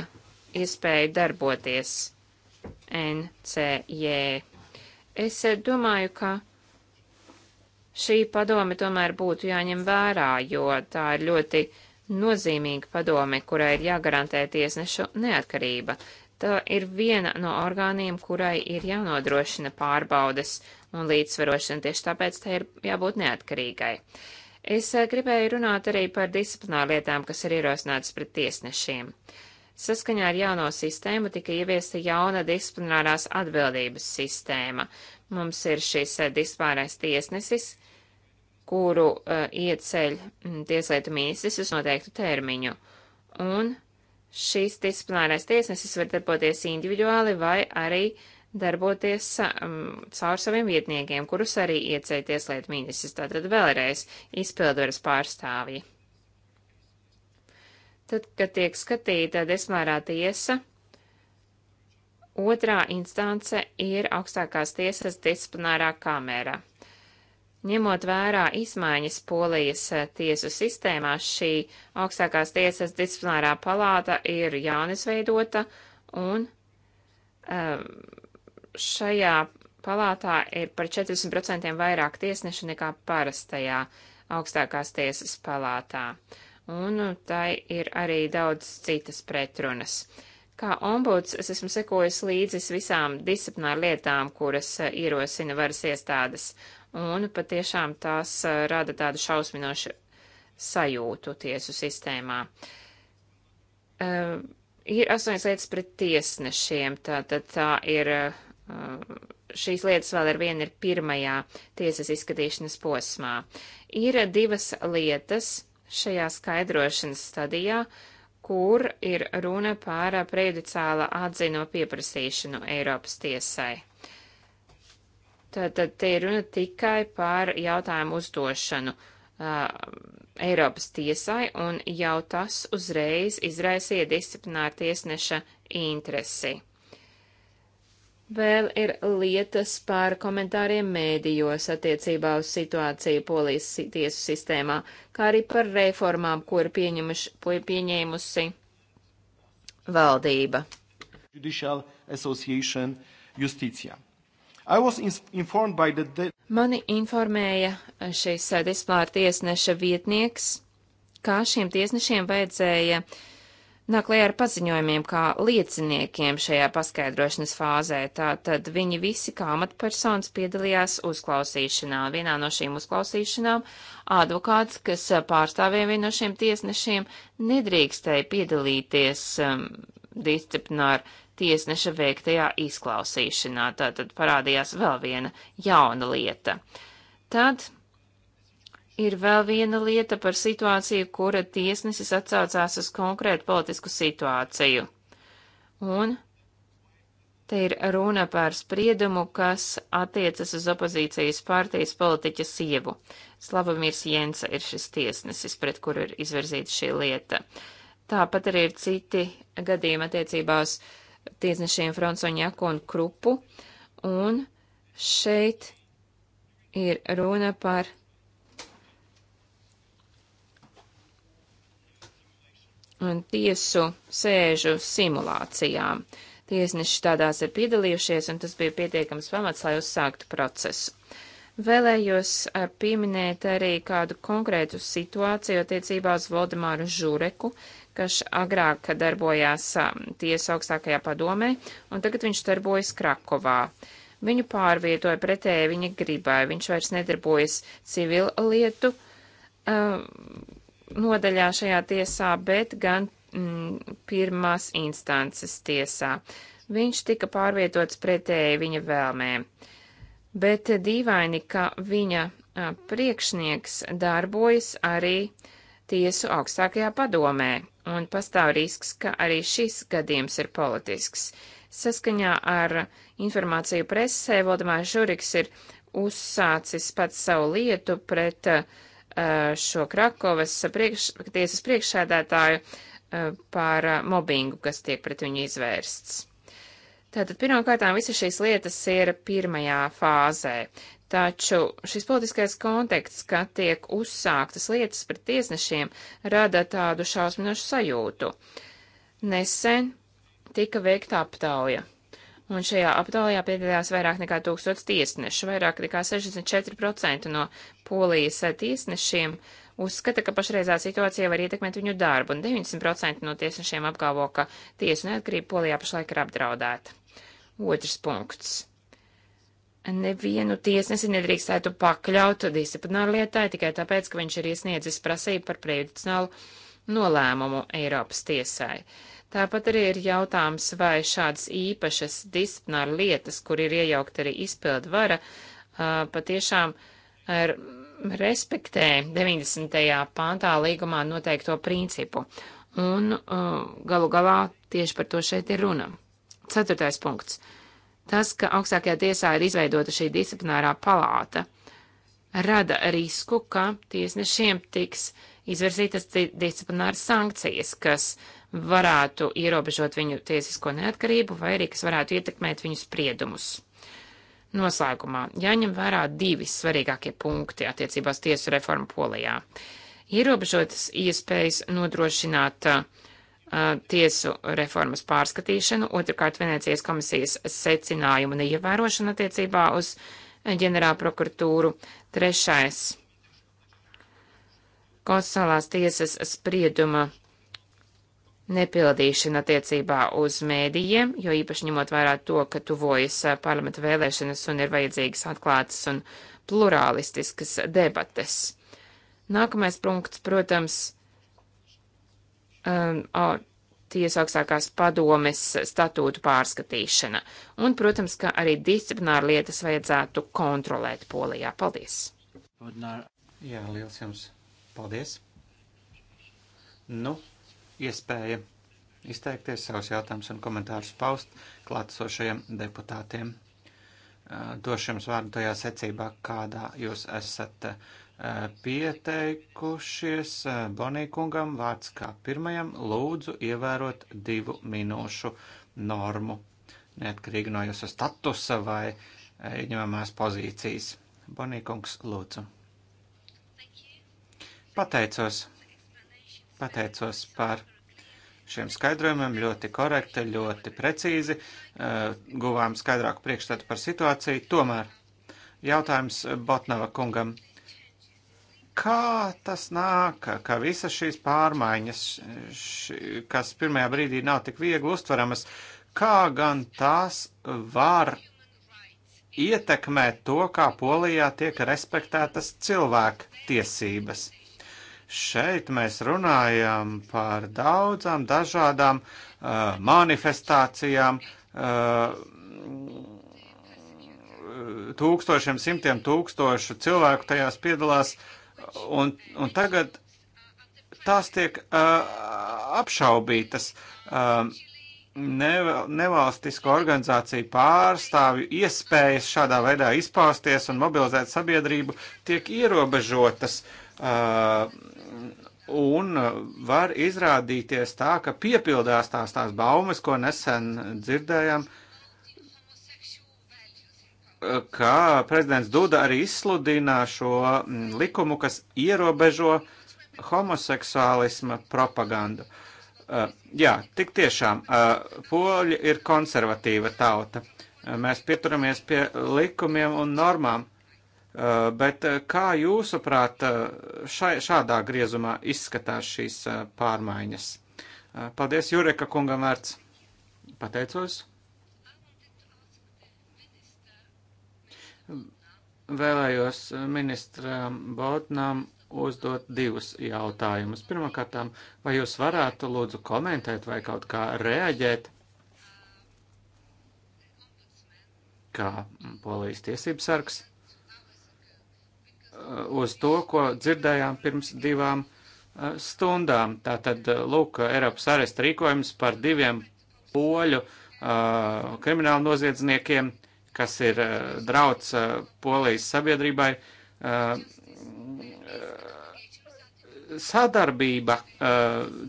iespēju darboties NCJ. Es uh, domāju, ka šī padome tomēr būtu jāņem vērā, jo tā ir ļoti nozīmīga padome, kurai ir jāgarantē tiesnešu neatkarība. Tā ir viena no orgāniem, kurai ir jānodrošina pārbaudes un līdzsvarošana, tieši tāpēc tai ir jābūt neatkarīgai. Es eh, gribēju runāt arī par disciplinālietām, kas ir ierosinātas pret tiesnešiem. Saskaņā ar jauno sistēmu tika ieviesta jauna disciplinārās atbildības sistēma. Mums ir šis eh, disciplinārais tiesnesis, kuru uh, ieceļ mm, tieslietu ministrs uz noteiktu termiņu. Un šīs disciplinārais tiesnesis var darboties individuāli vai arī uh, darboties um, caur saviem vietniekiem, kurus arī iecēja tieslietu ministrs, tātad vēlreiz izpildvaras pārstāvji. Tad, kad tiek skatīta desmārā tiesa, otrā instance ir augstākās tiesas disciplinārā kamera. Ņemot vērā izmaiņas polijas eh, tiesu sistēmā, šī augstākās tiesas disciplinārā palāta ir jānisveidota un um, šajā palātā ir par 40% vairāk tiesneši nekā parastajā augstākās tiesas palātā. Un tai ir arī daudz citas pretrunas. Kā ombuds es esmu sekojis līdzis visām disciplināru lietām, kuras eh, ierosina varas iestādes, un patiešām tās eh, rada tādu šausminošu sajūtu tiesu sistēmā. Uh, ir astoņas lietas pret tiesnešiem, tātad tā, tā ir uh, šīs lietas vēl ar vienu ir pirmajā tiesas izskatīšanas posmā. Ir divas lietas šajā skaidrošanas stadijā, kur ir runa par prejudicāla atzino pieprasīšanu Eiropas tiesai. Tātad te ir runa tikai par jautājumu uzdošanu uh, Eiropas tiesai, un jau tas uzreiz izraisīja disciplināra tiesneša interesi. Vēl ir lietas par komentāriem mēdījos attiecībā uz situāciju polijas tiesu sistēmā, kā arī par reformām, ko ir pieņēmusi valdība. Judicial Association Justicija. The... Mani informēja šis eh, disciplināra tiesneša vietnieks, kā šiem tiesnešiem vajadzēja uh, nāk lejā ar paziņojumiem kā lieciniekiem šajā paskaidrošanas fāzē, tātad viņi visi kā amatpersonas piedalījās uzklausīšanā. Vienā no šīm uzklausīšanām advokāts, kas pārstāvēja vienu no šiem tiesnešiem, nedrīkstēja piedalīties um, disciplināru tiesneša veiktajā izklausīšanā. Tātad parādījās vēl viena jauna lieta. Tad Ir vēl viena lieta par situāciju, kura tiesnesis atsaucās uz konkrētu politisku situāciju. Un te ir runa par spriedumu, kas attiecas uz opozīcijas partijas politiķa sievu. Slavamirs Jensa ir šis tiesnesis, pret kuru ir izverzīta šī lieta. Tāpat arī ir citi gadījumi attiecībās tiesnešiem Francoņaku un Krupu. Un šeit ir runa par tiesu sēžu simulācijām. Tiesneši tādās ir piedalījušies, un tas bija pietiekams pamats, lai uzsāktu procesu. Vēlējos eh, pieminēt arī kādu konkrētu situāciju attiecībā uz Valdemāru Žureku, kas agrāk darbojās eh, tiesa augstākajā padomē, un tagad viņš darbojas Krakovā. Viņu pārvietoja pretēji viņa gribai, viņš vairs nedarbojas civil lietu uh, eh, nodaļā šajā tiesā, bet gan mm, pirmās instances tiesā. Viņš tika pārvietots pretēji viņa vēlmēm. Bet dīvaini, ka viņa a, priekšnieks darbojas arī tiesu augstākajā padomē, un pastāv risks, ka arī šis gadījums ir politisks. Saskaņā ar informāciju presē Valdemārs Žuriks ir uzsācis pats savu lietu pret uh, Uh, šo Krakovas priekš, tiesas priekšsēdētāju uh, par uh, mobbingu, kas tiek pret viņu izvērsts. Tātad pirmkārt, visas šīs lietas ir pirmajā fāzē, taču šis politiskais konteksts, ka tiek uzsāktas lietas pret tiesnešiem, rada tādu šausminošu sajūtu. Nesen tika veikta aptauja Un šajā aptaujā piedalījās vairāk nekā 1000 tiesnešu. Vairāk nekā 64% no polijas tiesnešiem uzskata, ka pašreizā situācija var ietekmēt viņu darbu, un 90% no tiesnešiem apgalvo, ka tiesu neatkarība polijā pašlaik ir apdraudēta. Otrs punkts. Nevienu tiesnesi nedrīkstētu pakļaut disciplināru lietai tikai tāpēc, ka viņš ir iesniedzis prasību par prejudicinālu nolēmumu Eiropas tiesai. Uh, Tāpat arī ir jautājums, vai šādas īpašas disciplināra lietas, kur ir iejaukt arī izpildu vara, patiešām respektē 90. pāntā līgumā noteikto principu. Un galu galā tieši par to šeit ir runa. Ceturtais punkts. Tas, ka augstākajā tiesā ir izveidota šī disciplinārā palāta, rada risku, ka tiesnešiem tiks izvirzītas disciplināras sankcijas, kas uh, varētu ierobežot viņu tiesisko neatkarību vai arī kas varētu ietekmēt viņu spriedumus. Noslēgumā jāņem vērā divi svarīgākie punkti attiecībās tiesu reformu polijā. Ierobežotas iespējas nodrošināt uh, tiesu reformas pārskatīšanu, otrkārt Venecijas komisijas secinājumu neievērošanu attiecībā uz ģenerāla prokuratūru, trešais konstitucionālās tiesas sprieduma nepildīšana attiecībā uz mēdījiem, jo īpaši ņemot vērā to, ka tuvojas parlamenta vēlēšanas un ir vajadzīgas atklātas un plurālistiskas debates. Nākamais punkts, protams, um, tiesa augstākās padomes statūtu pārskatīšana. Un, protams, ka arī disciplināra lietas vajadzētu kontrolēt Polijā. Paldies! Jā, liels jums paldies! Nu, iespēja izteikties, savus jautājumus un komentārus paust klātsošajiem deputātiem. Došu jums vārdu tajā secībā, kādā jūs esat pieteikušies Bonīkungam vārds kā pirmajam. Lūdzu ievērot divu minūšu normu, neatkarīgi no jūsu statusa vai ieņemamās pozīcijas. Bonīkungs, lūdzu. Pateicos. Pateicos par šiem skaidrojumiem ļoti korekti, ļoti precīzi, eh, guvām skaidrāku priekšstatu par situāciju. Tomēr jautājums Botnava kungam. Kā tas nāk, ka visas šīs pārmaiņas, š, kas pirmajā brīdī nav tik viegli uztveramas, kā gan tās var ietekmēt to, kā polijā tiek respektētas cilvēku tiesības? Šeit mēs runājam par daudzām dažādām uh, manifestācijām, uh, tūkstošiem, simtiem tūkstošu cilvēku tajās piedalās, un, un tagad tās tiek uh, apšaubītas. Uh, um, nev, nevalstisko organizāciju pārstāvju iespējas šādā veidā izpausties un mobilizēt sabiedrību tiek ierobežotas. Uh, Uh, un var izrādīties tā, ka piepildās tās tās baumas, ko nesen dzirdējām, ka prezidents Duda arī izsludina šo mm, likumu, kas ierobežo homoseksuālisma propagandu. Uh, jā, tik tiešām, uh, poļi ir konservatīva tauta. Mēs pieturamies pie likumiem un normām. Uh, bet uh, kā jūsuprāt, uh, šai, šādā griezumā izskatās šīs pārmaiņas? Paldies, Jureka kungam vērts. Pateicos. Vēlējos ministram Botnam uzdot divus jautājumus. Pirmkārt, vai jūs varētu lūdzu komentēt vai kaut kā reaģēt, kā polijas tiesības sargs? Eh, uz to, ko dzirdējām pirms divām eh, stundām. Tātad, eh, lūk, Eiropas aresta rīkojums par diviem poļu kriminālu noziedzniekiem, kas ir drauds polijas sabiedrībai. Sadarbība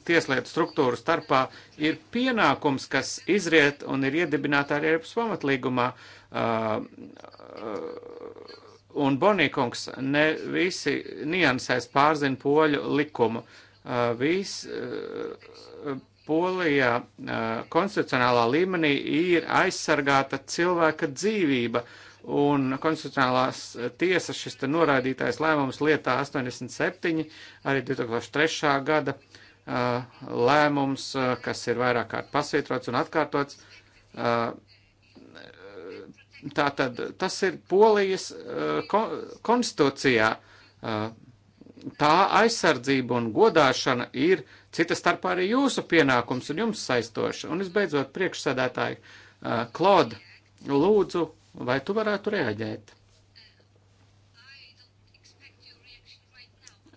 tieslietu struktūru starpā ir pienākums, kas izriet un ir iedibināta arī Eiropas pamatlīgumā. Uh, uh, Un Bonīkungs ne visi niansēs pārzina poļu likumu. Uh, Viss uh, polijā uh, konstitucionālā līmenī ir aizsargāta cilvēka dzīvība. Un konstitucionālās tiesas šis te noraidītais lēmums lietā 87, arī 2003. gada lēmums, kas ir vairāk kārt pasvītrots un atkārtots, Tātad tas ir Polijas eh, ko, konstitūcijā. Eh, tā aizsardzība un godāšana ir cita starpā arī jūsu pienākums un jums saistoša. Un visbeidzot, priekšsēdētāji, Klod, eh, lūdzu, vai tu varētu reaģēt?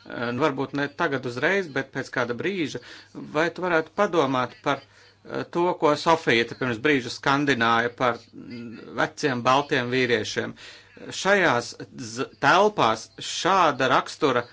Nu, varbūt ne tagad uzreiz, bet pēc kāda brīža, vai tu varētu padomāt par to, ko Sofija pirms brīža skandināja par veciem baltiem vīriešiem. Šajās telpās šāda rakstura uh,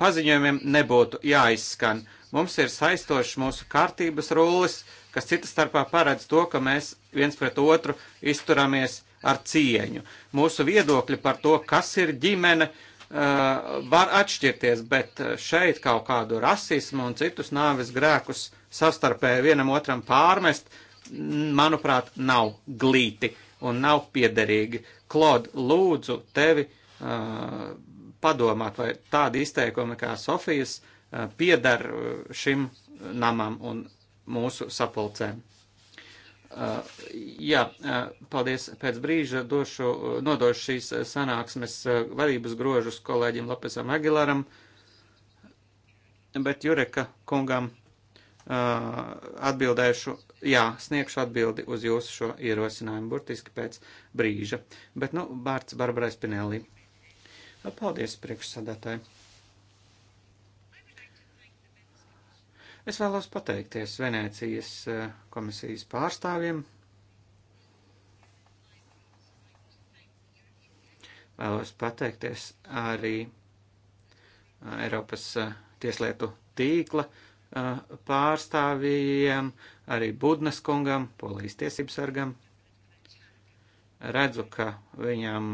paziņojumiem nebūtu jāizskan. Mums ir saistošs mūsu kārtības rullis, kas cita starpā paredz to, ka mēs viens pret otru izturamies ar cieņu. Mūsu viedokļi par to, kas ir ģimene, uh, var atšķirties, bet uh, šeit kaut kādu rasismu un citus nāves grēkus uh, savstarpēji vienam otram pārmest, manuprāt, nav glīti un nav piederīgi. Klod, lūdzu tevi uh, padomāt, vai tādi izteikumi kā Sofijas uh, pieder uh, šim namam un mūsu sapulcēm. Uh, jā, uh, paldies. Pēc brīža došu, uh, nodošu šīs uh, sanāksmes uh, vadības grožus kolēģim Lopesam Agilaram, bet Jureka kungam Uh, atbildēšu, jā, sniegšu atbildi uz jūsu šo ierosinājumu burtiski pēc brīža. Bet, nu, vārds Barbarai Spinelli. Paldies priekšsādātāji. Es vēlos pateikties Venēcijas uh, komisijas pārstāvjiem. Vēlos pateikties arī uh, Eiropas tieslietu tīkla uh, pārstāvjiem, arī Budnes kungam, polijas tiesības sargam. Redzu, ka viņam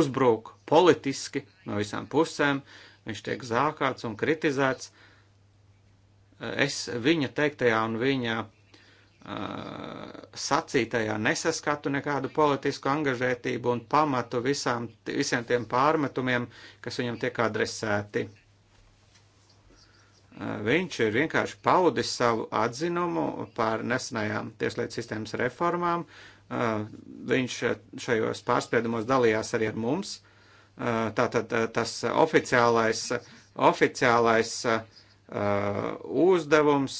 uzbrūk politiski no visām pusēm, viņš tiek zākāts un kritizēts. Es viņa teiktajā un viņa sacītajā nesaskatu nekādu politisku angažētību un pamatu visām, visiem tiem pārmetumiem, kas viņam tiek adresēti. Viņš ir vienkārši paudis savu atzinumu par nesenajām tieslietu sistēmas reformām. Uh, viņš uh, šajos pārspēdumos dalījās arī ar mums. Uh, tātad tas oficiālais, oficiālais uzdevums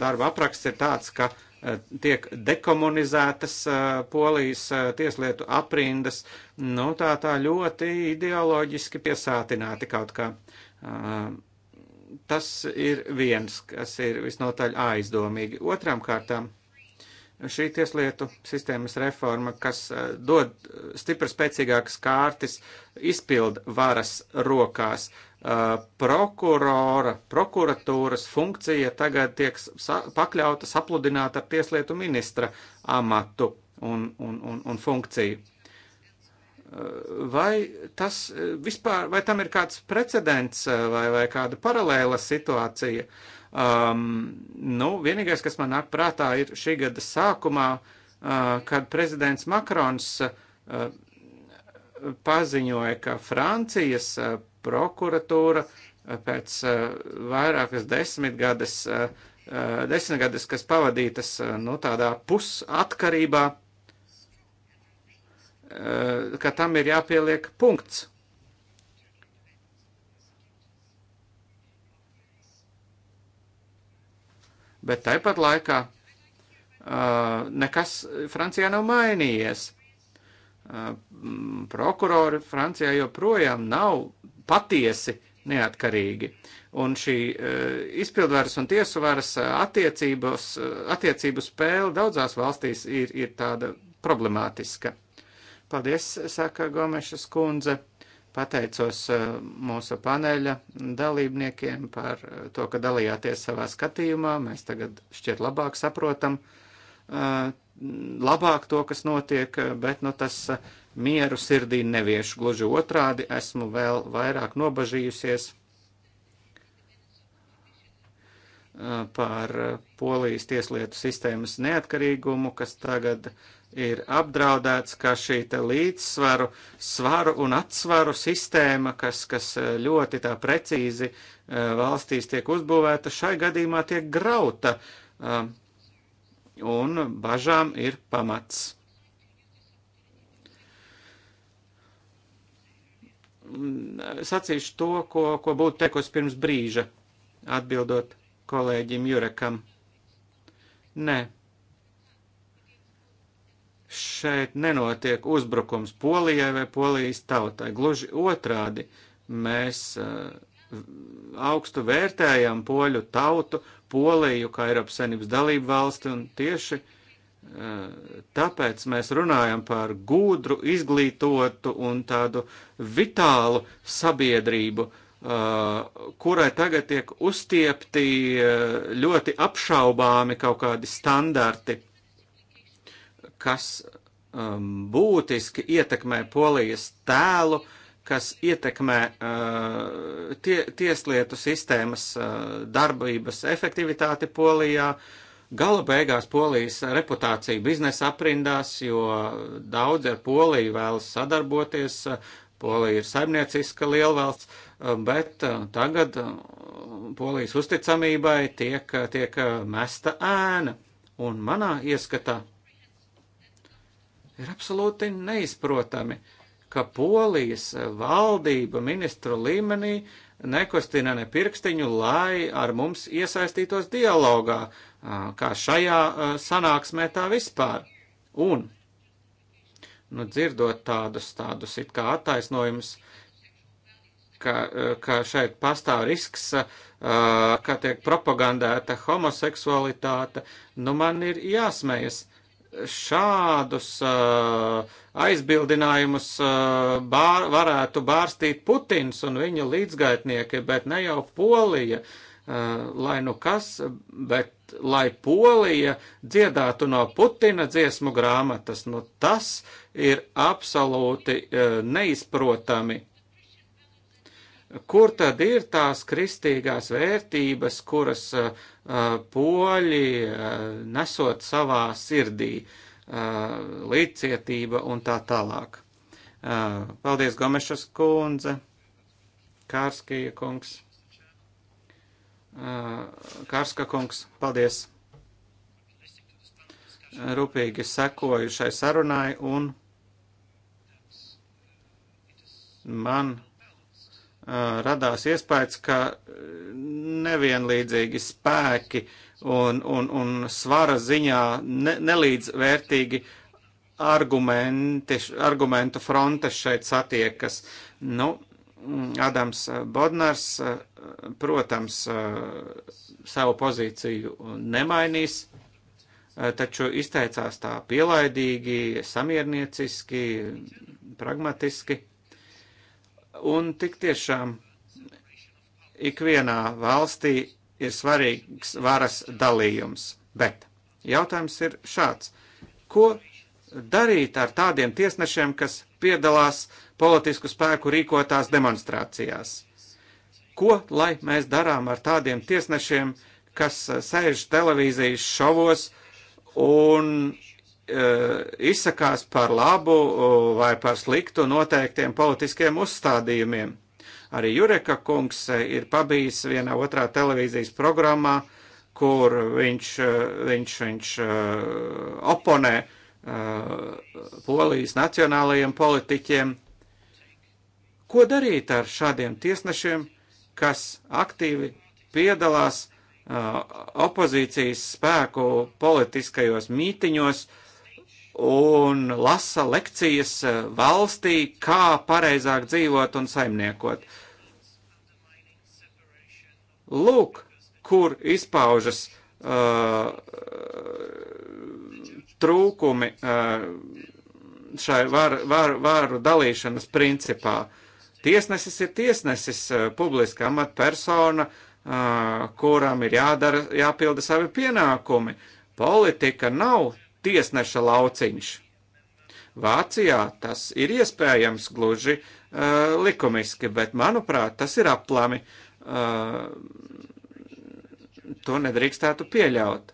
darba apraksts ir tāds, ka tiek dekomunizētas polijas tieslietu aprindas, nu tā tā ļoti ideoloģiski piesātināti kaut kā. Uh, Tas ir viens, kas ir visnotaļ aizdomīgi. Otram kārtām šī tieslietu sistēmas reforma, kas dod stipri spēcīgākas kārtas izpild varas rokās. Prokurora, prokuratūras funkcija tagad tiek pakļauta, sapludināta ar tieslietu ministra amatu un, un, un, un funkciju. Vai tas eh, vispār, vai tam ir kāds precedents eh, vai, vai kāda paralēla situācija? Um, nu, vienīgais, kas man nāk prātā, ir šī gada sākumā, uh, kad prezidents Makrons uh, paziņoja, ka Francijas uh, prokuratūra uh, pēc uh, vairākas desmitgades, uh, desmitgades, kas pavadītas uh, nu, tādā pusatkarībā, uh, Eh, ka tam ir jāpieliek punkts. Bet tāpat laikā eh, nekas Francijā nav mainījies. Eh, prokurori Francijā joprojām nav patiesi neatkarīgi. Un šī izpildvaras un tiesu varas attiecības, attiecību spēle daudzās valstīs ir, ir tāda problemātiska. Paldies, saka Gomešas kundze. Pateicos e, mūsu paneļa dalībniekiem par e, to, ka dalījāties savā skatījumā. Mēs tagad šķiet labāk saprotam, e, labāk to, kas notiek, bet nu, tas mieru sirdī neviešu. Gluži otrādi esmu vēl vairāk nobažījusies par polijas tieslietu sistēmas neatkarīgumu, kas tagad uh, ir apdraudēts, ka šī līdzsvaru, svaru un atsvaru sistēma, kas, kas eh, ļoti tā precīzi eh, valstīs tiek uzbūvēta, šai gadījumā tiek grauta, eh, un bažām ir pamats. Mm, sacīšu to, ko, ko būtu teikusi pirms brīža, atbildot kolēģim Jurekam. Nē. Šeit nenotiek uzbrukums Polijai vai Polijas tautai. Gluži otrādi, mēs eh, augstu vērtējam poļu tautu, Poliju kā Eiropas Savienības dalību valsti un tieši eh, tāpēc mēs runājam par gudru, izglītotu un tādu vitālu sabiedrību, eh, kurai tagad tiek uztiepti ļoti apšaubāmi kaut kādi standarti kas um, būtiski ietekmē polijas tēlu, kas ietekmē uh, tie, tieslietu sistēmas uh, darbības efektivitāti Polijā. Gala beigās Polijas reputācija biznesa aprindās, jo daudzi ar Poliju vēlas sadarboties. Polija ir saimnieciska lielvalsts, um, bet uh, tagad uh, Polijas uzticamībai tiek, tiek uh, mesta ēna. Un manā ieskatā Ir absolūti neizprotami, ka polijas eh, valdība ministru līmenī nekustina ne pirkstiņu, lai ar mums iesaistītos dialogā, eh, kā šajā eh, sanāksmē tā vispār. Un, nu, dzirdot tādus, tādus it kā attaisnojumus, ka, ka šeit pastāv risks, ka tiek propagandēta homoseksualitāte, nu man ir jāsmējas šādus uh, aizbildinājumus uh, bār, varētu bārstīt Putins un viņa līdzgaitnieki, bet ne jau Polija, uh, lai nu kas, bet lai Polija dziedātu no Putina dziesmu grāmatas. Nu, tas ir absolūti neizprotami. Kur tad ir tās kristīgās vērtības, kuras uh, Uh, poļi uh, nesot savā sirdī uh, līdzcietība un tā tālāk. Paldies, Gomešas kundze, Kārskija kungs, Kārska kungs, paldies. Rūpīgi sekoju šai sarunai un man radās iespējas, ka nevienlīdzīgi spēki un, un, un svara ziņā ne, nelīdzvērtīgi argumentu fronte šeit satiekas. Nu, Adams Bodnars, protams, savu pozīciju nemainīs, taču izteicās tā pielaidīgi, samiernieciski, pragmatiski. Un tik tiešām ikvienā valstī ir svarīgs varas dalījums. Bet jautājums ir šāds. Ko darīt ar tādiem tiesnešiem, kas piedalās politisku spēku rīkotās demonstrācijās? Ko lai mēs darām ar tādiem tiesnešiem, kas sēž televīzijas šovos un Eh, izsakās par labu eh, vai par sliktu noteiktiem politiskiem uzstādījumiem. Arī Jureka kungs eh, ir pabijis vienā otrā televīzijas programmā, kur viņš, viņš, viņš oponē polijas nacionālajiem politiķiem. Ko darīt ar šādiem tiesnešiem, kas aktīvi piedalās opozīcijas spēku politiskajos mītiņos, uh, un lasa lekcijas eh, valstī, kā pareizāk dzīvot un saimniekot. Lūk, kur izpaužas uh, trūkumi uh, šai var, var, varu dalīšanas principā. Tiesnesis ir tiesnesis, uh, publiska amatpersona, uh, kuram ir jādara, jāpilda savi pienākumi. Politika nav tiesneša lauciņš. Vācijā tas ir iespējams gluži uh, likumiski, bet manuprāt, tas ir aplami. Uh, to nedrīkstētu pieļaut.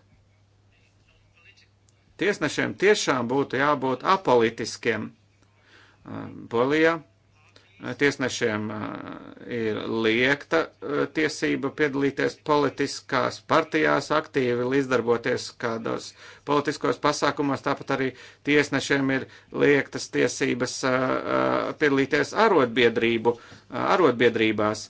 Tiesnešiem tiešām būtu jābūt apolitiskiem. Eh, Polijā uh, tiesnešiem ir liekta tiesība piedalīties politiskās partijās, aktīvi līdzdarboties kādos politiskos pasākumos, tāpat arī tiesnešiem ir liektas tiesības piedalīties arotbiedrību, arotbiedrībās.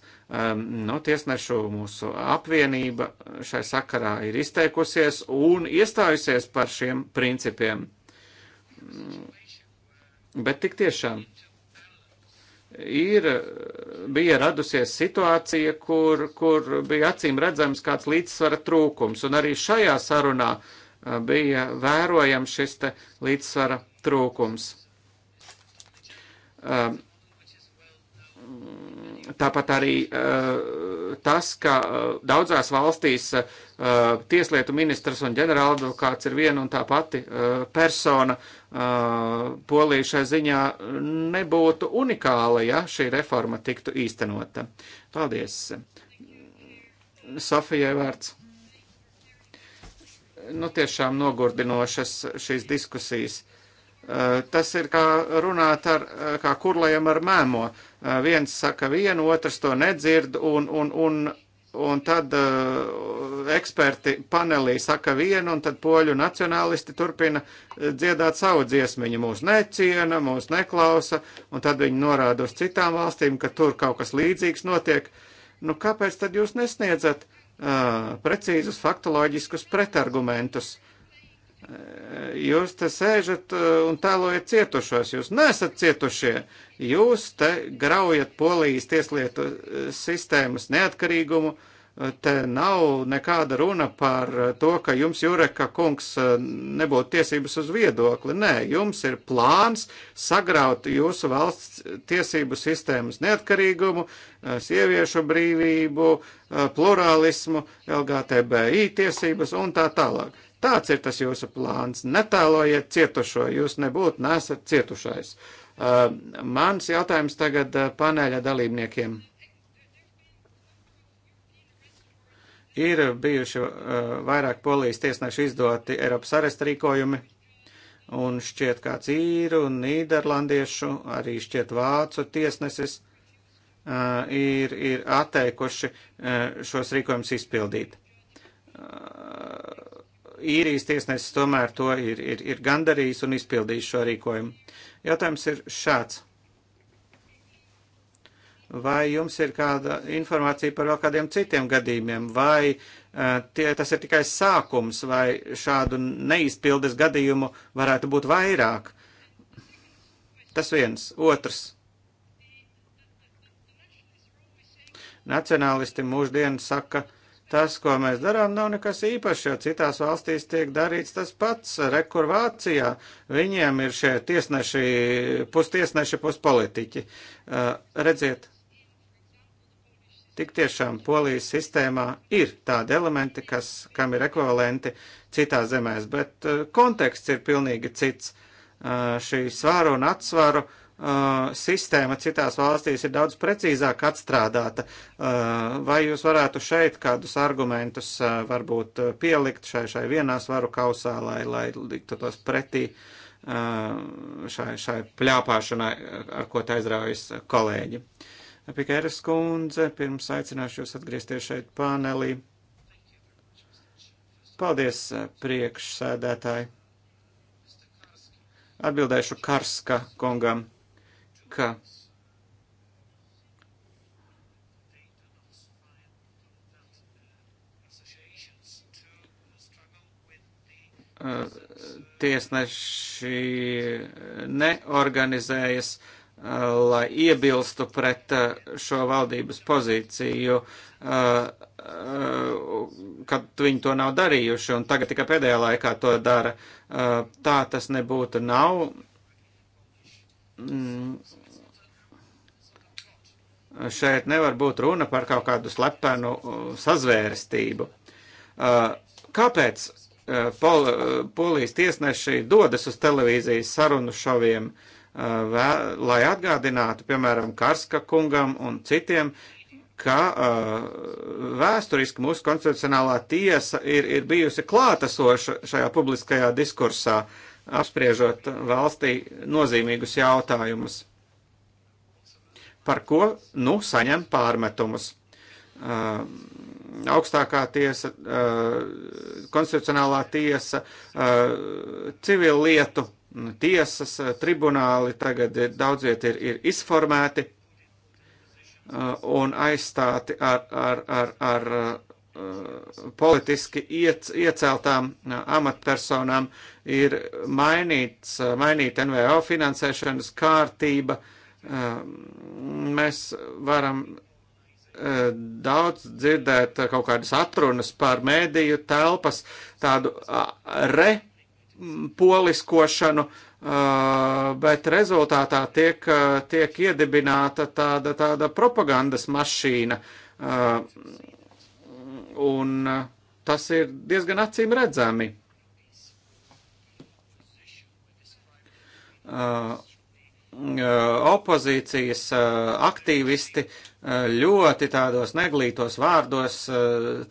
Nu, tiesnešu mūsu apvienība šai sakarā ir izteikusies un iestājusies par šiem principiem. Bet tik tiešām ir, bija radusies situācija, kur, kur bija acīm redzams kāds līdzsvara trūkums, un arī šajā sarunā uh, bija vērojams šis te līdzsvara trūkums. Um, Tāpat arī eh, tas, ka eh, daudzās valstīs eh, tieslietu ministrs un ģenerāladvokāts ir viena un tā pati persona, polija šai ziņā nebūtu unikāla, ja šī reforma tiktu īstenota. Paldies! Sofijai vārds nu, tiešām nogurdinošas šīs diskusijas. Eh, tas ir kā runāt ar, eh, kā kurlējam ar mēmo. Eh, viens saka vienu, otrs to nedzird, un, un, un, un tad uh, eksperti panelī saka vienu, un tad poļu nacionālisti turpina dziedāt savu dziesmu. Viņi mūs neciena, mūs neklausa, un tad viņi norāda uz citām valstīm, ka tur kaut kas līdzīgs notiek. Nu, kāpēc tad jūs nesniedzat uh, precīzus faktoloģiskus pretargumentus? Jūs te sēžat eh, un tēlojat cietušos, jūs nesat cietušie. Jūs te graujat polijas tieslietu eh, sistēmas neatkarīgumu. Eh, te nav nekāda runa par to, ka jums, Jureka kungs, nebūtu tiesības uz viedokli. Nē, jums ir plāns sagraut jūsu valsts tiesību sistēmas neatkarīgumu, sieviešu brīvību, plurālismu, LGTBI tiesības un tā tālāk Tāds ir tas jūsu plāns. Netēlojiet cietušo, jūs nebūtu nesat cietušais. Uh, mans jautājums tagad uh, paneļa dalībniekiem. Ir bijuši uh, vairāk polijas tiesnešu izdoti Eiropas aresta rīkojumi, un šķiet kāds īru, nīderlandiešu, arī šķiet vācu tiesnesis uh, ir, ir atteikuši uh, šos rīkojumus izpildīt. Uh, īrijas tiesnesis tomēr to ir, ir, ir gandarījis un izpildījis šo rīkojumu. Jautājums ir šāds. Vai jums ir kāda informācija par vēl kādiem citiem gadījumiem, vai uh, tie, tas ir tikai sākums, vai šādu neizpildes gadījumu varētu būt vairāk? Tas viens. Otrs. Nacionālisti mūždien saka, uh, Tas, ko mēs darām, nav nekas īpašs, jo citās valstīs tiek darīts tas pats. Rekur Vācijā viņiem ir šie tiesneši, pustiesneši, puspolitiķi. Uh, redziet, tik tiešām polijas sistēmā ir tādi elementi, kas, kam ir ekvivalenti citās zemēs, bet uh, konteksts ir pilnīgi cits. Uh, šī svāru un atsvaru uh, Uh, sistēma citās valstīs ir daudz precīzāk atstrādāta. Uh, vai jūs varētu šeit kādus argumentus uh, varbūt uh, pielikt šai, šai vienā svaru kausā, lai, lai liktu tos pretī uh, šai, šai pļāpāšanai, ar uh, ko te aizraujas kolēģi? Pikēras kundze, pirms aicināšu jūs atgriezties šeit panelī. Paldies, priekšsēdētāji! Atbildēšu Karska kungam ka tiesneši neorganizējas, lai iebilstu pret uh, šo valdības pozīciju, uh, uh, kad viņi to nav darījuši, un tagad tikai pēdējā laikā to dara. Tā tas nebūtu nav. Mm. Šeit nevar būt runa par kaut kādu slepenu uh, sazvērstību. Uh, kāpēc uh, pol, polijas tiesneši dodas uz televīzijas sarunu šoviem, vē, lai atgādinātu, piemēram, Karska kungam un citiem, ka uh, vēsturiski mūsu konstitucionālā tiesa ir, ir bijusi klātesoša šajā publiskajā diskursā, apspriežot valstī nozīmīgus jautājumus par ko nu saņem pārmetumus. Uh, augstākā tiesa, uh, konstitucionālā tiesa, uh, civil lietu tiesas, uh, tribunāli tagad daudziet ir, ir izformēti uh, un aizstāti ar, ar, ar, ar uh, politiski iec, ieceltām amatpersonām ir mainīts, mainīta NVO finansēšanas kārtība, uh, Ehm, mēs varam e, daudz dzirdēt kaut kādas atrunas par mēdīju telpas tādu repoliskošanu, e, bet rezultātā tiek, e, tiek iedibināta tāda, tāda propagandas mašīna. Ehm, un tas ir diezgan acīm redzami. Uh, Mm, eh, opozīcijas eh, aktīvisti eh, ļoti tādos neglītos vārdos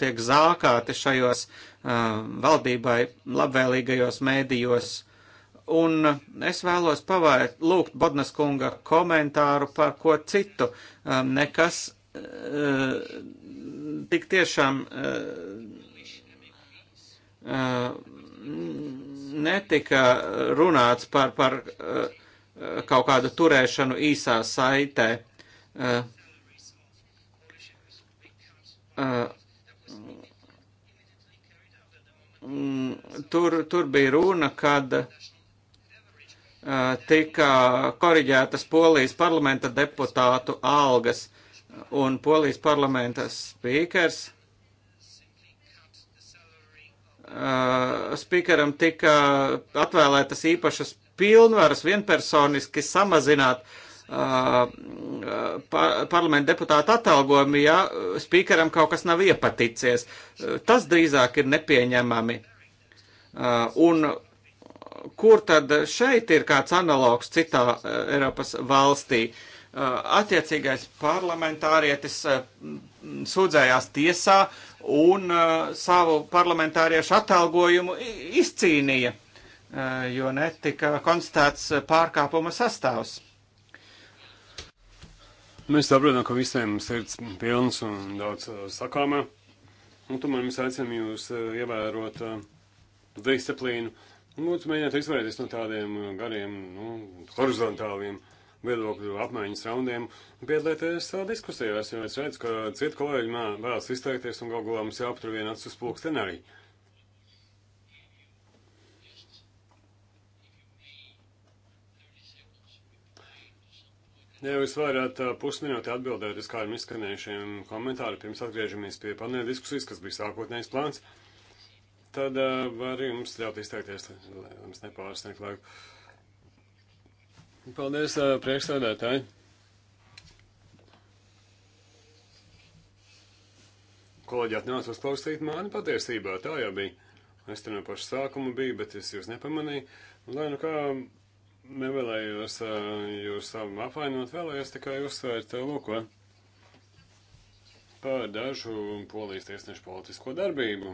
tiek zākāti šajos valdībai labvēlīgajos mēdījos. Un es vēlos pavērt, lūgt Bodnas kunga komentāru par ko citu, nekas tik tiešām netika runāts par, par uh, kaut kādu turēšanu īsā saitē. Eh, eh, mm, tur, tur bija runa, kad eh, tika koriģētas Polijas parlamenta deputātu algas, un Polijas parlamenta spīkers uh, spīkeram tika atvēlētas īpašas pilnvaras vienpersoniski samazināt uh, par, parlamenta deputāta atalgojumu, ja spīkeram kaut kas nav iepaticies. Tas drīzāk ir nepieņemami. Uh, un kur tad šeit ir kāds analogs citā Eiropas valstī? Attiecīgais parlamentārietis sūdzējās tiesā un savu parlamentāriešu atalgojumu izcīnīja Eh, jo netika konstatēts pārkāpuma sastāvs. Mēs saprotam, ka visiem sirds pilns un daudz eh, sakāmā, un tomēr mēs aicinām jūs eh, ievērot disciplīnu. Lūdzu, mēģiniet izvairīties no tādiem gariem, nu, horizontāliem viedokļu apmaiņas raundiem un piedalieties diskusijās, jo es redzu, ka citi kolēģi vēlas izteikties un galvā mums jāaptur viena acis pulksten arī. Ja jūs varat pusminūti atbildēt uz kādiem izskanējušiem komentāriem, pirms atgriežamies pie paneļa diskusijas, kas bija sākotnējs plāns, tad uh, var jums ļaut izteikties, lai mums nepārsniegt laiku. Paldies, uh, priekšsēdētāji! Kolēģi atnāca uzklausīt mani patiesībā, tā jau bija. Es te no paša sākuma biju, bet es jūs nepamanīju. Lai nu kā Nevēlējos eh, jūs apvainot, vēlējos tikai uzsvērt eh, lūko par dažu polijas tiesnešu politisko darbību.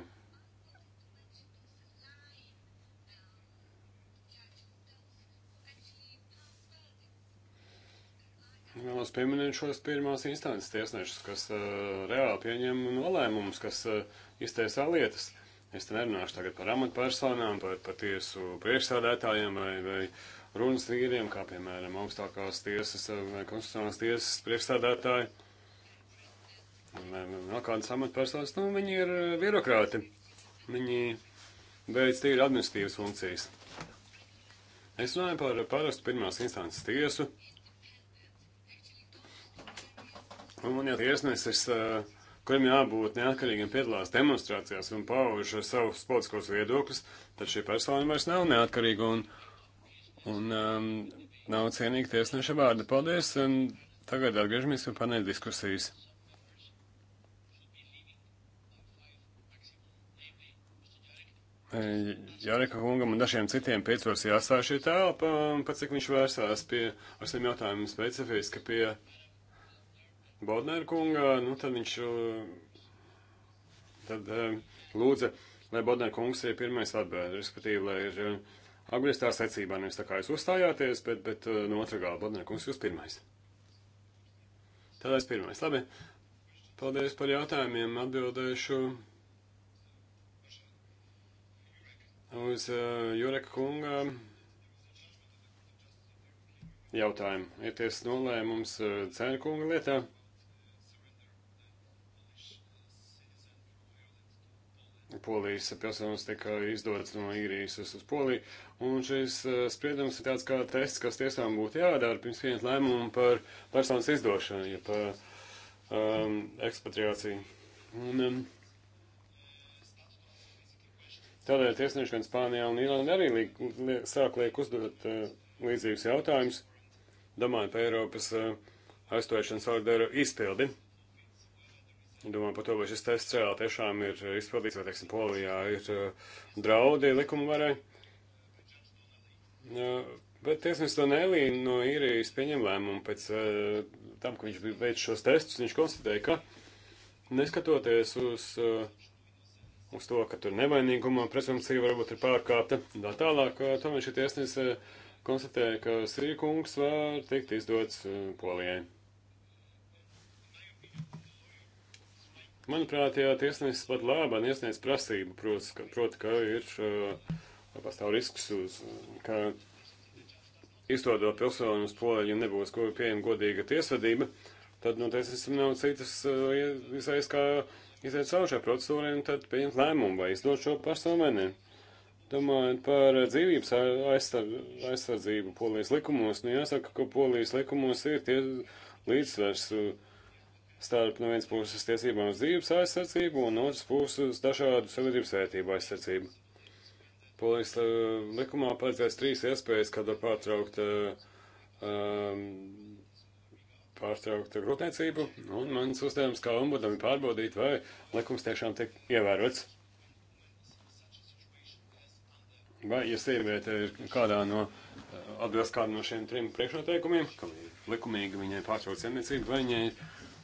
Vēlos pieminēt šos pirmās instances tiesnešus, kas uh, reāli pieņem nolēmumus, kas uh, iztaisā lietas. Es te nerunāšu tagad par amatpersonām, par, par tiesu priekšsādētājiem vai, vai uh, runas vīriem, kā piemēram augstākās tiesas eh, vai konstitucionālās tiesas priekšstādātāji, vai eh, vēl kādas amatpersonas, nu, viņi ir eh, birokrāti. Viņi veic tīri administratīvas funkcijas. Es runāju par parastu pirmās instances tiesu. Un, ja tiesnesis, kuriem jābūt neatkarīgiem, piedalās demonstrācijās un pauž savus politiskos viedokļus, tad šī persona vairs nav neatkarīga. Un, Un um, nav cienīgi tiesneša vārda. Paldies, un tagad atgriežamies pie paneļa diskusijas. Jāreka Hungam un dažiem citiem piecos jāstāv šī telpa, un pat cik viņš vērsās pie, ar saviem jautājumiem specifiski pie Bodnēra kunga, nu tad viņš tad eh, lūdza, lai Bodnēra kungs ir pirmais atbēd, respektīvi, lai ir eh, Agriestā secībā nevis tā kā jūs uzstājāties, bet, bet eh, no otrā gala Bodnerkungs jūs pirmais. Tad es pirmais. Labi. Paldies par jautājumiem. Atbildēšu uz uh, Jureka kunga jautājumu. Ir tiesas nolēmums uh, eh, cēnu kunga lietā. polijas pilsonis tika izdodas no īrijas uz, uz poliju, un šis eh, spriedums ir tāds kā tests, kas tiesām būtu jādara pirms pieņemt lēmumu par personas izdošanu, ja par eh, um, ekspatriāciju. Un, um, tādēļ tiesneši gan Spānijā un Irlandē arī liek, liek, sāk liek uzdot uh, līdzīgus jautājumus, domājot par Eiropas uh, aizstošanas ordera izpildi. Domāju par to, vai šis tests reāli tiešām ir izpildīts, vai, teiksim, Polijā ir eh, draudi likuma varai. Bet tiesnesis Donēlī no īrijas pieņem lēmumu pēc eh, tam, ka viņš veic šos testus, viņš konstatēja, ka neskatoties uz, eh, uz to, ka tur nevainīguma presumpcija varbūt ir pārkāpta, tā tālāk, tomēr šī tiesnesis konstatēja, ka Sīkungs var tikt izdots Polijai. Manuprāt, jā, tiesnesis pat labi iesniedz prasību, proti, ka, proti, ka ir uh, pastāv risks, uz, ka izdodo pilsoni uz poleļu nebūs ko pieejama godīga tiesvedība, tad no nu, tiesnesim nav citas uh, izējas, kā iziet cauri šai procedūrai un tad pieņemt lēmumu, vai izdot šo personu vai ne. Domājot par dzīvības aizsardzību polijas likumos, nu jāsaka, ka polijas likumos ir tie līdzsvers. Uh, starp no vienas puses tiesībām uz dzīves aizsardzību un no otras puses dažādu sabiedrības vērtību aizsardzību. Polijas uh, likumā paredzēts trīs iespējas, kad var pārtraukt, uh, um, pārtraukt grūtniecību, un mans uzdevums kā ombudam ir pārbaudīt, vai likums tiešām tiek ievērots. Vai, ja sieviete ir kādā no, eh, atbilst kādu no šiem trim priekšnoteikumiem, ka likumīgi viņai pārtrauc zemniecību, vai viņai ir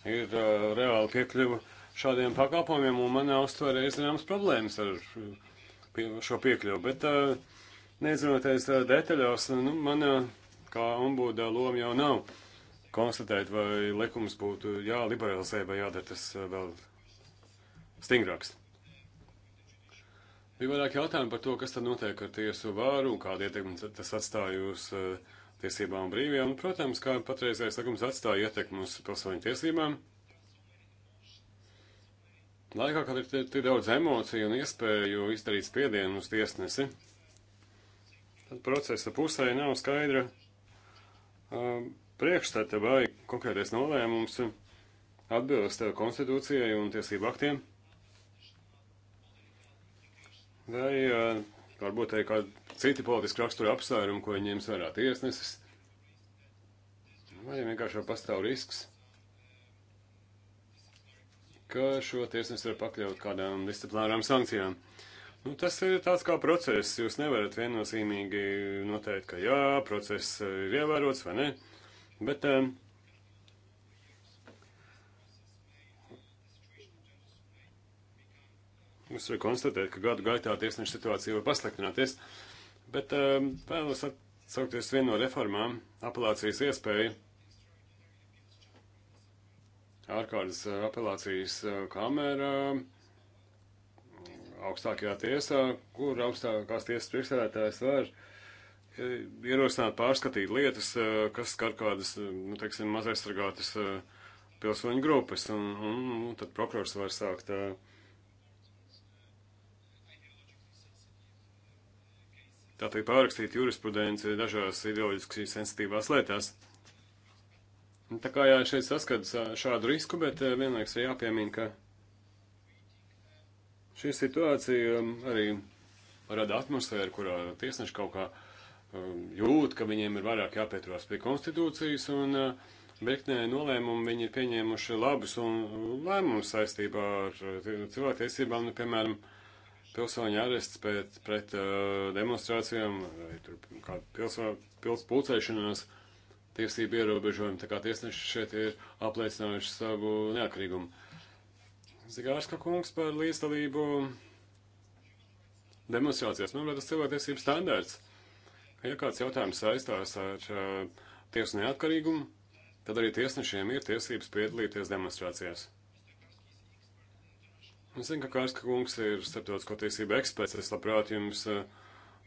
ir reāli piekļuva šādiem pakalpojumiem, un manā uztverē ir zināmas problēmas ar šo piekļuvu. Bet, neizdroties detaļās, nu, manā kā ombuda loma jau nav konstatēt, vai likums būtu jāliberalizē vai jādara tas vēl stingrāks. Bija vairāk jautājumu par to, kas tad notiek ar tiesu vāru un kādu ietekmi tas atstāja uz uh, tiesībām un brīvībām, un, protams, kā patreizējais likums atstāja ietekmi uz pilsoņu tiesībām. Laikā, kad ir tik daudz emociju un iespēju izdarīt spiedienu uz tiesnesi, tad procesa pusē nav skaidra uh, priekšstata vai konkrētais nolēmums atbilst konstitūcijai un tiesību aktiem. Vai uh, varbūt te ir kāda citi politiski rakstura apsvērumi, ko viņi ņems vērā tiesnesis, vai vienkārši pastāv risks, ka šo tiesnesi var pakļaut kādām disciplinārām sankcijām. Nu, tas ir tāds kā process. Jūs nevarat viennozīmīgi noteikt, ka jā, process ir ievērots vai nē. Bet um, Mums var konstatēt, ka gadu gaitā tiesneša situācija var pasliktināties. Uh, Bet um, vēlos atsaukties vienu no reformām, apelācijas iespēju. Ārkārtas uh, apelācijas uh, kamera augstākajā tiesā, kur augstākās tiesas priekšsēdētājs var uh, ierosināt pārskatīt lietas, kas skar kādas, nu, teiksim, mazaizsargātas pilsoņu grupas, un, un, un tad prokurors var sākt uh, tātad pārrakstīt jurisprudenci dažās ideoloģiski sensitīvās lietās. Tā kā jā, šeit saskats šādu risku, bet vienlaiks ir jāpiemina, ka šī situācija arī rada atmosfēru, kurā tiesneši kaut kā jūt, ka viņiem ir vairāk jāpieturās pie konstitūcijas un uh, virknē nolēmumu viņi ir pieņēmuši labus un lēmumus saistībā ar cilvēktiesībām, nu, piemēram, uh, pilsoņu arests pēc, pret uh, demonstrācijām, vai tur kāda pilsoņu pils pulcēšanās, tiesību ierobežojumi, tā kā tiesneši šeit ir apliecinājuši savu neatkarīgumu. Zigārska kungs par līdzdalību demonstrācijās, manuprāt, tas cilvēktiesību standārts. Ja kāds jautājums saistās ar uh, tiesu neatkarīgumu, tad arī tiesnešiem ir tiesības piedalīties demonstrācijās. Es nu, zinu, ka Kārska kungs ir starptautisko tiesību eksperts. Es labprāt jums uh,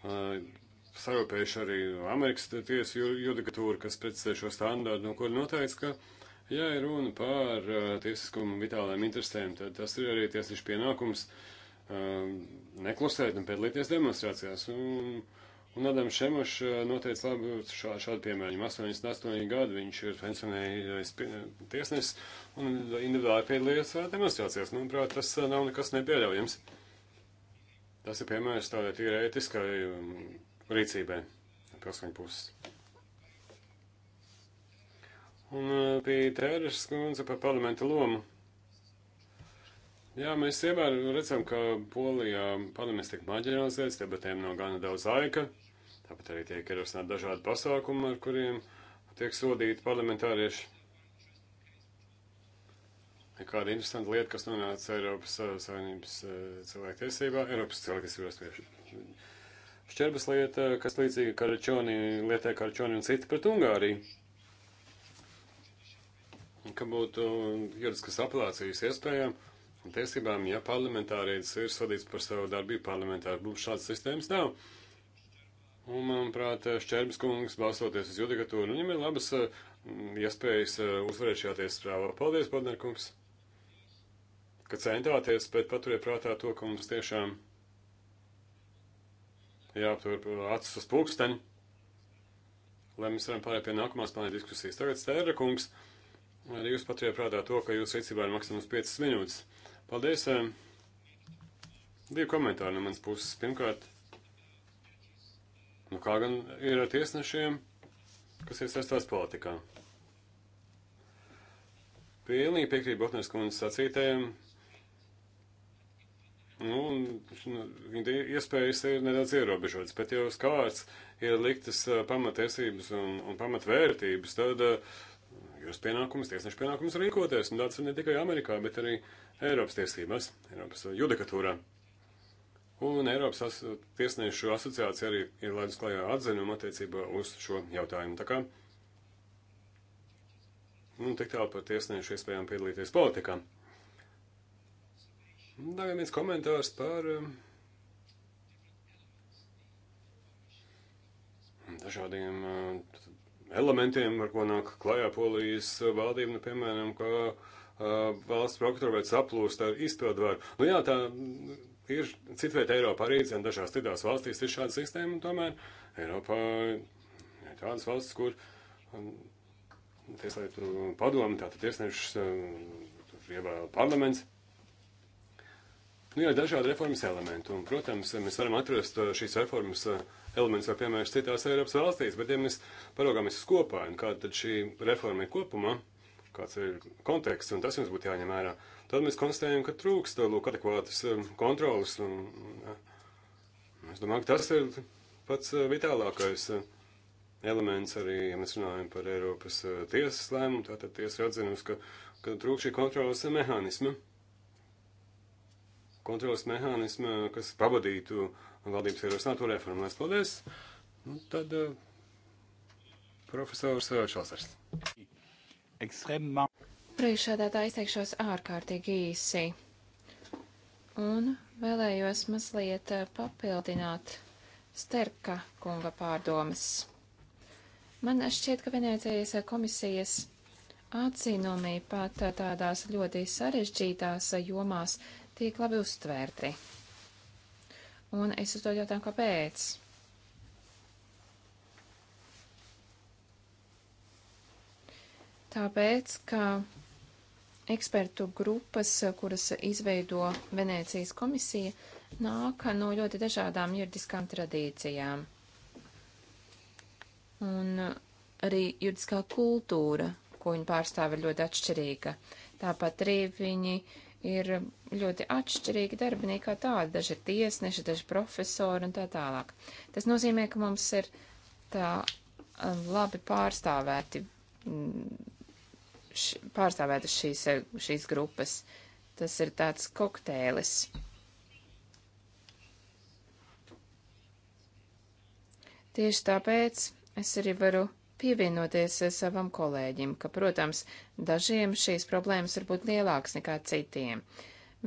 eh, eh, sarūpējuši arī Amerikas tiesu judikatūru, kas precizē šo standārtu, no kura noteica, ka, ja ir runa par uh, tiesiskumu vitālēm interesēm, tad tas ir arī tiesneša pienākums uh, neklusēt un piedalīties demonstrācijās. Un, uh, Un Adams Šemoš eh, noteica labu šā, šādu piemēru. 88 gadu viņš ir pensionējies tiesnesis un individuāli piedalījies eh, demonstrācijās. Manuprāt, tas eh, nav nekas nepieļaujams. Tas ir piemērs tādai tīri ētiskai um, rīcībai pilsoņu puses. Un bija tērišas kundze par parlamenta lomu. Jā, mēs vienmēr redzam, ka Polijā parlaments tiek maģinalizēts, debatēm nav gana daudz laika. Tāpat arī tiek ierosināt dažādi pasākumi, ar kuriem tiek sodīti parlamentārieši. Ir kāda interesanta lieta, kas nonāca Eiropas uh, Savienības uh, cilvēktiesībā, Eiropas cilvēktiesībās šķerbas lieta, kas līdzīga Karačoni, lietai Karačoni un citi pret Ungāriju. Ka būtu juridiskas apelācijas iespējām un tiesībām, ja parlamentārietis ir sodīts par savu darbību parlamentāru, būtu šādas sistēmas nav. No. Un, manuprāt, Šķērbis kungs, balstoties uz judikatūru, nu, viņam ir labas eh, iespējas eh, uzvarēt šajā tiesasprāvā. Paldies, Bodnerkungs, ka centāties, bet paturiet prātā to, ka mums tiešām jāaptur acis uz pulksteni, lai mēs varam pārēt pie nākamās plāna diskusijas. Tagad Stēra kungs, arī jūs paturiet prātā to, ka jūs rīcībā ir maksimums 5 minūtes. Paldies! Eh, divi komentāri no manas puses. Pirmkārt, Nu, kā gan ir ar tiesnešiem, kas iesaistās politikā? Pilnīgi piekrītu Botnes kundzes sacītējiem. Nu, nu, viņa iespējas ir nedaudz ierobežotas, bet jau uz kārts ir liktas pamatiesības un, un pamatvērtības, tad jūs pienākums, tiesnešu pienākums rīkoties, un tāds ir ne tikai Amerikā, bet arī Eiropas tiesībās, Eiropas judikatūrā. Uh, Un Eiropas as tiesnešu asociācija arī ir laidus klajā atzinumu attiecībā uz šo jautājumu. Tā kā, nu, tik tālu par tiesnešu iespējām piedalīties politikā. Tagad viens komentārs par um, dažādiem uh, elementiem, ar ko nāk klajā polijas valdība, nu, piemēram, ka uh, valsts prokuratūra vairs aplūst ar izpildvaru. Nu jā, tā ir citvieta Eiropā arī, un dažās citās valstīs ir šāda sistēma, un tomēr Eiropā ir tādas valstis, kur um, tieslietu padomu, tātad tiesnešus um, tur ievēl parlaments. Nu, ir dažādi reformas elementi, un, protams, mēs varam atrast uh, šīs reformas uh, elements vai piemērus citās Eiropas valstīs, bet, ja mēs paraugāmies uz kopā, un kāda tad šī reforma ir kopumā, kāds ir konteksts, un tas jums būtu jāņem vērā. Uh, tad mēs konstatējam, ka trūkst eh, lūk adekvātas eh, kontrolas. Un, eh, es domāju, ka tas ir pats vitālākais elements arī, ja mēs runājam par Eiropas tiesas lēmumu, tātad tiesa ir atzinusi, ka, ka trūkst šī kontrolas mehānisma. Kontrolas mehānisma, kas pavadītu valdības ierosināto reformu. Lielas paldies! Nu, tad profesors Čelsers. Ekstremā. Priekšādātā izteikšos ārkārtīgi īsi. Un vēlējos mazliet eh, papildināt Sterka kunga pārdomas. Man šķiet, ka Venēcijas komisijas atzinumi pat tādās ļoti sarežģītās jomās tiek labi uztvērti. Un es uzdod jautājumu, kāpēc? Tāpēc, ka ekspertu grupas, kuras izveido Venēcijas komisija, nāk no ļoti dažādām juridiskām tradīcijām. Un arī juridiskā kultūra, ko viņi pārstāv, ir ļoti atšķirīga. Tāpat arī viņi ir ļoti atšķirīgi darbinieki kā tādi. Daži ir tiesneši, daži profesori un tā tālāk. Tas nozīmē, ka mums ir tā um, labi pārstāvēti mm, š, pārstāvētas šīs, šīs grupas. Tas ir tāds kokteilis. Tieši tāpēc es arī varu pievienoties savam kolēģim, ka, protams, dažiem šīs problēmas var būt lielākas nekā citiem.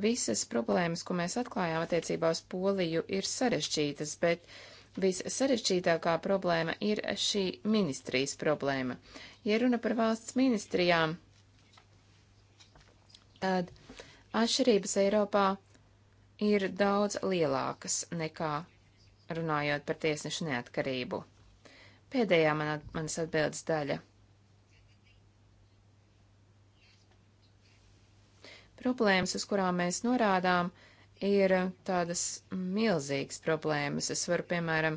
Visas problēmas, ko mēs atklājām attiecībā uz Poliju, ir sarežģītas, bet uh, Vissarežģītākā problēma ir šī ministrijas problēma. Ja runa par valsts ministrijām, tad atšķirības Eiropā ir daudz lielākas nekā runājot par tiesnešu neatkarību. Pēdējā man, manas atbildes daļa. Problēmas, uz kurām mēs norādām, ir ir uh, tādas milzīgas problēmas. Es varu, piemēram,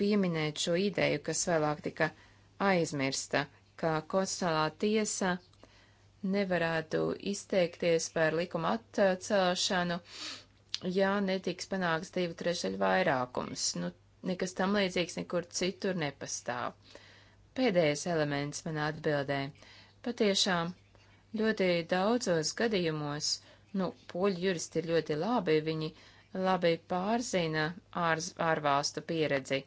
pieminēt šo ideju, kas vēlāk tika aizmirsta, ka konstitucionālā tiesa nevarētu izteikties par likuma atcelšanu, ja netiks panāks divu trešaļu vairākums. Nu, nekas tam līdzīgs nekur citur nepastāv. Pēdējais elements manā atbildē. Patiešām ļoti daudzos gadījumos Nu, poļu juristi ir ļoti labi, viņi labi pārzina ār, ārvalstu pieredzi.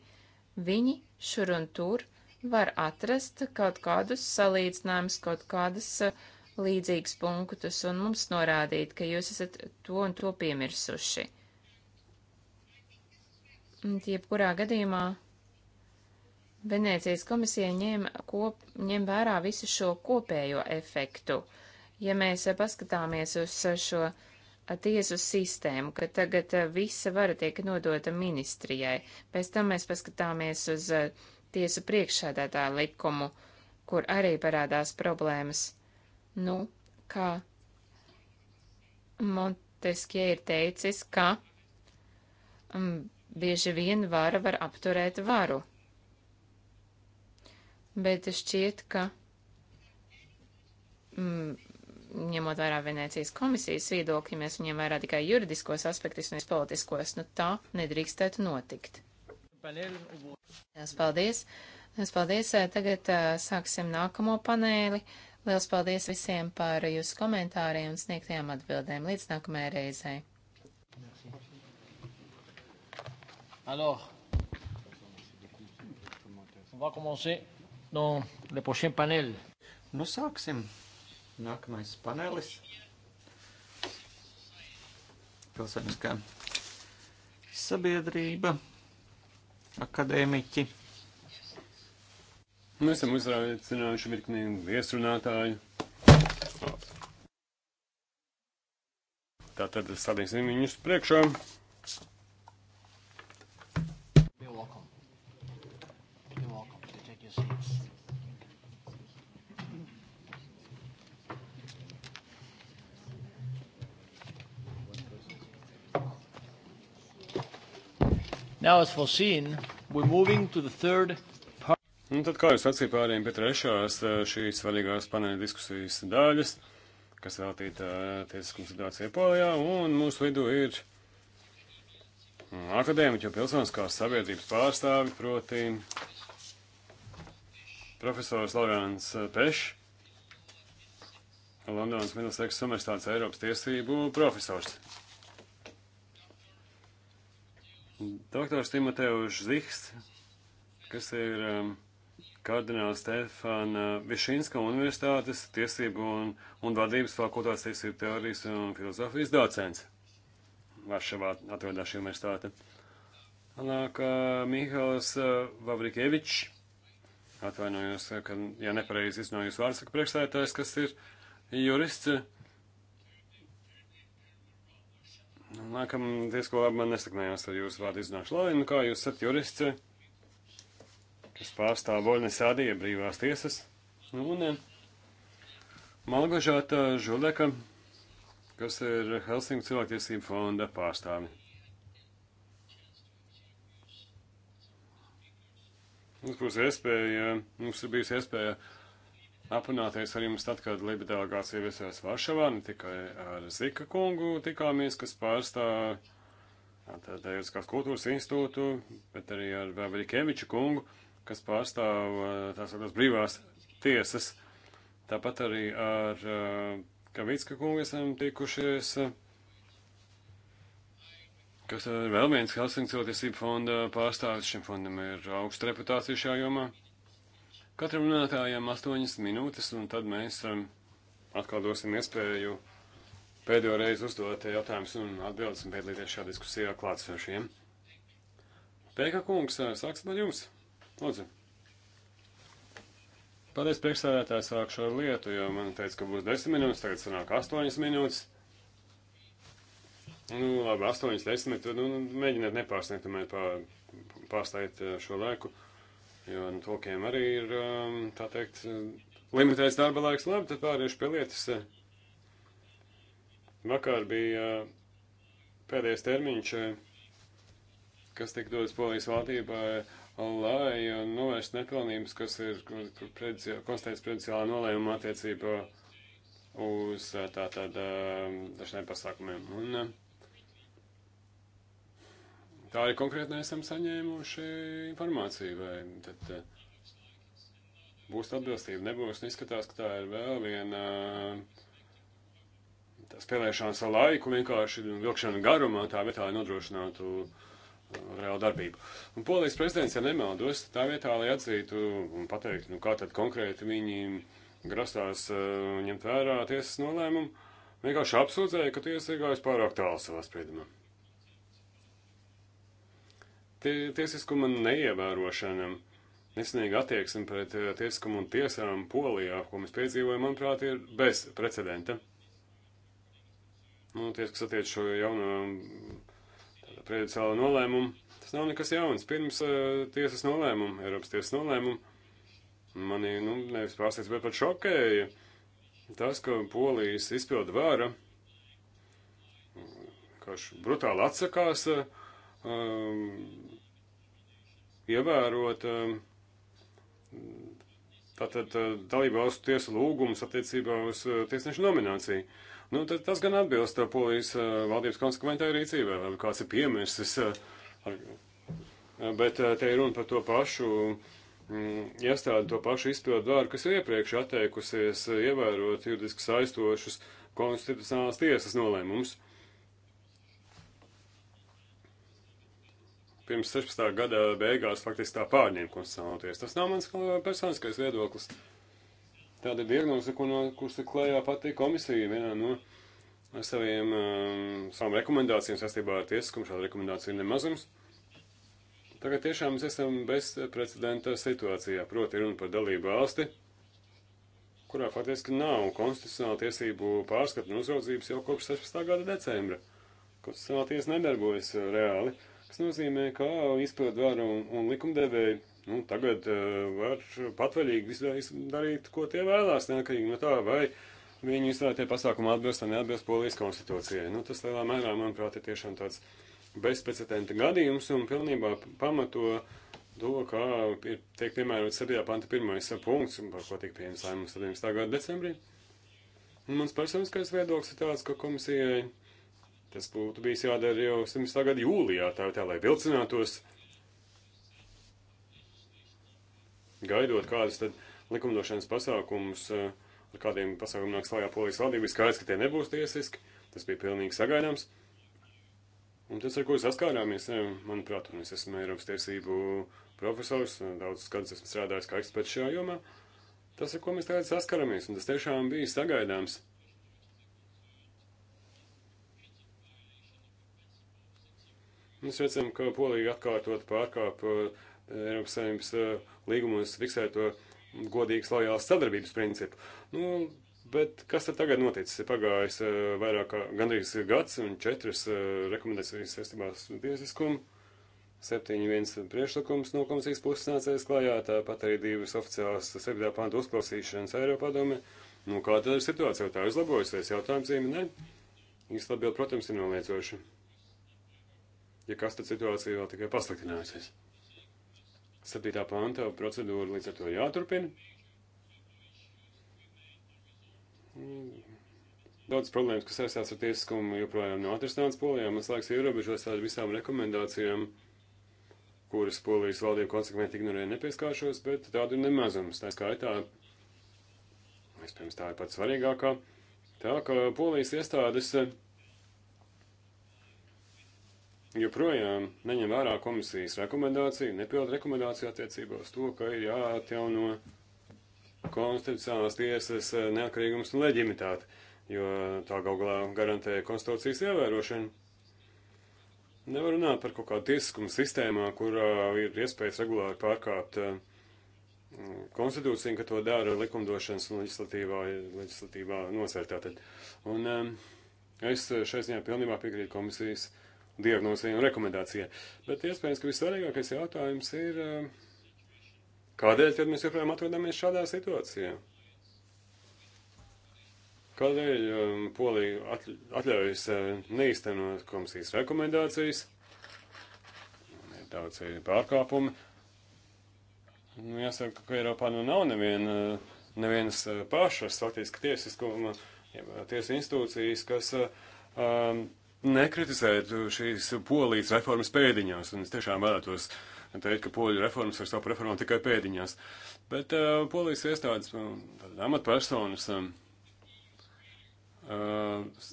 Viņi šur un tur var atrast kaut kādus salīdzinājumus, kaut kādas uh, līdzīgas punktus un mums norādīt, ka jūs esat to un to piemirsuši. Un jebkurā gadījumā Venēcijas komisija ņem, kop, ņem vērā visu šo kopējo efektu. Uh, Ja mēs eh, paskatāmies uz eh, šo eh, tiesu sistēmu, ka tagad visa vara tiek nodota ministrijai, pēc tam mēs paskatāmies uz tiesu priekšsēdētāju likumu, kur arī parādās problēmas. Nu, kā Monteskie ir teicis, ka m, mm, bieži vien vara var apturēt varu. Bet šķiet, ka m, mm, ņemot vērā Venēcijas komisijas viedokļi, mēs viņiem vērā tikai juridiskos aspektus, nevis politiskos. Nu, tā nedrīkstētu notikt. Liels paldies! Liels paldies! Tagad sāksim nākamo panēli. Liels paldies visiem par jūsu komentāriem un sniegtajām atbildēm. Līdz nākamajai reizei! Alors, on va commencer dans le prochain panel. Nous sāksim Nākamais panelis. Pilsoniskā sabiedrība, akadēmiķi. Mēs esam uzrādījuši virkni viesrunātāju. Tātad stādīsim viņus priekšā. Now, as foreseen, we're moving to the third part. Un nu, tad, kā jūs atsīja pārējiem pie trešās eh, šīs svarīgās paneļa diskusijas daļas, kas veltīta eh, tiesiskuma situācija Polijā, un mūsu vidū ir mm, akadēmiķu pilsoniskās sabiedrības pārstāvi, proti profesors Laurāns eh, Peš, Londonas Middlesex Universitātes Eiropas tiesību profesors. Doktors Timotejs Zihs, kas ir um, kardināla Stefana uh, Višinska universitātes tiesību un, un vadības fakultātes tiesību teorijas un filozofijas docents. Varšavā atrodas šī universitāte. Tālāk uh, Mihāls uh, Vavrikevičs, atvainojos, ka, ja nepareizi izrunāju jūsu vārdu, saka priekšstādātājs, kas ir jurists Nu, laikam, diezko labi man nesaknējās ar jūsu vārdu iznākšu. Lai, nu kā jūs esat jurists, kas pārstāv Boļnes sādīja brīvās tiesas, nu, un Malgožāta Žuleka, kas ir Helsinku cilvēktiesību fonda pārstāvi. Mums būs iespēja, mums ir bijusi iespēja aprunāties ar jums tad, kad Liba delegācija viesojas Varšavā, ne tikai ar Zika kungu tikāmies, kas pārstāv Tādējūtiskās kultūras institūtu, bet arī ar Vēberi Keviču kungu, kas pārstāv eh, tās tādās brīvās tiesas. Tāpat arī ar eh, Kavicka kungu esam tikušies, kas ir vēl viens Helsinki cilvēktiesību fonda pārstāvis. Šim fondam ir augsta reputācija šajā jomā. Katram runātājam astoņas minūtes, un tad mēs um, atkal dosim iespēju pēdējo reizi uzdot jautājumus un atbildes un piedalīties šajā diskusijā klātsošiem. Pēkā kungs, uh, sāksim ar jums. Lūdzu. Paldies, priekšsēdētāji, sākšu ar lietu, jo man teica, ka būs desmit minūtes, tagad sanāk astoņas minūtes. Nu, labi, astoņas, desmit, tad nu, nu, mēģiniet nepārsniegt, tomēr pār, pārstājiet uh, šo laiku. Uh, Jo nu, tokiem arī ir, um, tā teikt, limitēts darba laiks. Labi, tad pāriešu pie lietas. Vakar bija pēdējais termiņš, kas tika dots polijas valdībai, lai novērstu nepilnības, kas ir konstatēts predicionālā nolējuma attiecībā uz tā tad um, dažiem pasākumiem. Un, Tā ir konkrēti neesam saņēmuši informāciju, vai tad eh, būs atbilstība, nebūs, un izskatās, ka tā ir vēl viena eh, tā spēlēšanās ar laiku, vienkārši vilkšana garumā, tā vietā, lai nodrošinātu eh, reālu darbību. Un polijas prezidents, ja nemaldos, tā vietā, lai atzītu un pateiktu, nu kā tad konkrēti viņi grasās uh, ņemt vērā tiesas nolēmumu, vienkārši apsūdzēja, ka tiesa ir gājusi pārāk tālu savā spriedumā tie, tiesiskuma neievērošana, nesnīga attieksme pret eh, tiesiskumu un tiesām Polijā, ko mēs piedzīvojam, manuprāt, ir bez precedenta. Nu, ties, kas attiec šo jauno prejudiciālo nolēmumu, tas nav nekas jauns. Pirms uh, tiesas nolēmuma, Eiropas tiesas nolēmuma, mani, nu, nevis pārsteidz, bet pat šokēja tas, ka Polijas izpildu vāra, mm, kā brutāli atsakās uh, um, ievērot um, tātad uh, dalību valstu tiesu lūgumus attiecībā uz uh, tiesnešu nomināciju. Nu, tad tas gan atbilst uh, polijas uh, valdības konsekventai rīcībai, vai kāds ir piemirsis. Uh, ar, uh, bet te ir runa par to pašu mm, iestādi, to pašu izpildu vāru, kas ir iepriekš atteikusies ievērot juridiski saistošus konstitucionālās tiesas nolēmumus. Uh, pirms 16. gada beigās faktiski tā pārņēma konstitucionālo tiesu. Tas nav mans personiskais viedoklis. Tāda diagnoze, ko no, kurš ir klējā pati komisija vienā no saviem, um, savām rekomendācijām saistībā ar tiesiskumu, šāda rekomendācija ir nemazums. Tagad tiešām mēs esam bezprecedenta situācijā, proti runa par dalību valsti, kurā faktiski nav konstitucionāla tiesību pārskata un uzraudzības jau kopš 16. gada decembra. Konstitucionāla tiesa nedarbojas uh, reāli. Uh, kas nozīmē, ka izpildu varu un, un likumdevēju nu, tagad uh, var patvaļīgi darīt, ko tie vēlās, neatkarīgi no tā, vai viņu izstrādātie pasākumi atbilst vai neatbilst Polijas konstitūcijai. Nu, tas lielā mērā, manuprāt, ir tiešām tāds bezprecedenta gadījums un pilnībā pamato to, kā ir, tiek piemērot 7. panta pirmais punkts, par ko tika pieņems lēmums 17. gada decembrī. Un mans personiskais viedoklis ir tāds, ka komisijai Tas būtu bijis jādara jau 17. gada jūlijā, tā tā, lai vilcinātos, gaidot kādus tad likumdošanas pasākumus, eh, ar kādiem pasākumiem nāks klājā polijas valdība, skaidrs, ka tie nebūs tiesiski, tas bija pilnīgi sagaidāms. Un tas, ar ko saskārāmies, eh, manuprāt, un es esmu Eiropas tiesību profesors, eh, daudzus gadus esmu strādājis kā eksperts šajā jomā, tas, ar ko mēs tagad saskaramies, un tas tiešām bija sagaidāms. Mēs redzam, ka Polija atkārtot pārkāp uh, Eiropas Savienības uh, līgumos fiksēto godīgas lojālas sadarbības principu. Nu, bet kas tad tagad noticis? Ir pagājis uh, vairāk kā gandrīz gads un četras rekomendācijas saistībās tiesiskumu. 7.1 priekšlikums no komisijas puses nācēs klājā, tāpat arī divas oficiālas 7. pantu uzklausīšanas Eiropadome. Nu, kā tad ir situācija? Tā uzlabojusies? Jautājums zīme, ne? Īsta atbild, protams, ir noliedzoša. Ja kas tad situācija vēl tikai pasliktinājusies? 7. pānta procedūra līdz ar to jāturpina. Daudz problēmas, kas saistās ar tiesiskumu, joprojām nav atrastāts polijā. Mans laiks ierobežos ar visām rekomendācijām, kuras polijas valdība konsekventi ignorē nepieskāršos, bet tādu ir nemazums. Tā skaitā, vispirms tā ir pats svarīgākā, tā ka polijas iestādes. Uh, joprojām neņem vērā komisijas rekomendāciju, nepildu rekomendāciju attiecībā uz to, ka ir jāatjauno konstitucionālās tiesas eh, neatkarīgums un leģimitāte, jo tā gal galā garantē konstitūcijas ievērošanu. Nevar runāt par kaut kādu tiesiskumu sistēmā, kurā ir iespējas regulāri pārkāpt eh, konstitūciju, ka to dara likumdošanas un leģislatīvā, leģislatīvā nosvērtā. Un um, es šai ziņā pilnībā piekrītu komisijas uh, diagnozē un rekomendācijai. Bet iespējams, ka vissvarīgākais jautājums ir, eh, kādēļ tad mēs joprojām atrodamies šādā situācijā? Kādēļ um, Polija atļaujas uh, neiztenot komisijas rekomendācijas? Ir daudz ir pārkāpumi. Nu, jāsaka, ka Eiropā nu nav neviena, nevienas pašas faktiski tiesiskuma, ja, tiesa institūcijas, kas um, nekritizēt šīs polijas reformas pēdiņās, un es tiešām vēlētos teikt, ka poļu reformas ar savu reformu tikai pēdiņās. Bet uh, polijas iestādes, uh, amatpersonas, um, uh,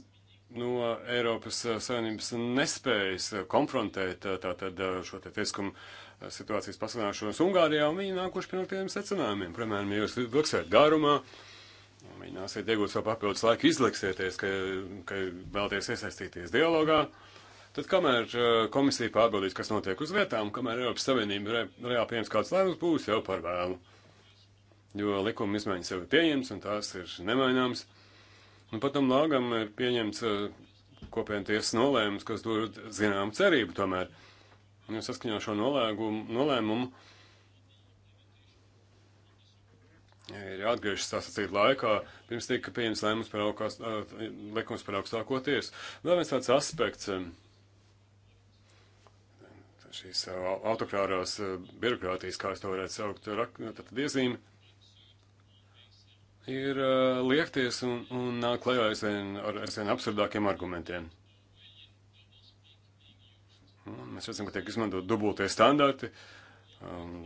no Eiropas Savienības nespējas konfrontēt uh, tātad uh, šo te tieskumu uh, situācijas paslielināšanos Ungārijā, un viņi nākuši pie notiem secinājumiem. Piemēram, jūs vilksiet garumā, uh, Mēģināsiet iegūt savu papildus laiku, izliksieties, ka, ka vēlaties iesaistīties dialogā. Tad, kamēr uh, komisija pārbaudīs, kas notiek uz vietām, kamēr Eiropas Savienība re, reāli pieņems kāds lēmums, būs jau par vēlu. Jo likuma izmaiņas jau ir pieņemts un tās ir nemaināmas. Un pat tam lāgam ir pieņemts uh, kopienu tiesas nolēmums, kas dod zinām cerību tomēr. Un saskaņā šo nolēgumu, nolēmumu ir atgriežas sasacīt laikā, pirms tika pieņems lēmums par augstās, likums par augstāko tiesu. Vēl viens tāds aspekts šīs autokrārās birokrātijas, kā es to varētu saukt, tad iezīme, ir liekties un, un nāk klajā aizvien ar aizvien absurdākiem argumentiem. Un mēs redzam, ka tiek izmantot dubultie standarti. Um,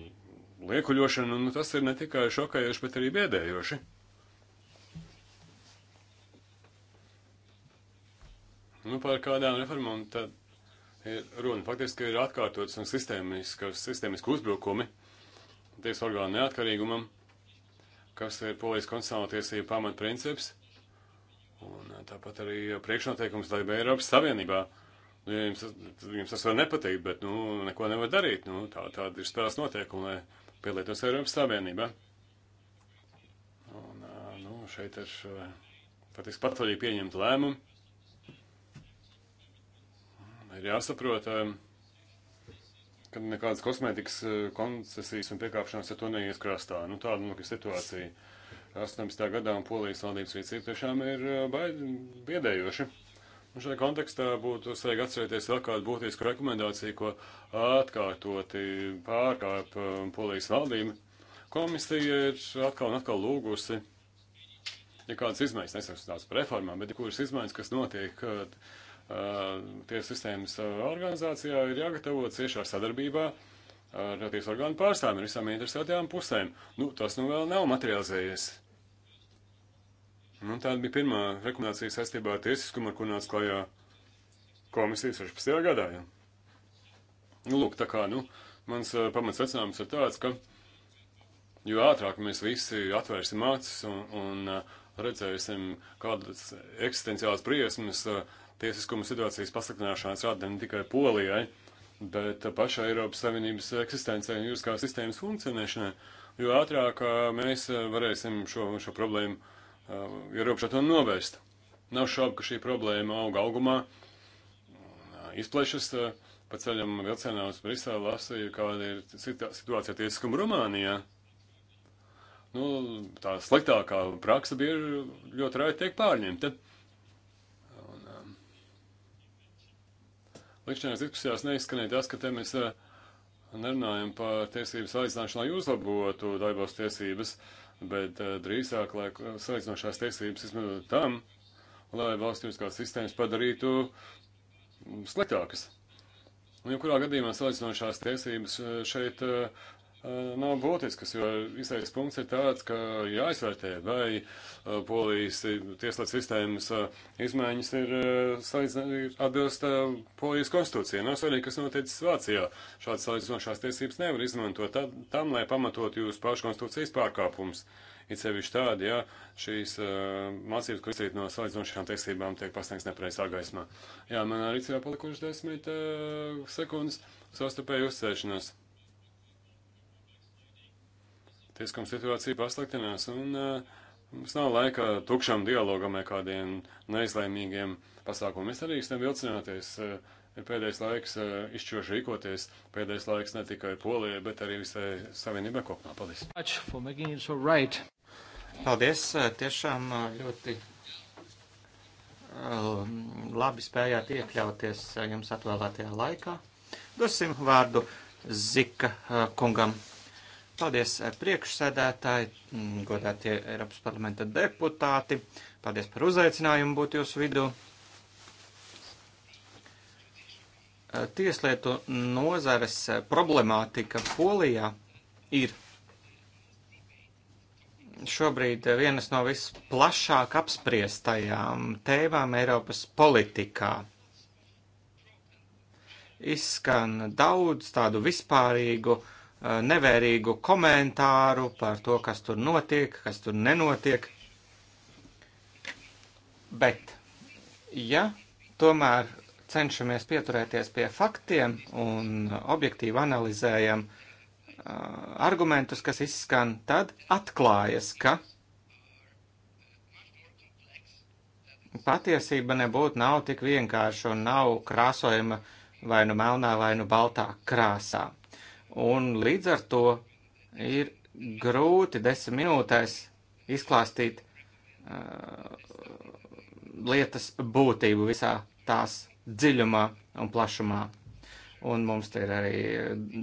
liekuļošana, un nu, tas ir ne tikai šokējoši, bet arī biedējoši. Nu, par kādām reformām tad ir runa. Faktiski ir atkārtotas un nu, sistēmiskas, sistēmiski uzbrukumi tiesu orgānu neatkarīgumam, kas ir polijas konstitucionāla tiesība pamatprincips, un uh, tāpat arī priekšnoteikums darba Eiropas Savienībā. Nu, ja jums, jums tas var nepatikt, bet nu, neko nevar darīt. Nu, tā, tāda ir spēles noteikuma, lai pielietos Eiropas Savienībā. Un, nu, šeit ir patiks patvaļīgi pieņemt lēmumu. Ir jāsaprot, ka nekādas kosmētikas koncesijas un piekāpšanās ar to neies krastā. Nu, tāda nu, situācija 18. gadā un polijas valdības rīcība tiešām ir baidējoša. Un šajā kontekstā būtu svarīgi atcerēties vēl kādu būtisku rekomendāciju, ko atkārtoti pārkāp um, polijas valdība. Komisija ir atkal un atkal lūgusi, ja kādas izmaiņas nesaistās par reformām, bet ja kuras izmaiņas, kas notiek, kad, uh, tiesu sistēmas organizācijā ir jāgatavo ciešā sadarbībā ar tiesu orgānu pārstāvjiem, visām interesētajām pusēm. Nu, tas nu vēl nav materializējies. Nu, tāda bija pirmā rekomendācija saistībā ar tiesiskumu, ar ko nāca klajā komisija 16. gadā. Ja. Nu, lūk, tā kā, nu, mans uh, pamats secinājums ir tāds, ka jo ātrāk mēs visi atvērsim acis un, un uh, redzēsim, kādas eksistenciālas briesmas uh, tiesiskuma situācijas pasliktināšanās rada ne tikai Polijai, bet uh, pašai Eiropas Savienības eksistencei un juridiskās sistēmas funkcionēšanai, jo ātrāk uh, mēs uh, varēsim šo, šo problēmu uh, Uh, ierobežot un novērst. Nav šaubu, ka šī problēma aug augumā, uh, izplešas uh, pa ceļam vilcienā uz Briselu, lasīju, kāda ir situācija tiesiskuma Rumānijā. Nu, tā sliktākā praksa bieži ļoti raiti tiek pārņemta. Un, um, Likšanās diskusijās neizskanēja tas, ka te mēs uh, nerunājam par tiesības aizstāšanu, lai uzlabotu darbos tiesības. Uh, bet eh, drīzāk, lai salīdzinošās tiesības izmantot tam, lai valstiskās sistēmas padarītu mm, sliktākas. Un, ja kurā gadījumā salīdzinošās tiesības eh, šeit eh, Eh, nav būtiskas, jo visais punkts ir tāds, ka jāizvērtē, vai eh, polijas tieslietu sistēmas eh, izmaiņas ir, ir atbilst polijas konstitūcijai. Nav svarīgi, kas noticis Vācijā. Šādas salīdzinošās tiesības nevar izmantot tā, tam, lai pamatot jūsu pašu konstitūcijas pārkāpumus. It sevišķi tādi, ja šīs uh, mācības, kas izriet no salīdzinošajām tiesībām, tiek pasniegts nepareizā gaismā. Jā, man arī ir palikušas desmit uh, sekundes savstarpēju uzsēšanos tieskuma situācija pasliktinās, un uh, mums nav laika tukšam dialogam vai kādiem neizlēmīgiem pasākumiem. Mēs arī esam vilcināties, uh, ir pēdējais laiks uh, izšķiroši rīkoties, pēdējais laiks ne tikai Polijai, bet arī visai savienībai kopumā. Paldies! Paldies, tiešām ļoti labi spējāt iekļauties jums atvēlētajā laikā. Dosim vārdu Zika kungam. Paldies eh, priekšsēdētāji, mm, godātie Eiropas parlamenta deputāti. Paldies par uzaicinājumu būt jūsu vidū. Eh, Tieslietu nozares eh, problemātika Polijā ir šobrīd vienas no visplašāk apspriestajām tēmām Eiropas politikā izskan daudz tādu vispārīgu Eh, nevērīgu komentāru par to, kas tur notiek, kas tur nenotiek. Bet, ja tomēr cenšamies pieturēties pie faktiem un objektīvi analizējam uh, argumentus, kas izskan, tad atklājas, ka patiesība nebūtu nav tik vienkārša un nav krāsojama vai nu melnā, vai nu baltā krāsā un līdz ar to ir grūti desmit minūtēs izklāstīt uh, lietas būtību visā tās dziļumā un plašumā. Un mums te ir arī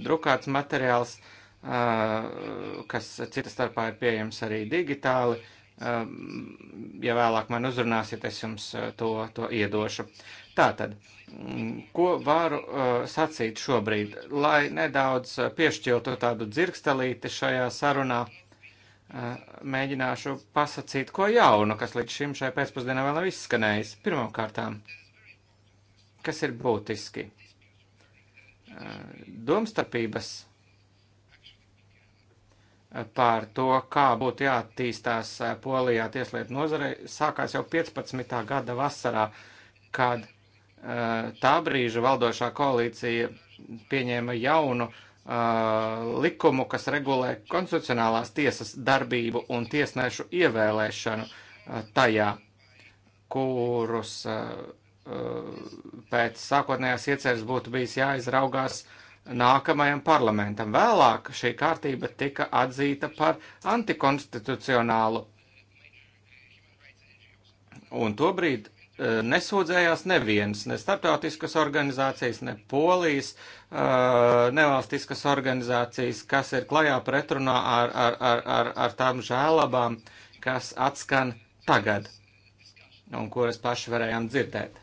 drukāts materiāls, uh, kas cita starpā ir pieejams arī digitāli. Uh, ja vēlāk man uzrunāsiet, es jums uh, to, to iedošu. Tātad. Uh, Ko varu uh, sacīt šobrīd, lai nedaudz uh, piešķiltu tādu dzirkstelīti šajā sarunā? Uh, mēģināšu pasakīt ko jaunu, kas līdz šim šai pēcpusdienā vēl nav izskanējis. Pirmkārtām, kas ir būtiski? Uh, domstarpības par to, kā būtu jāattīstās Polijā tieslietu nozarei, sākās jau 15. gada vasarā, kad Eh, tā brīža valdošā koalīcija pieņēma jaunu uh, likumu, kas regulē konstitucionālās tiesas darbību un tiesnešu ievēlēšanu uh, tajā, kurus uh, pēc sākotnējās ieceres būtu bijis jāizraugās nākamajam parlamentam. Vēlāk šī kārtība tika atzīta par antikonstitucionālu. Un tobrīd E, nesūdzējās neviens, ne starptautiskas organizācijas, ne polijas, e, nevalstiskas organizācijas, kas ir klajā pretrunā ar, ar, ar, ar, ar tām žēlabām, kas atskan tagad un kuras paši varējām dzirdēt.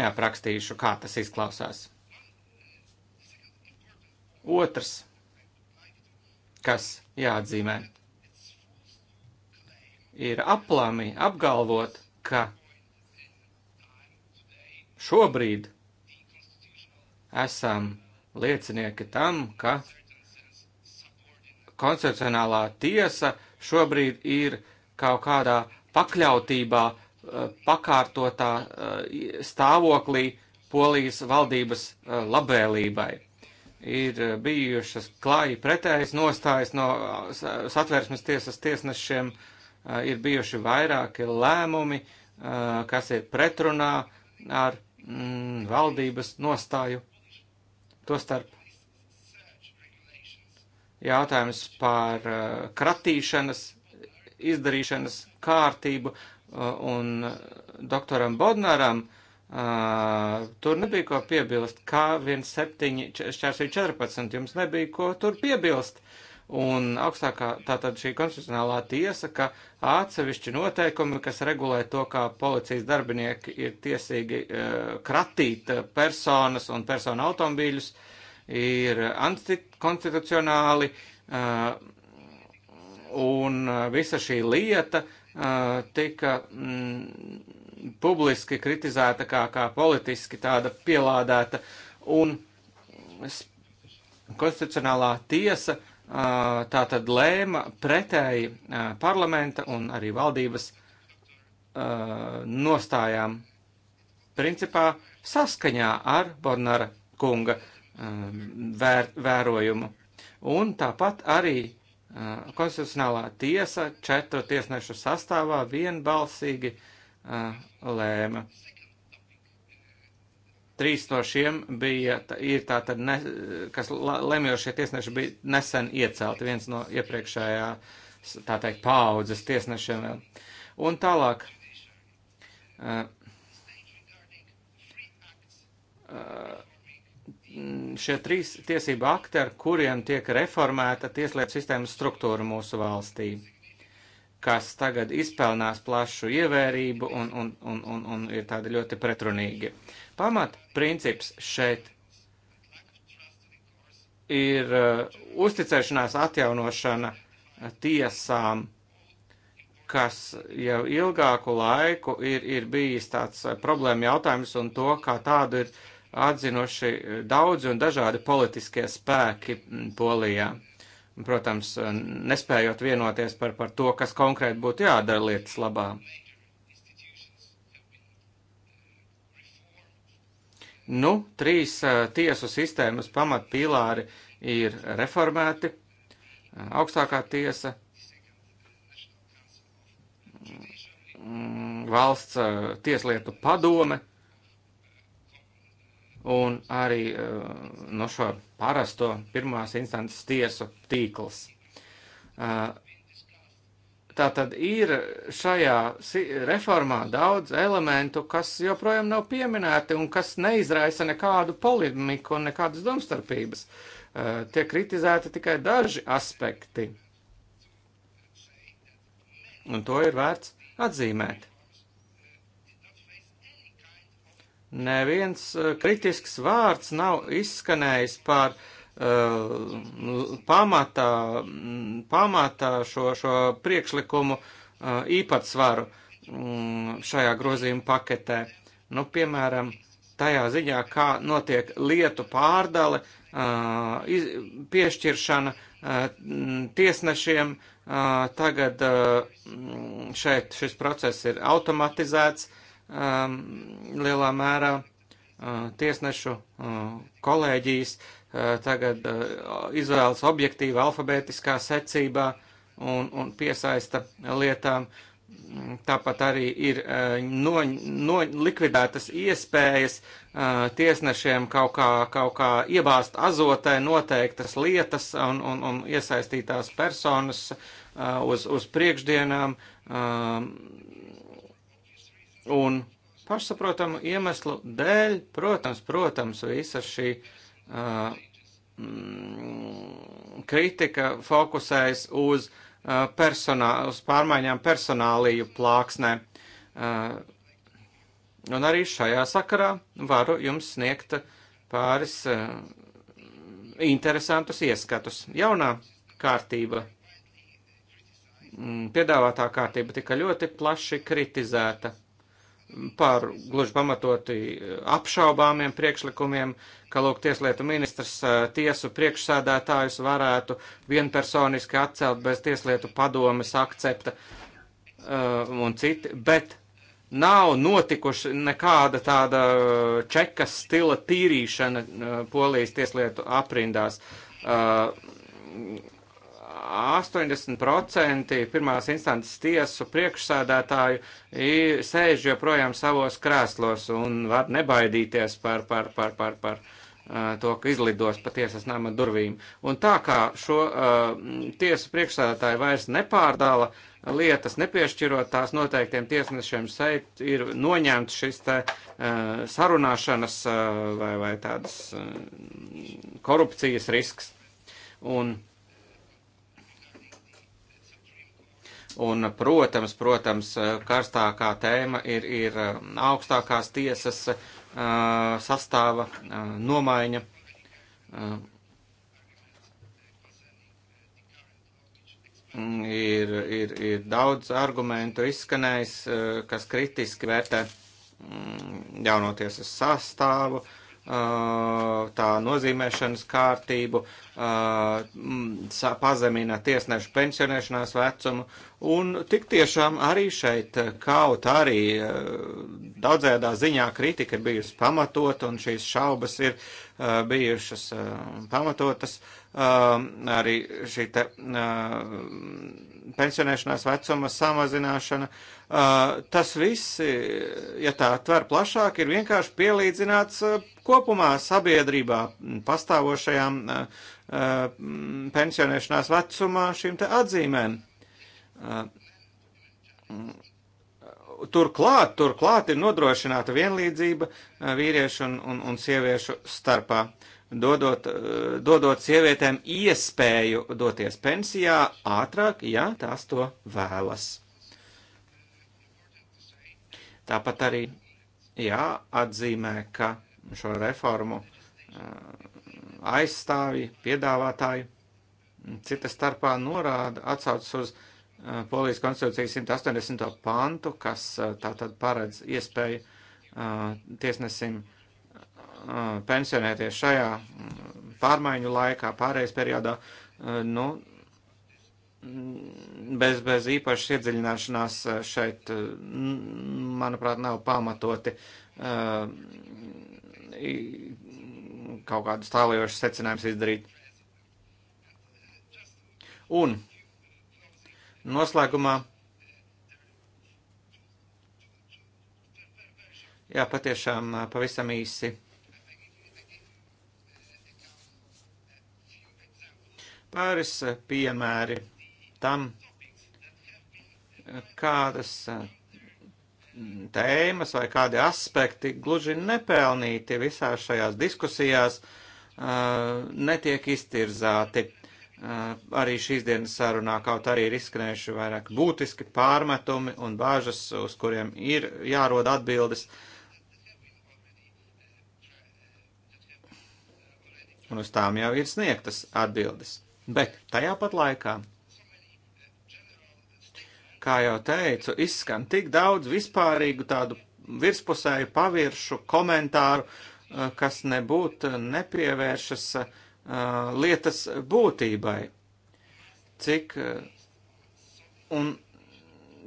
Neaprakstīšu, kā tas izklausās. Otrs, kas jāatzīmē, ir aplami apgalvot, ka šobrīd esam liecinieki tam, ka koncepcionālā tiesa šobrīd ir kaut kādā pakļautībā, eh, pakārtotā eh, stāvoklī polijas valdības eh, labēlībai. Ir bijušas klāji pretējas nostājas no satversmes tiesas tiesnešiem uh, Eh, ir bijuši vairāki lēmumi, eh, kas ir pretrunā ar mm, valdības nostāju. Tostarp jautājums par eh, kratīšanas, izdarīšanas kārtību un doktoram Bodnaram tur nebija ko piebilst. Kā 1,714 jums nebija ko tur piebilst? Uh, Un augstākā tātad šī konstitucionālā tiesa, ka atsevišķi noteikumi, kas regulē to, kā policijas darbinieki ir tiesīgi uh, kratīt personas un personu automobīļus, ir antikonstitucionāli. Uh, un visa šī lieta uh, tika mm, publiski kritizēta kā, kā politiski tāda pielādēta. Un konstitucionālā tiesa uh, tā tad lēma pretēji parlamenta un arī valdības nostājām principā saskaņā ar Bornara kunga vēr, vērojumu. Un tāpat arī konstitucionālā tiesa četru tiesnešu sastāvā vienbalsīgi lēma. Trīs no šiem bija, ir tātad, ne, kas lemjošie tiesneši bija nesen iecelti, viens no iepriekšējā, tā teikt, paaudzes tiesnešiem. Un tālāk. Uh, uh, šie trīs tiesība akti, ar kuriem tiek reformēta tieslietu sistēmas struktūra mūsu valstī kas tagad izpelnās plašu ievērību un, un, un, un, un ir tādi ļoti pretrunīgi. Pamat princips šeit ir uh, uzticēšanās atjaunošana tiesām, kas jau ilgāku laiku ir, ir bijis tāds uh, problēma jautājums un to, kā tādu ir atzinuši daudzi un dažādi politiskie spēki mm, Polijā. Uh, protams, nespējot vienoties par, par to, kas konkrēti būtu jādara lietas labā. Nu, trīs eh, tiesu sistēmas pamatpīlāri ir reformēti. Eh, augstākā tiesa, mm, valsts eh, tieslietu padome un arī eh, no šo parasto pirmās instances tiesu tīkls. Eh, tā tad ir šajā reformā daudz elementu, kas joprojām nav pieminēti un kas neizraisa nekādu polemiku un nekādas domstarpības. Eh, tiek kritizēti tikai daži aspekti. Un to ir vērts atzīmēt. neviens eh, kritisks vārds nav izskanējis par uh, eh, pamatā, pamatā šo, šo priekšlikumu uh, īpatsvaru um, šajā grozījuma paketē. Nu, piemēram, tajā ziņā, kā notiek lietu pārdale, uh, iz, piešķiršana tiesnešiem, tagad mm, šeit šis process ir automatizēts, um, lielā mērā uh, tiesnešu uh, kolēģijas uh, tagad izvēlas objektīvi alfabētiskā secībā un, un piesaista lietām. Tāpat arī ir no, no likvidētas iespējas tiesnešiem kaut kā, kaut kā iebāzt azotē noteiktas lietas un, un, un iesaistītās personas uz, uz priekšdienām um, Un pašsaprotamu iemeslu dēļ, protams, protams, visa šī uh, mm, kritika fokusējas uz, uh, personā, uz pārmaiņām personālīju plāksnē. Uh, un arī šajā sakarā varu jums sniegt pāris uh, interesantus ieskatus. Jaunā kārtība, mm, piedāvātā kārtība tika ļoti plaši kritizēta par gluži pamatoti eh, apšaubāmiem priekšlikumiem, ka lūk tieslietu ministrs eh, tiesu priekšsēdētājus varētu vienpersoniski atcelt bez tieslietu padomes akcepta eh, un citi, bet nav notikuši nekāda tāda čekas stila tīrīšana polijas tieslietu aprindās. 80% pirmās instances tiesu priekšsādātāju sēž joprojām savos krēslos un var nebaidīties par, par, par, par, par to, ka izlidos pa tiesas nama durvīm. Un tā kā šo uh, tiesu priekšsādātāju vairs nepārdala lietas, nepiešķirot tās noteiktiem tiesnešiem, šeit ir noņemts šis te uh, sarunāšanas uh, vai, vai tādas uh, korupcijas risks. Un, uh, Un, protams, protams, karstākā tēma ir, ir um, augstākās tiesas uh, sastāva uh, nomaiņa. Uh, ir, ir, ir daudz argumentu izskanējis, uh, kas kritiski vērtē um, jaunotiesas sastāvu, Uh, tā nozīmēšanas kārtību, uh, pazemina tiesnešu pensionēšanās vecumu, un tik tiešām arī šeit kaut arī uh, Daudzējādā ziņā kritika ir bijusi pamatot, un šīs šaubas ir uh, bijušas uh, pamatotas. Uh, arī šī te, uh, pensionēšanās vecuma samazināšana. Uh, tas viss, ja tā tver plašāk, ir vienkārši pielīdzināts uh, kopumā sabiedrībā pastāvošajām uh, uh, pensionēšanās vecumā šīm te atzīmēm. Uh, turklāt, turklāt ir nodrošināta vienlīdzība eh, vīriešu un, un, un sieviešu starpā, dodot, eh, dodot sievietēm iespēju doties pensijā ātrāk, ja tās to vēlas. Tāpat arī jāatzīmē, ka šo reformu eh, aizstāvji, piedāvātāji cita starpā norāda, atsaucas uz uh, Eh, Polijas konstitūcijas 180. pantu, kas eh, tātad paredz iespēju eh, tiesnesim pensionēties šajā mm, pārmaiņu laikā, pārējais periodā, nu, mm, bez, bez īpašas iedziļināšanās šeit, manuprāt, nav pamatoti kaut kādus tālajošus secinājumus izdarīt. Un Noslēgumā. Jā, patiešām pavisam īsi. Pāris piemēri tam, kādas tēmas vai kādi aspekti gluži nepelnīti visās šajās diskusijās uh, netiek iztirzāti. Eh, arī šīs dienas sarunā kaut arī ir izskanējuši vairāk būtiski pārmetumi un bāžas, uz kuriem ir jārod atbildes. Un uz tām jau ir sniegtas atbildes. Bet tajā pat laikā, kā jau teicu, izskan tik daudz vispārīgu tādu virspusēju paviršu komentāru, eh, kas nebūtu nepievēršas uh, lietas būtībai. Cik, un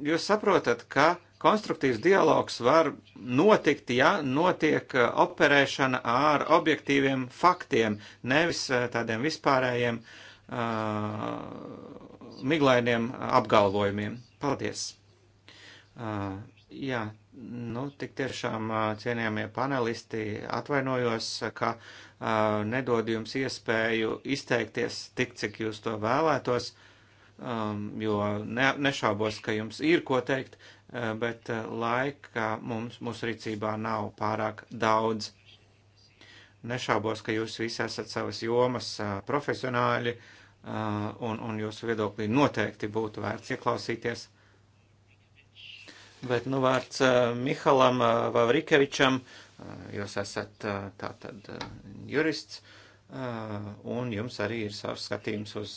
jūs saprotat, ka konstruktīvs dialogs var notikt, ja notiek operēšana ar objektīviem faktiem, nevis tādiem vispārējiem uh, miglainiem apgalvojumiem. Paldies! Uh, jā, nu tik tiešām cienījamie panelisti atvainojos, ka uh, nedod jums iespēju izteikties tik, cik jūs to vēlētos, jo ne, nešaubos, ka jums ir ko teikt, bet laika mums, mūsu rīcībā nav pārāk daudz. Nešaubos, ka jūs visi esat savas jomas profesionāļi, un, un jūsu viedoklī noteikti būtu vērts ieklausīties. Bet nu vārds Mihalam Vavrikevičam. Uh, Eh, jūs esat eh, tātad eh, jurists, un jums arī ir savs skatījums uz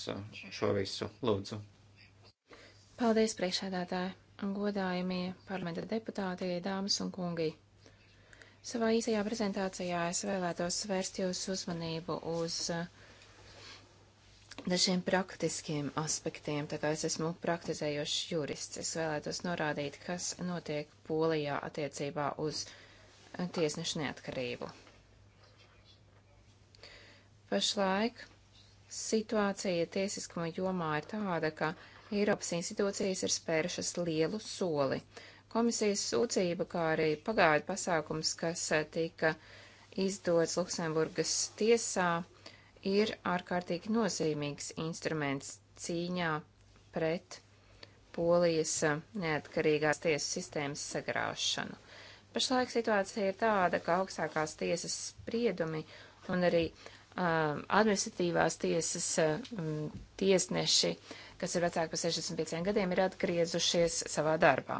šo visu. Lūdzu. Paldies, priekšēdētāji, godājumie parlamenta deputātie, dāmas un kungi. Savā īsajā prezentācijā es vēlētos svērst jūsu uzmanību uz dažiem praktiskiem aspektiem, tā kā es esmu praktizējošs jurists. Es vēlētos norādīt, kas notiek Polijā attiecībā uz tiesnešu neatkarību. Pašlaik situācija tiesiskuma jomā ir tāda, ka Eiropas institūcijas ir spērušas lielu soli. Komisijas sūdzība, kā arī pagaidu pasākums, kas tika izdots Luksemburgas tiesā, ir ārkārtīgi nozīmīgs instruments cīņā pret polijas neatkarīgās tiesu sistēmas sagraušanu. Pašlaik situācija ir tāda, ka augstākās tiesas spriedumi un arī um, administratīvās tiesas um, tiesneši, kas ir vecāki par 65 gadiem, ir atgriezušies savā darbā.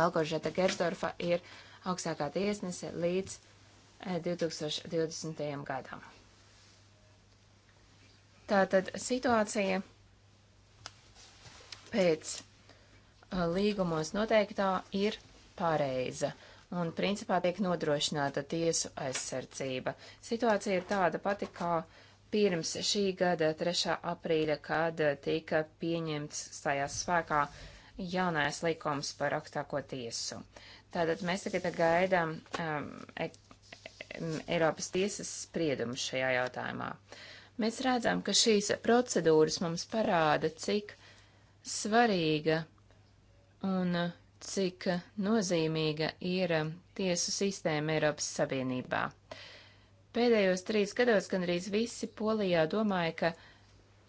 Malgožeta Gersdorfa ir augstākā tiesnese līdz 2020. Eh, gadam. Tātad situācija pēc eh, līgumos noteiktā ir pareiza, un principā tiek nodrošināta tiesu aizsardzība. Situācija ir tāda pati kā pirms šī gada 3. aprīļa, kad tika pieņemts stājās spēkā jaunais likums par augstāko tiesu. Tātad mēs tagad gaidām um, e Eiropas tiesas spriedumu šajā jautājumā. Mēs redzam, ka šīs procedūras mums parāda, cik svarīga un uh, cik nozīmīga ir tiesu sistēma Eiropas Savienībā. Pēdējos trīs gados gandrīz visi Polijā domāja, ka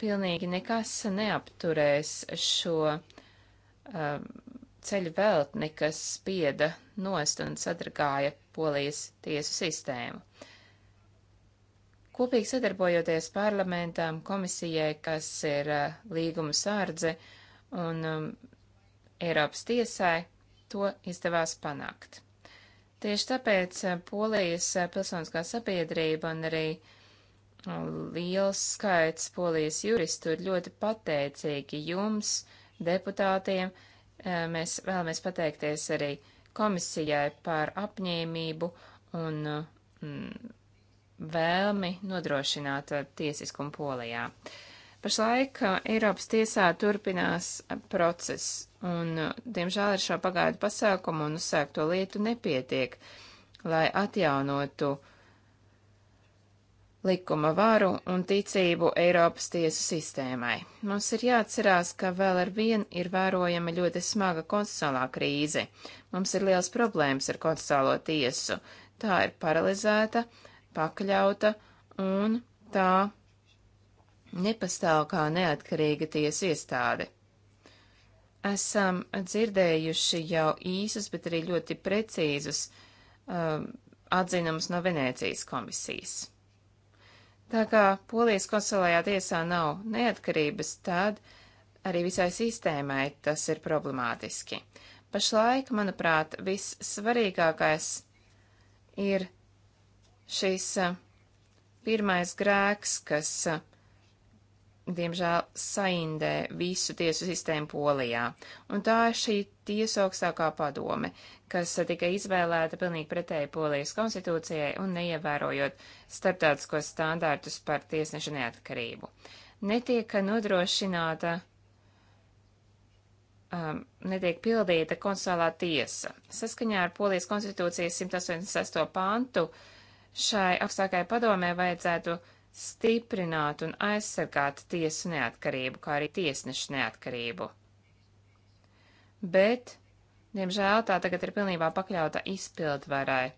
pilnīgi nekas neapturēs šo um, ceļu veltni, kas spieda nost un sadragāja Polijas tiesu sistēmu. Kopīgi sadarbojoties parlamentām, komisijai, kas ir uh, līguma sārdze, un um, Eiropas tiesai to izdevās panākt. Tieši tāpēc eh, Polijas eh, pilsoniskā sabiedrība un arī eh, liels skaits Polijas juristu ir ļoti pateicīgi jums, deputātiem. Mēs vēlamies pateikties arī komisijai par apņēmību un vēlmi nodrošināt tiesiskumu Polijā. Pašlaik Eiropas tiesā turpinās process Un, eh, diemžēl, ar šo pagaidu pasākumu un uzsākto lietu nepietiek, lai atjaunotu likuma varu un ticību Eiropas tiesu sistēmai. Mums ir jāatcerās, ka vēl ar vien ir vērojama ļoti smaga konstitucionālā krīze. Mums ir liels problēmas ar konstitucionālo tiesu. Tā ir paralizēta, pakļauta un tā nepastāv kā neatkarīga tiesa iestāde esam dzirdējuši jau īsus, bet arī ļoti precīzus um, atzinumus no Venēcijas komisijas. Tā kā Polijas konsulējā tiesā nav neatkarības, tad arī visai sistēmai tas ir problemātiski. Pašlaik, manuprāt, vissvarīgākais ir šis uh, pirmais grēks, kas uh, diemžēl, saindē visu tiesu sistēmu Polijā, un tā ir šī tiesu augstākā padome, kas tika izvēlēta pilnīgi pretēji Polijas konstitūcijai un neievērojot starptautiskos standārtus par tiesnešu neatkarību. Netiek nodrošināta, um, netiek pildīta konstitucionālā tiesa. Saskaņā ar Polijas konstitūcijas 186. pantu šai augstākajai padomē vajadzētu uh, stiprināt un aizsargāt tiesu neatkarību, kā arī tiesnešu neatkarību. Bet, diemžēl, tā tagad ir pilnībā pakļauta izpildvarai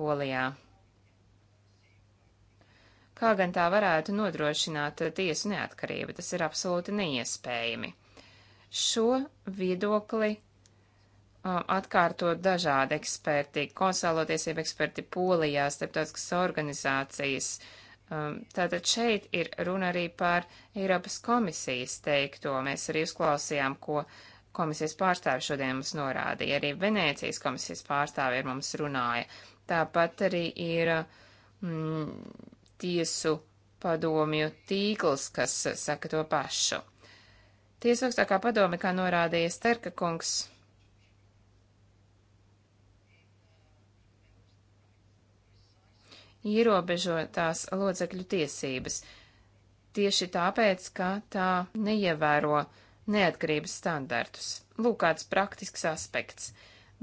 Polijā. Kā gan tā varētu nodrošināt tiesu neatkarību, tas ir absolūti neiespējami. Šo viedokli um, atkārto dažādi eksperti, konsultālo tiesību eksperti Polijā, starptautiskas organizācijas, uh, Um, tātad šeit ir runa arī par Eiropas komisijas teikto. Mēs arī uzklausījām, ko komisijas pārstāvi šodien mums norādīja. Arī Venēcijas komisijas pārstāvi ar mums runāja. Tāpat arī ir mm, tiesu padomju tīkls, kas saka to pašu. Tiesa augstākā padome, kā norādīja Sterka kungs, ierobežotās locekļu tiesības, tieši tāpēc, ka tā neievēro neatkarības standartus. Lūk, kāds praktisks aspekts.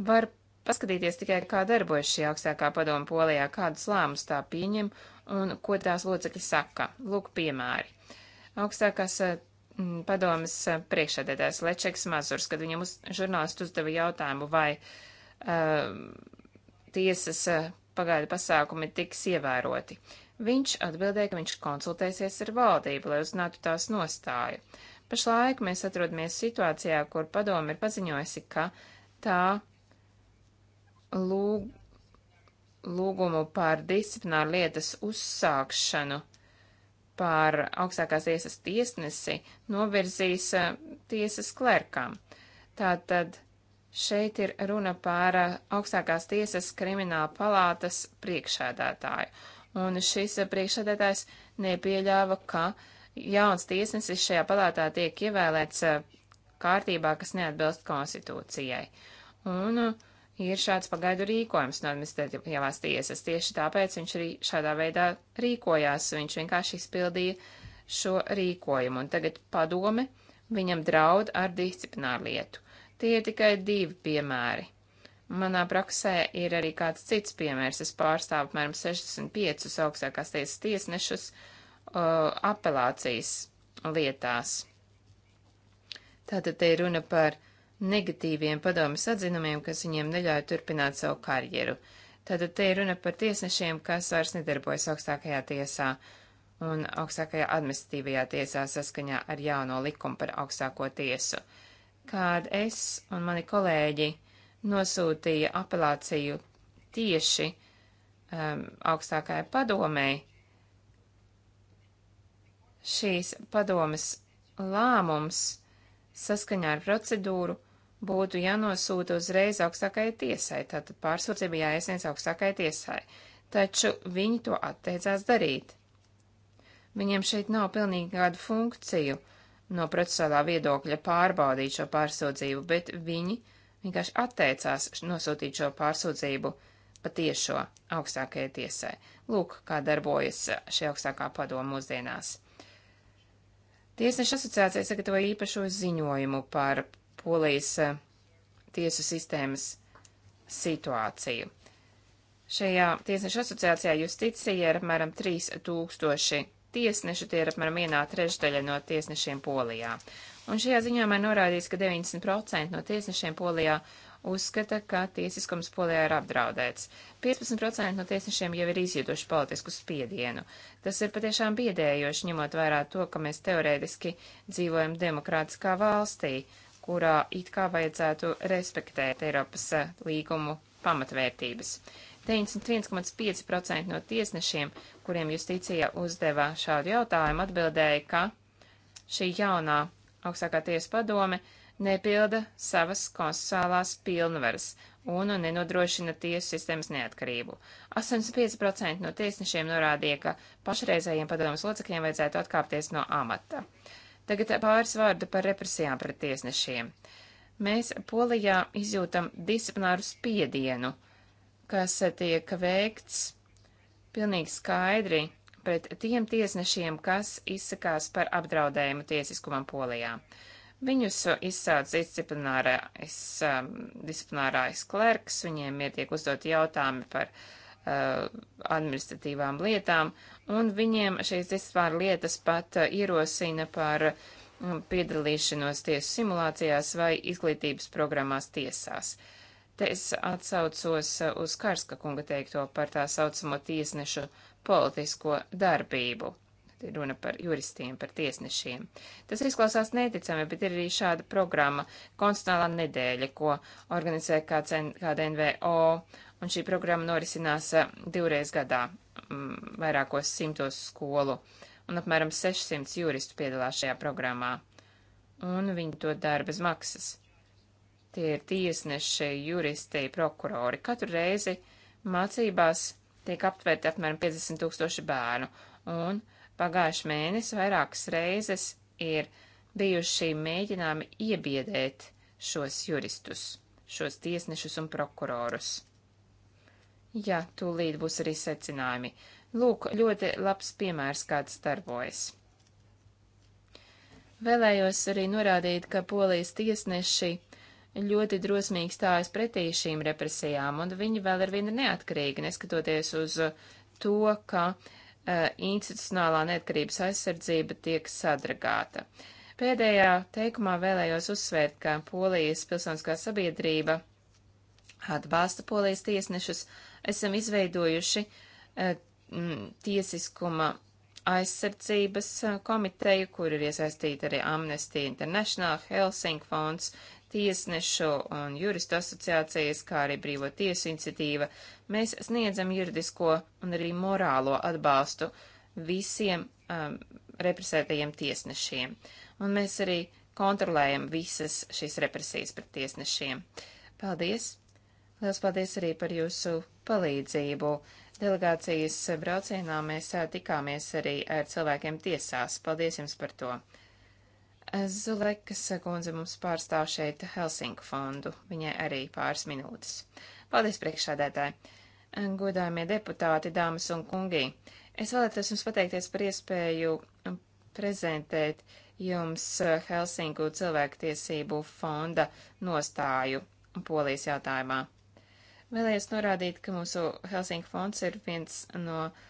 Var paskatīties tikai, kā darbojas šī augstākā padoma polijā, kādus lēmumus tā pieņem un ko tās locekļi saka. Lūk, piemēri. Augstākās eh, padomas eh, priekšādētājs Lečeks Mazurs, kad viņam uz, žurnālisti uzdeva jautājumu, vai uh, tiesas pagaidu pasākumi tiks ievēroti. Viņš atbildēja, ka viņš konsultēsies ar valdību, lai uzzinātu tās nostāju. Pašlaik mēs atrodamies situācijā, kur padomi ir paziņojusi, ka tā lūg, lūgumu par disciplināru lietas uzsākšanu par augstākās tiesas tiesnesi novirzīs eh, tiesas klerkam. Tātad Šeit ir runa par eh, augstākās tiesas krimināla palātas priekšēdētāju, un šis eh, priekšēdētājs nepieļāva, ka jauns tiesnesis šajā palātā tiek ievēlēts eh, kārtībā, kas neatbilst konstitūcijai. Un ir šāds pagaidu rīkojums no administratīvās tiesas. Tieši tāpēc viņš arī šādā veidā rīkojās. Viņš vienkārši izpildīja šo rīkojumu, un tagad padome viņam draud ar disciplināru lietu. Tie ir tikai divi piemēri. Manā praksē ir arī kāds cits piemērs. Es pārstāvu apmēram 65 augstākās tiesas tiesnešus uh, apelācijas lietās. Tātad te ir runa par negatīviem padomas atzinumiem, kas viņiem neļauj turpināt savu karjeru. Tātad te ir runa par tiesnešiem, kas vairs nedarbojas augstākajā tiesā un augstākajā administratīvajā tiesā saskaņā ar jauno likumu par augstāko tiesu. Uh, kad es un mani kolēģi nosūtīja apelāciju tieši um, augstākajai padomēji, šīs padomes lēmums saskaņā ar procedūru būtu jānosūta uzreiz augstākajai tiesai, tātad pārsūdzība jāiesniedz augstākajai tiesai, taču viņi to atteicās darīt. Viņiem šeit nav pilnīgi kādu funkciju, no procesuālā viedokļa pārbaudīt šo pārsūdzību, bet viņi vienkārši atteicās nosūtīt šo pārsūdzību patiešo augstākajai tiesai. Lūk, kā darbojas šī augstākā padoma mūsdienās. Tiesneša asociācija sagatavoja īpašo ziņojumu par polijas eh, tiesu sistēmas situāciju. Šajā tiesneša asociācijā justicija ir apmēram 3000 tiesneši, tie ir apmēram vienā trešdaļa no tiesnešiem polijā. Un šajā ziņojumā norādīts, ka 90% no tiesnešiem polijā uzskata, ka tiesiskums polijā ir apdraudēts. 15% no tiesnešiem jau ir izjūtuši politisku spiedienu. Tas ir patiešām biedējoši, ņemot vērā to, ka mēs teorētiski dzīvojam demokrātiskā valstī, kurā it kā vajadzētu respektēt Eiropas eh, līgumu pamatvērtības. 91,5% no tiesnešiem, kuriem justīcija uzdeva šādu jautājumu, atbildēja, ka šī jaunā augstākā tiesa padome nepilda savas konstitucionālās pilnvaras un nenodrošina tiesu sistēmas neatkarību. 85% no tiesnešiem norādīja, ka pašreizējiem padomus locekļiem vajadzētu atkāpties no amata. Tagad pāris vārdu par represijām pret tiesnešiem. Mēs Polijā izjūtam disciplināru spiedienu kas eh, tiek veikts pilnīgi skaidri pret tiem tiesnešiem, kas izsakās par apdraudējumu tiesiskumam Polijā. Viņus izsauc disciplinārais, um, disciplinārais klerks, viņiem ir tiek uzdoti jautājumi par uh, administratīvām lietām, un viņiem šīs disciplināra lietas pat uh, ierosina par mm, piedalīšanos tiesu simulācijās vai izglītības programmās tiesās. Uh, Te es atsaucos uh, uz Karska kunga teikto par tā saucamo tiesnešu politisko darbību. Te runa par juristiem, par tiesnešiem. Tas izklausās neticami, bet ir arī šāda programma - konstitucionālā nedēļa, ko organizē kāds, kāda NVO, un šī programma norisinās uh, divreiz gadā m, mm, vairākos simtos skolu, un apmēram 600 juristu piedalās šajā programmā, un viņi to dara bez maksas. Tie ir tiesneši, juristi, prokurori. Katru reizi mācībās tiek aptvērti apmēram 50 tūkstoši bērnu, un pagājuši mēnesi vairākas reizes ir bijuši mēģinājumi iebiedēt šos juristus, šos tiesnešus un prokurorus. Jā, tūlīt būs arī secinājumi. Lūk, ļoti labs piemērs, kāds darbojas. Vēlējos arī norādīt, ka polijas tiesneši ļoti drosmīgi stājas pretī šīm represijām, un viņi vēl ar vienu neatkarīgi, neskatoties uz uh, to, ka uh, institucionālā neatkarības aizsardzība tiek sadragāta. Pēdējā teikumā vēlējos uzsvērt, ka Polijas pilsoniskā sabiedrība atbalsta polijas tiesnešus, esam izveidojuši uh, tiesiskuma aizsardzības uh, komiteju, kur ir iesaistīta arī Amnesty International, Helsing fonds, tiesnešu un juristu asociācijas, kā arī brīvo tiesu iniciatīva, mēs sniedzam juridisko un arī morālo atbalstu visiem um, represētajiem tiesnešiem. Un mēs arī kontrolējam visas šīs represijas pret tiesnešiem. Paldies! Liels paldies arī par jūsu palīdzību. Delegācijas braucienā mēs uh, tikāmies arī ar cilvēkiem tiesās. Paldies jums par to! Zulekas kundze mums pārstāv šeit Helsinku fondu. Viņai arī pāris minūtes. Paldies, priekšādētāji! Godājumie deputāti, dāmas un kungi! Es vēlētos jums pateikties par iespēju prezentēt jums Helsinku cilvēktiesību fonda nostāju polijas jautājumā. Vēlējos norādīt, ka mūsu Helsinku fonds ir viens no uh,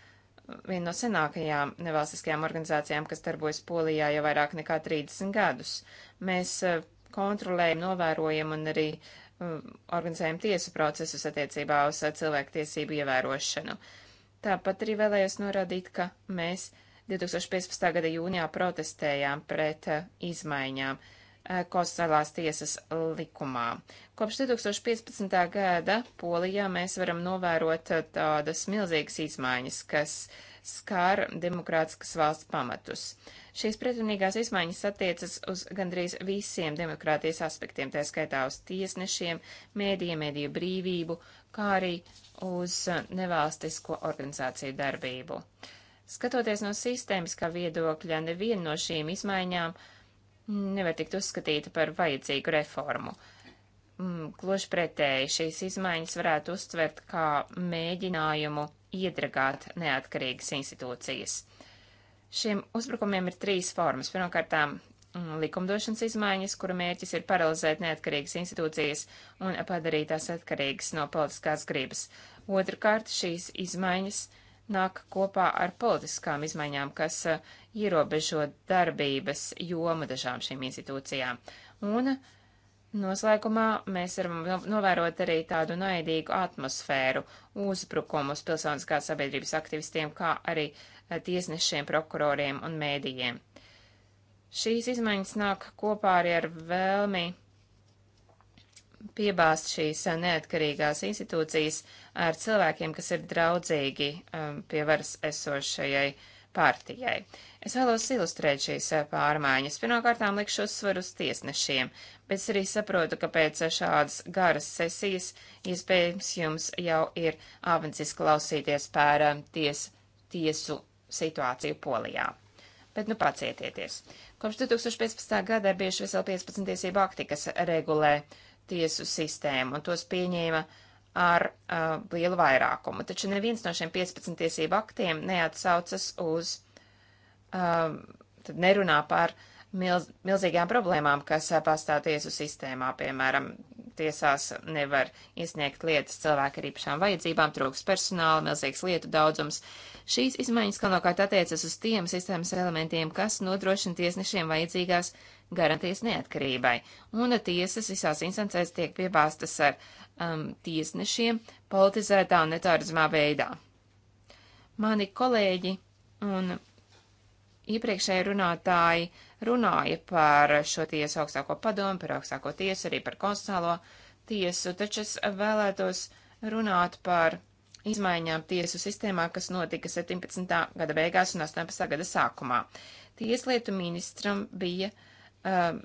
viena no senākajām nevalstiskajām organizācijām, kas darbojas Polijā jau vairāk nekā 30 gadus. Mēs eh, kontrolējam, novērojam un arī eh, organizējam tiesu procesus attiecībā uz eh, cilvēktiesību ievērošanu. Tāpat arī vēlējos norādīt, ka mēs 2015. gada jūnijā protestējām pret izmaiņām Eh, konstitucionālās tiesas likumā. Kopš 2015. gada Polijā mēs varam novērot eh, tādas milzīgas izmaiņas, kas skār demokrātiskas valsts pamatus. Šīs pretrunīgās izmaiņas attiecas uz gandrīz visiem demokrātijas aspektiem, tā skaitā uz tiesnešiem, mēdījiem, mēdīju brīvību, kā arī uz eh, nevalstisko organizāciju darbību. Skatoties no sistēmiskā viedokļa, neviena no šīm izmaiņām uh, nevar tikt uzskatīta par vajadzīgu reformu. Mm, gluži pretēji, šīs izmaiņas varētu uztvert kā mēģinājumu iedragāt neatkarīgas institūcijas. Šiem uzbrukumiem ir trīs formas. Pirmkārtām, mm, likumdošanas izmaiņas, kura mērķis ir paralizēt neatkarīgas institūcijas un padarīt tās atkarīgas no politiskās gribas. Otrakārt, šīs izmaiņas nāk kopā ar politiskām izmaiņām, kas eh, ierobežo darbības jomu dažām šīm institūcijām. Un Noslēgumā mēs varam novērot arī tādu naidīgu atmosfēru, uzbrukumus pilsoniskās sabiedrības aktivistiem, kā arī eh, tiesnešiem, prokuroriem un mēdījiem. Šīs izmaiņas nāk kopā arī ar vēlmi piebāzt šīs neatkarīgās institūcijas ar cilvēkiem, kas ir draudzīgi um, pie varas esošajai partijai. Es vēlos ilustrēt šīs uh, pārmaiņas. Pirmkārtām likšu uzsvaru uz tiesnešiem, bet es arī saprotu, ka pēc uh, šādas garas sesijas iespējams jums jau ir avancis klausīties par um, ties, tiesu situāciju Polijā. Bet nu pacietieties. Kopš 2015. gada ir bijuši veseli 15 tiesību akti, kas regulē uh, tiesu sistēmu, un tos pieņēma ar uh, lielu vairākumu. Taču neviens no šiem 15 tiesību aktiem neatsaucas uz, uh, tad nerunā par milz, milzīgām problēmām, kas uh, pastāv tiesu sistēmā. Piemēram, tiesās nevar iesniegt lietas cilvēku ar īpašām vajadzībām, trūks personāla, milzīgs lietu daudzums. Šīs izmaiņas galvenokārt attiecas uz tiem sistēmas elementiem, kas nodrošina tiesnešiem vajadzīgās uh, garantijas neatkarībai. Un tiesas visās instancēs tiek piebāstas ar um, tiesnešiem politizētā un netārzmā veidā. Mani kolēģi un iepriekšēji runātāji runāja par šo tiesu augstāko padomu, par augstāko tiesu, arī par konstitucionālo tiesu, taču es vēlētos runāt par izmaiņām tiesu sistēmā, kas notika 17. gada beigās un 18. gada sākumā. Tieslietu ministram bija uh, um,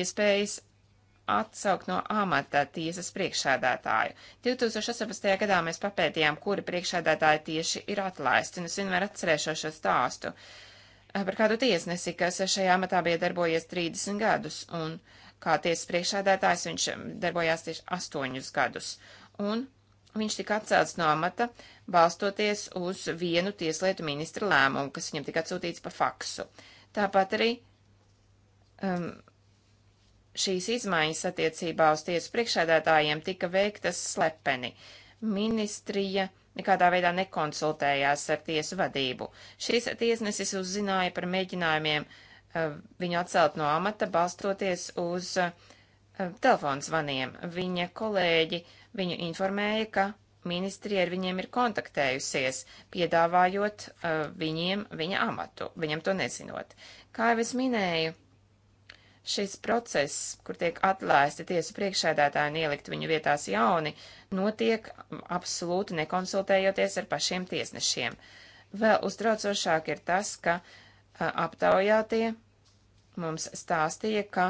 iespējas atsaukt no amata tiesas priekšsēdētāju. 2018. gadā mēs papētījām, kuri priekšsēdētāji tieši ir atlaisti, un es vienmēr atcerēšos šo stāstu eh, par kādu tiesnesi, kas šajā amatā bija darbojies 30 gadus, un kā tiesas priekšsēdētājs viņš darbojās tieši 8 gadus. Un viņš tika atcelts no amata, balstoties uz vienu tieslietu ministra lēmumu, kas viņam tika atsūtīts pa faksu. Tāpat arī um, šīs izmaiņas attiecībā uz tiesu priekšēdētājiem tika veiktas slepeni. Ministrija nekādā veidā nekonsultējās ar tiesu vadību. Šis tiesnesis uzzināja par mēģinājumiem uh, viņu atcelt no amata, balstoties uz uh, telefonu zvaniem. Viņa kolēģi viņu informēja, ka ministrija ar viņiem ir kontaktējusies, piedāvājot uh, viņiem viņa amatu, viņam to nezinot. Kā jau es minēju, šis process, kur tiek atlaisti tiesu priekšēdētāji un ielikt viņu vietās jauni, notiek absolūti nekonsultējoties ar pašiem tiesnešiem. Vēl uztraucošāk ir tas, ka aptaujātie mums stāstīja, ka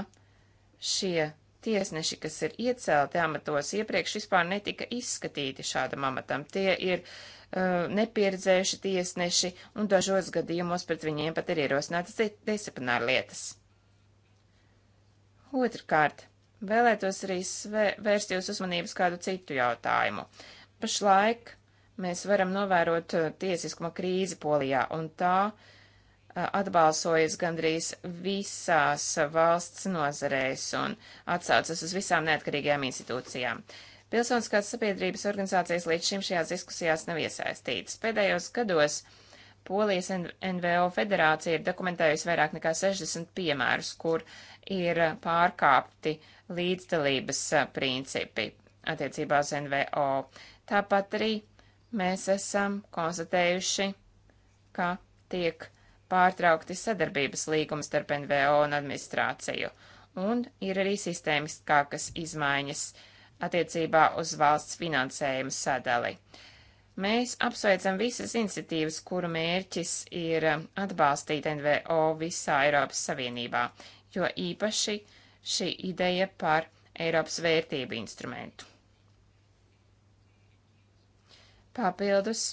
šie tiesneši, kas ir iecelti amatos, iepriekš vispār netika izskatīti šādam amatam. Tie ir uh, nepieredzējuši tiesneši, un dažos gadījumos pret viņiem pat ir ierosinātas disciplināra lietas. Otrkārt, vēlētos arī vērst jūs uzmanības kādu citu jautājumu. Pašlaik mēs varam novērot uh, tiesiskuma krīzi Polijā, un tā uh, atbalsojas gandrīz visās valsts nozarēs un atsaucas uz visām neatkarīgajām institūcijām. Pilsoniskās sabiedrības organizācijas līdz šim šajās diskusijās nav iesaistītas. Pēdējos gados uh, Polijas NVO federācija ir dokumentējusi vairāk nekā 60 piemērus, kur ir pārkāpti līdzdalības principi attiecībā uz NVO. Tāpat arī mēs esam konstatējuši, ka tiek pārtraukti sadarbības līgums starp NVO un administrāciju, un ir arī sistēmiskākas izmaiņas attiecībā uz valsts finansējuma sadali. Mēs apsveicam visas iniciatīvas, kuru mērķis ir atbalstīt NVO visā Eiropas Savienībā, jo īpaši šī ideja par Eiropas vērtību instrumentu. Papildus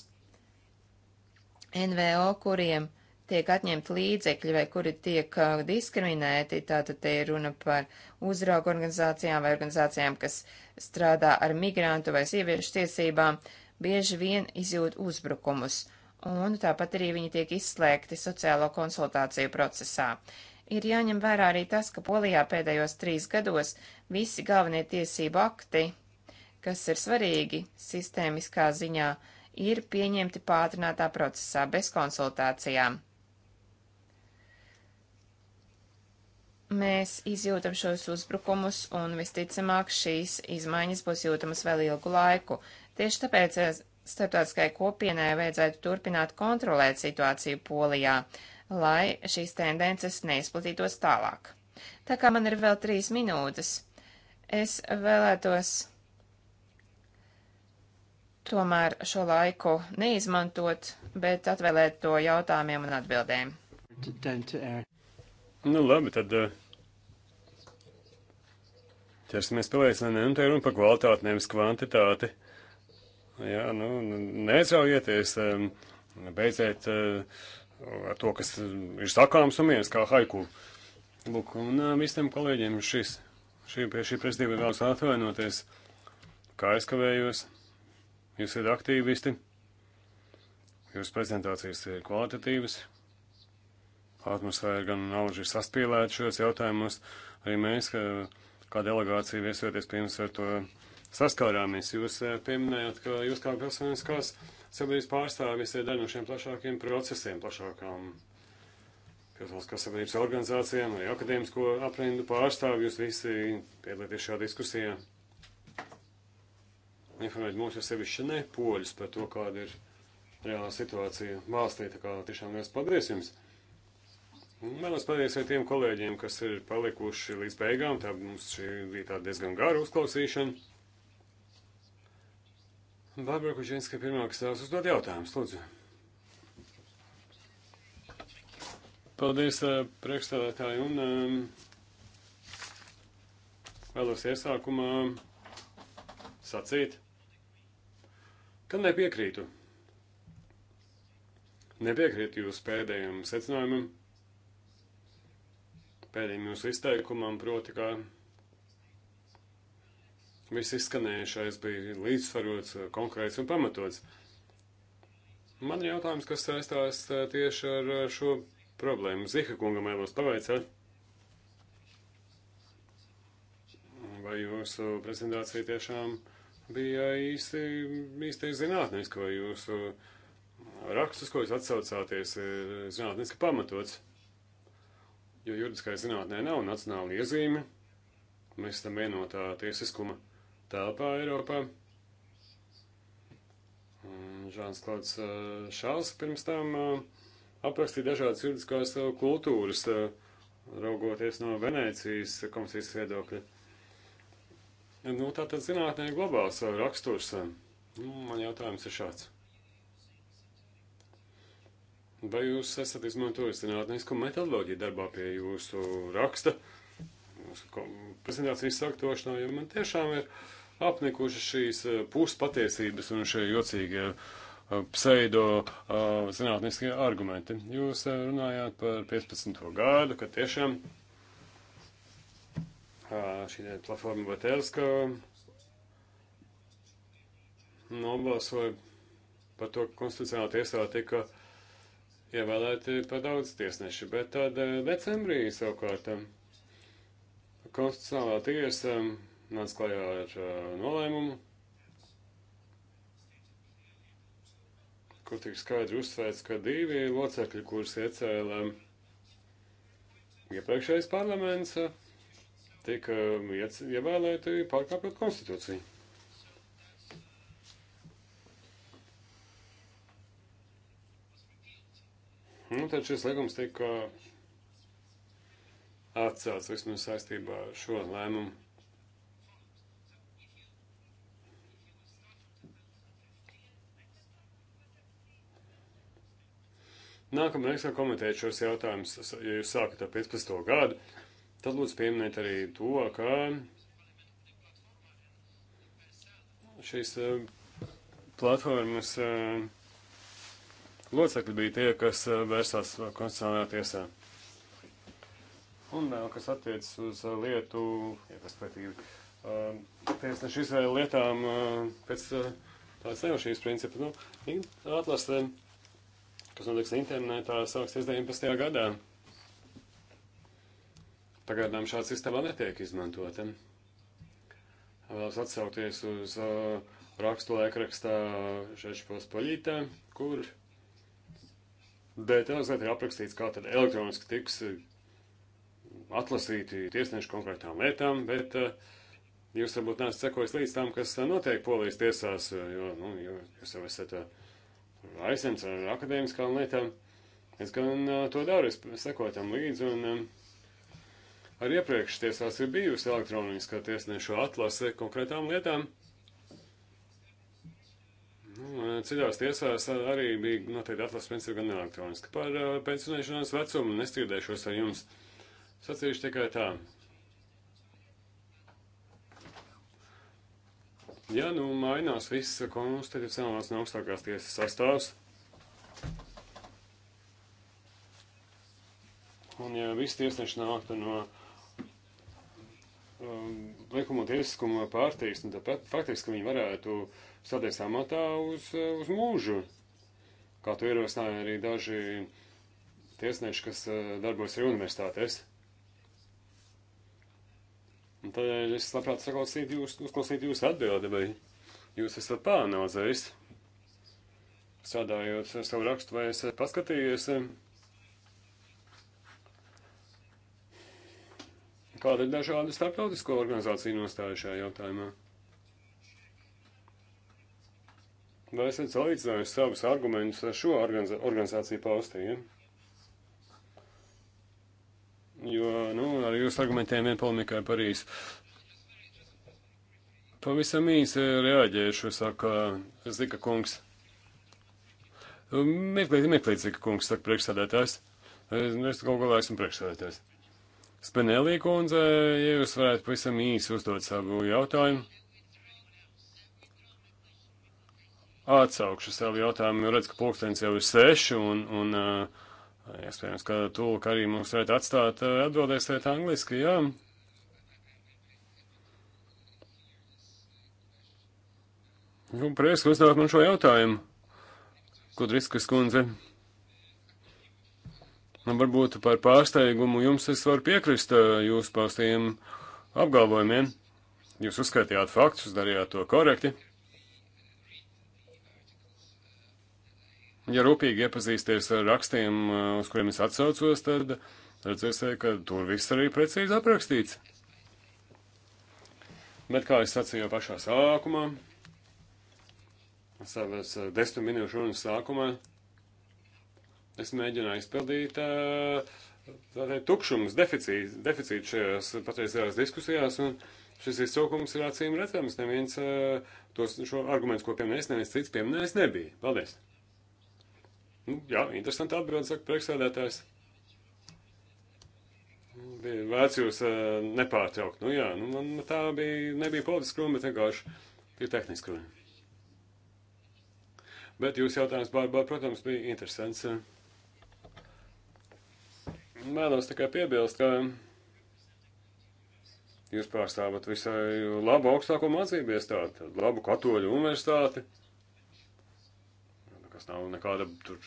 NVO, kuriem tiek atņemti līdzekļi vai kuri tiek uh, diskriminēti, tātad te ir runa par uzraugu organizācijām vai organizācijām, kas strādā ar migrantu vai sieviešu tiesībām, uh, bieži vien izjūt uzbrukumus, un tāpat arī viņi tiek izslēgti sociālo konsultāciju procesā. Ir jāņem vērā arī tas, ka Polijā pēdējos trīs gados visi galvenie tiesību akti, kas ir svarīgi sistēmiskā ziņā, ir pieņemti pātrinātā procesā bez konsultācijām. Mēs izjūtam šos uzbrukumus, un visticamāk šīs izmaiņas būs jūtamas vēl ilgu laiku, Tieši tāpēc eh, starptautiskai kopienai vajadzētu turpināt kontrolēt situāciju Polijā, lai šīs tendences neizplatītos tālāk. Tā kā man ir vēl trīs minūtes, es vēlētos tomēr šo laiku neizmantot, bet atvēlēt to jautājumiem un atbildēm. Nu, labi, tad eh, ķersimies pie lietas, nē, un te runa par kvalitāti, nevis kvantitāti. Jā, nu, nu necēlieties, beidziet eh, ar to, kas ir sakāms un mieres, kā haiku. Lūk, un visiem kolēģiem šis, šī, pie šī prezidīva vēlas atvainoties, kā es kavējos, jūs esat aktīvisti, jūsu prezentācijas ir kvalitatīvas, atmosfēra gan nauži ir saspīlēta šajos jautājumos, arī mēs, kā, kā delegācija viesoties pie jums ar to saskārāmies. Jūs eh, pieminējāt, ka jūs kā pilsoniskās sabiedrības pārstāvis ir daļa no šiem plašākiem procesiem, plašākām pilsoniskās sabiedrības organizācijām, arī akadēmisko aprindu pārstāvi. Jūs visi piedalāties šajā diskusijā. Informēt mūsu sevišķi ne poļus par to, kāda ir reālā situācija valstī. Tā kā tiešām liels paldies jums! Vēlos pateikties arī tiem kolēģiem, kas ir palikuši līdz beigām. Tā mums šī bija tāda diezgan gara uzklausīšana. Bārbara Kužinska pirmā, kas tās uzdod jautājumus, lūdzu. Paldies, eh, priekšstādātāji, un um, vēlos iesākumā sacīt, ka nepiekrītu. Nepiekrītu jūsu pēdējiem secinājumam, pēdējiem jūsu izteikumam, proti, ka Viss izskanējušais bija līdzsvarots, konkrēts un pamatots. Man ir jautājums, kas saistās tieši ar šo problēmu. Ziha kungam vēlos pavaicāt. Vai jūsu prezentācija tiešām bija īsti, īsti zinātniska, vai jūsu rakstus, ko jūs atsaucāties, ir zinātniski pamatots? Jo juridiskai zinātnē nav nacionāla iezīme, mēs tam vienotā tiesiskuma telpā Eiropā. Žāns Klauds eh, Šāls pirms tam eh, aprakstīja dažādas juridiskās eh, kultūras, raugoties no Venēcijas komisijas viedokļa. Nu, tā tad zinātnē ir globāls raksturs. Nu, man jautājums ir šāds. Vai jūs esat izmantojis zinātnīsku metodoloģiju darbā pie jūsu raksta, jūsu prezentācijas sagatavošanā, jo man tiešām ir. Uh, apnikuši šīs eh, puspatiesības un šie jocīgie eh, pseido eh, zinātniskie argumenti. Jūs runājāt par 15. gadu, ka tiešām šī platforma Vatelska nobalsoja par to, ka konstitucionāla tiesā tika ievēlēti par daudz tiesneši, bet tad decembrī savukārt konstitucionālā tiesa nāca klajā ar nolēmumu, kur tika skaidri uzsvērts, ka divi locekļi, kurus iecēla iepriekšējais parlaments, tika ievēlēti pārkāpjot konstitūciju. Nu, tad šis likums tika atcelts vismaz saistībā ar šo lēmumu. Nākamreiz, kad komentējat šos jautājumus, ja jūs sākat ar 15. gadu, tad lūdzu pieminiet arī to, ka šīs eh, platformas eh, locekļi bija tie, kas eh, vērsās konstitucionālajā tiesā. Un vēl, kas attiecas uz lietu, ja kas pētīgi, tiesnešu izvēle lietām pēc tādas nejošības principa, nu, atlasē. Uh, Tas notiks internetā, sāksies 19. gadā. Pagaidām šāda sistēma netiek izmantota. Vēlos atsaukties uz uh, rakstu laikrakstā Šešpils Poļītē, kur detalizēti ir aprakstīts, kā tad elektroniski tiks uh, atlasīti tiesneši konkrētām lietām, bet uh, jūs varbūt neesat sekojis līdz tam, kas uh, notiek polijas tiesās, uh, jo, nu, jo jūs jau esat uh, aizsardzības ar akadēmiskām lietām. Es gan uh, to daru, es sekoju tam līdzi, un um, arī iepriekš tiesās ir bijusi elektroniskā tiesnešu atlase konkrētām lietām. Nu, citās tiesās arī bija noteikti atlases pensija gan elektroniska. Par uh, pensionēšanās vecumu nestrīdēšos ar jums. Sacīšu tikai tā. Ja nu mainās viss konstitucionālās un augstākās tiesas sastāvs, un ja viss tiesneši nāk no um, likuma tiesiskuma pārtīks, nu, tad pat, faktiski viņi varētu stāties amatā uz, uh, uz mūžu. Kā tu ierosināji arī daži tiesneši, kas uh, darbojas arī universitātēs. Un tādēļ es labprāt saklausītu jūs, uzklausītu jūsu atbildi, vai jūs esat pāanalizējis, strādājot ar savu rakstu, vai esat paskatījies, eh, kāda ir dažādu starptautisko organizāciju nostāja šajā jautājumā. Vai esat salīdzinājuši savus argumentus ar šo organizāciju paustījiem? Ja? jo, nu, ar jūsu argumentiem vien polemikā par īsu. Pavisam īsi reaģēšu, saka Zika kungs. Mirklīt, mirklīt, Zika kungs, saka priekšsēdētājs. Es, nu, es kaut galā esmu priekšsēdētājs. Spenelī kundze, ja jūs varētu pavisam īsi uzdot savu jautājumu. Atsaukšu savu jautājumu, jo redz, ka pulkstens jau ir seši un, un uh, Iespējams, ka tūlīt arī mums varētu atstāt eh, atbildēsiet angliski, jā. Nu, prieks, ka uzdevāt man šo jautājumu, Kudriskas kundze. Nu, varbūt par pārsteigumu jums es varu piekrist eh, jūsu paustiem apgalvojumiem. Jūs uzskaitījāt faktus, darījāt to korekti. Ja rūpīgi iepazīsties ar rakstiem, uh, uz kuriem es atsaucos, tad redzēsiet, eh, ka tur viss arī precīzi aprakstīts. Bet, kā es sacīju jau pašā sākumā, savas eh, desmit minūšu runas sākumā, es mēģināju izpildīt eh, tādai tukšums, deficīts, deficīts šajās patreizējās diskusijās, un šis izsaukums ir acīm redzams. Neviens tos, šo argumentus, ko pieminēs, neviens cits pieminēs nebija. Paldies! Nu, jā, interesanti atbildi, saka priekšsēdētājs. Bija vērts jūs uh, nepārtraukt. Nu jā, nu, man tā bija, nebija politiska runa, bet vienkārši bija tehniska runa. Bet jūs jautājums, Bārbār, protams, bija interesants. Mēlos tikai piebilst, ka jūs pārstāvat visai labu augstāko mācību iestādi, labu katoļu universitāti kas nav nekāda tur.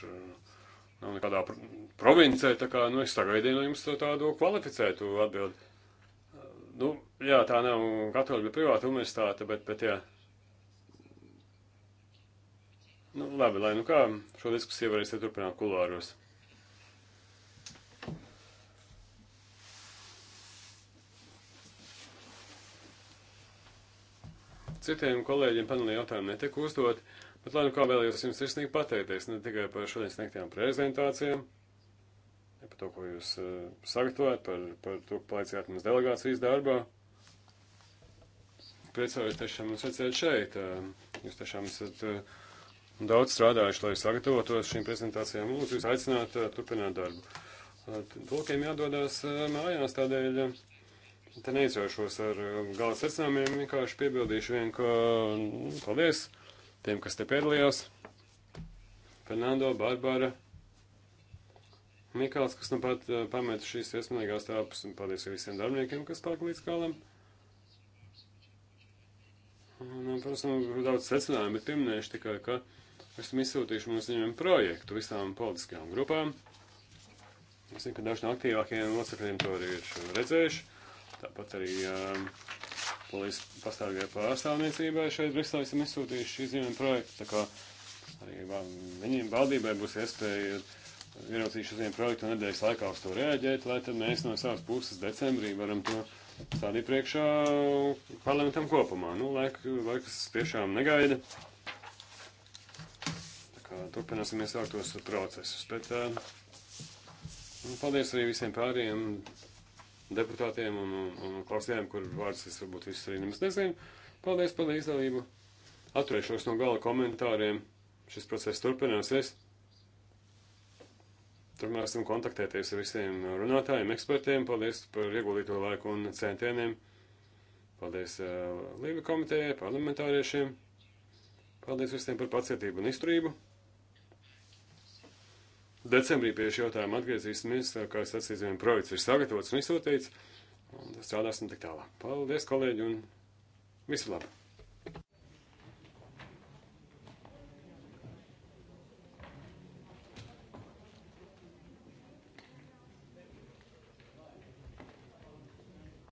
Nav nekādā provincē, tā kā, nu, es sagaidīju no jums tādu kvalificētu atbildi. Nu, jā, tā nav katoļa, bet privāta universitāte, bet, bet, jā. Nu, labi, lai nu kā šo diskusiju varēsiet turpināt kulāros. Citiem kolēģiem panelī jautājumi netika uzdot. Bet lai nu kā vēlējos jums sirsnīgi pateikties ne tikai par šodien sniegtajām prezentācijām, ja par to, ko jūs uh, sagatavojat, par, par to, ka palicījāt mums delegācijas darbā. Priecājos tiešām jūs redzēt šeit. Uh, jūs tiešām esat uh, daudz strādājuši, lai sagatavotos šīm prezentācijām. Lūdzu, jūs aicināt uh, turpināt darbu. Tolkiem jādodas mājās, tādēļ te neizjaušos ar galvas secinājumiem, vienkārši piebildīšu vien, ka nu, paldies! tiem, kas te piedalījās. Fernando, Barbara, Mikāls, kas nu pat eh, pameta šīs iesmanīgās tāpus, un paldies visiem darbiniekiem, kas pāk līdz kalam. Un, eh, protams, nu, daudz secinājumu, bet pieminēšu tikai, ka esam izsūtījuši mums viņiem projektu visām politiskajām grupām. Es zinu, ka daži no aktīvākajiem locekļiem to arī ir redzējuši. Tāpat arī um, Polijas pastāvīgajai pārstāvniecībai šeit Briselē esam izsūtījuši izņēmumu projektu, tā kā arī viņiem valdībai būs iespēja ieraucīšu vienu projektu un nedēļas laikā uz to reaģēt, lai tad mēs no savas puses decembrī varam to stādīt priekšā parlamentam kopumā. Nu, laik, laiks tiešām negaida. Tā kā turpināsim iesāktos procesus. Bet, uh, nu, paldies arī visiem pārējiem deputātiem un, un, un klausījām, kur vārds es varbūt visus arī nemaz nezinu. Paldies par līdzdalību. Atturēšos no gala komentāriem. Šis process turpināsies. Turpināsim kontaktēties ar visiem runātājiem, ekspertiem. Paldies par ieguldīto laiku un centieniem. Paldies uh, Līga komitejai, parlamentāriešiem. Paldies visiem par pacietību un izturību. Decembrī pie šī jautājuma atgriezīsimies, kā es atsīzīju, projekts ir sagatavots un izsūtīts, un strādāsim tik tālāk. Paldies, kolēģi, un visu labu!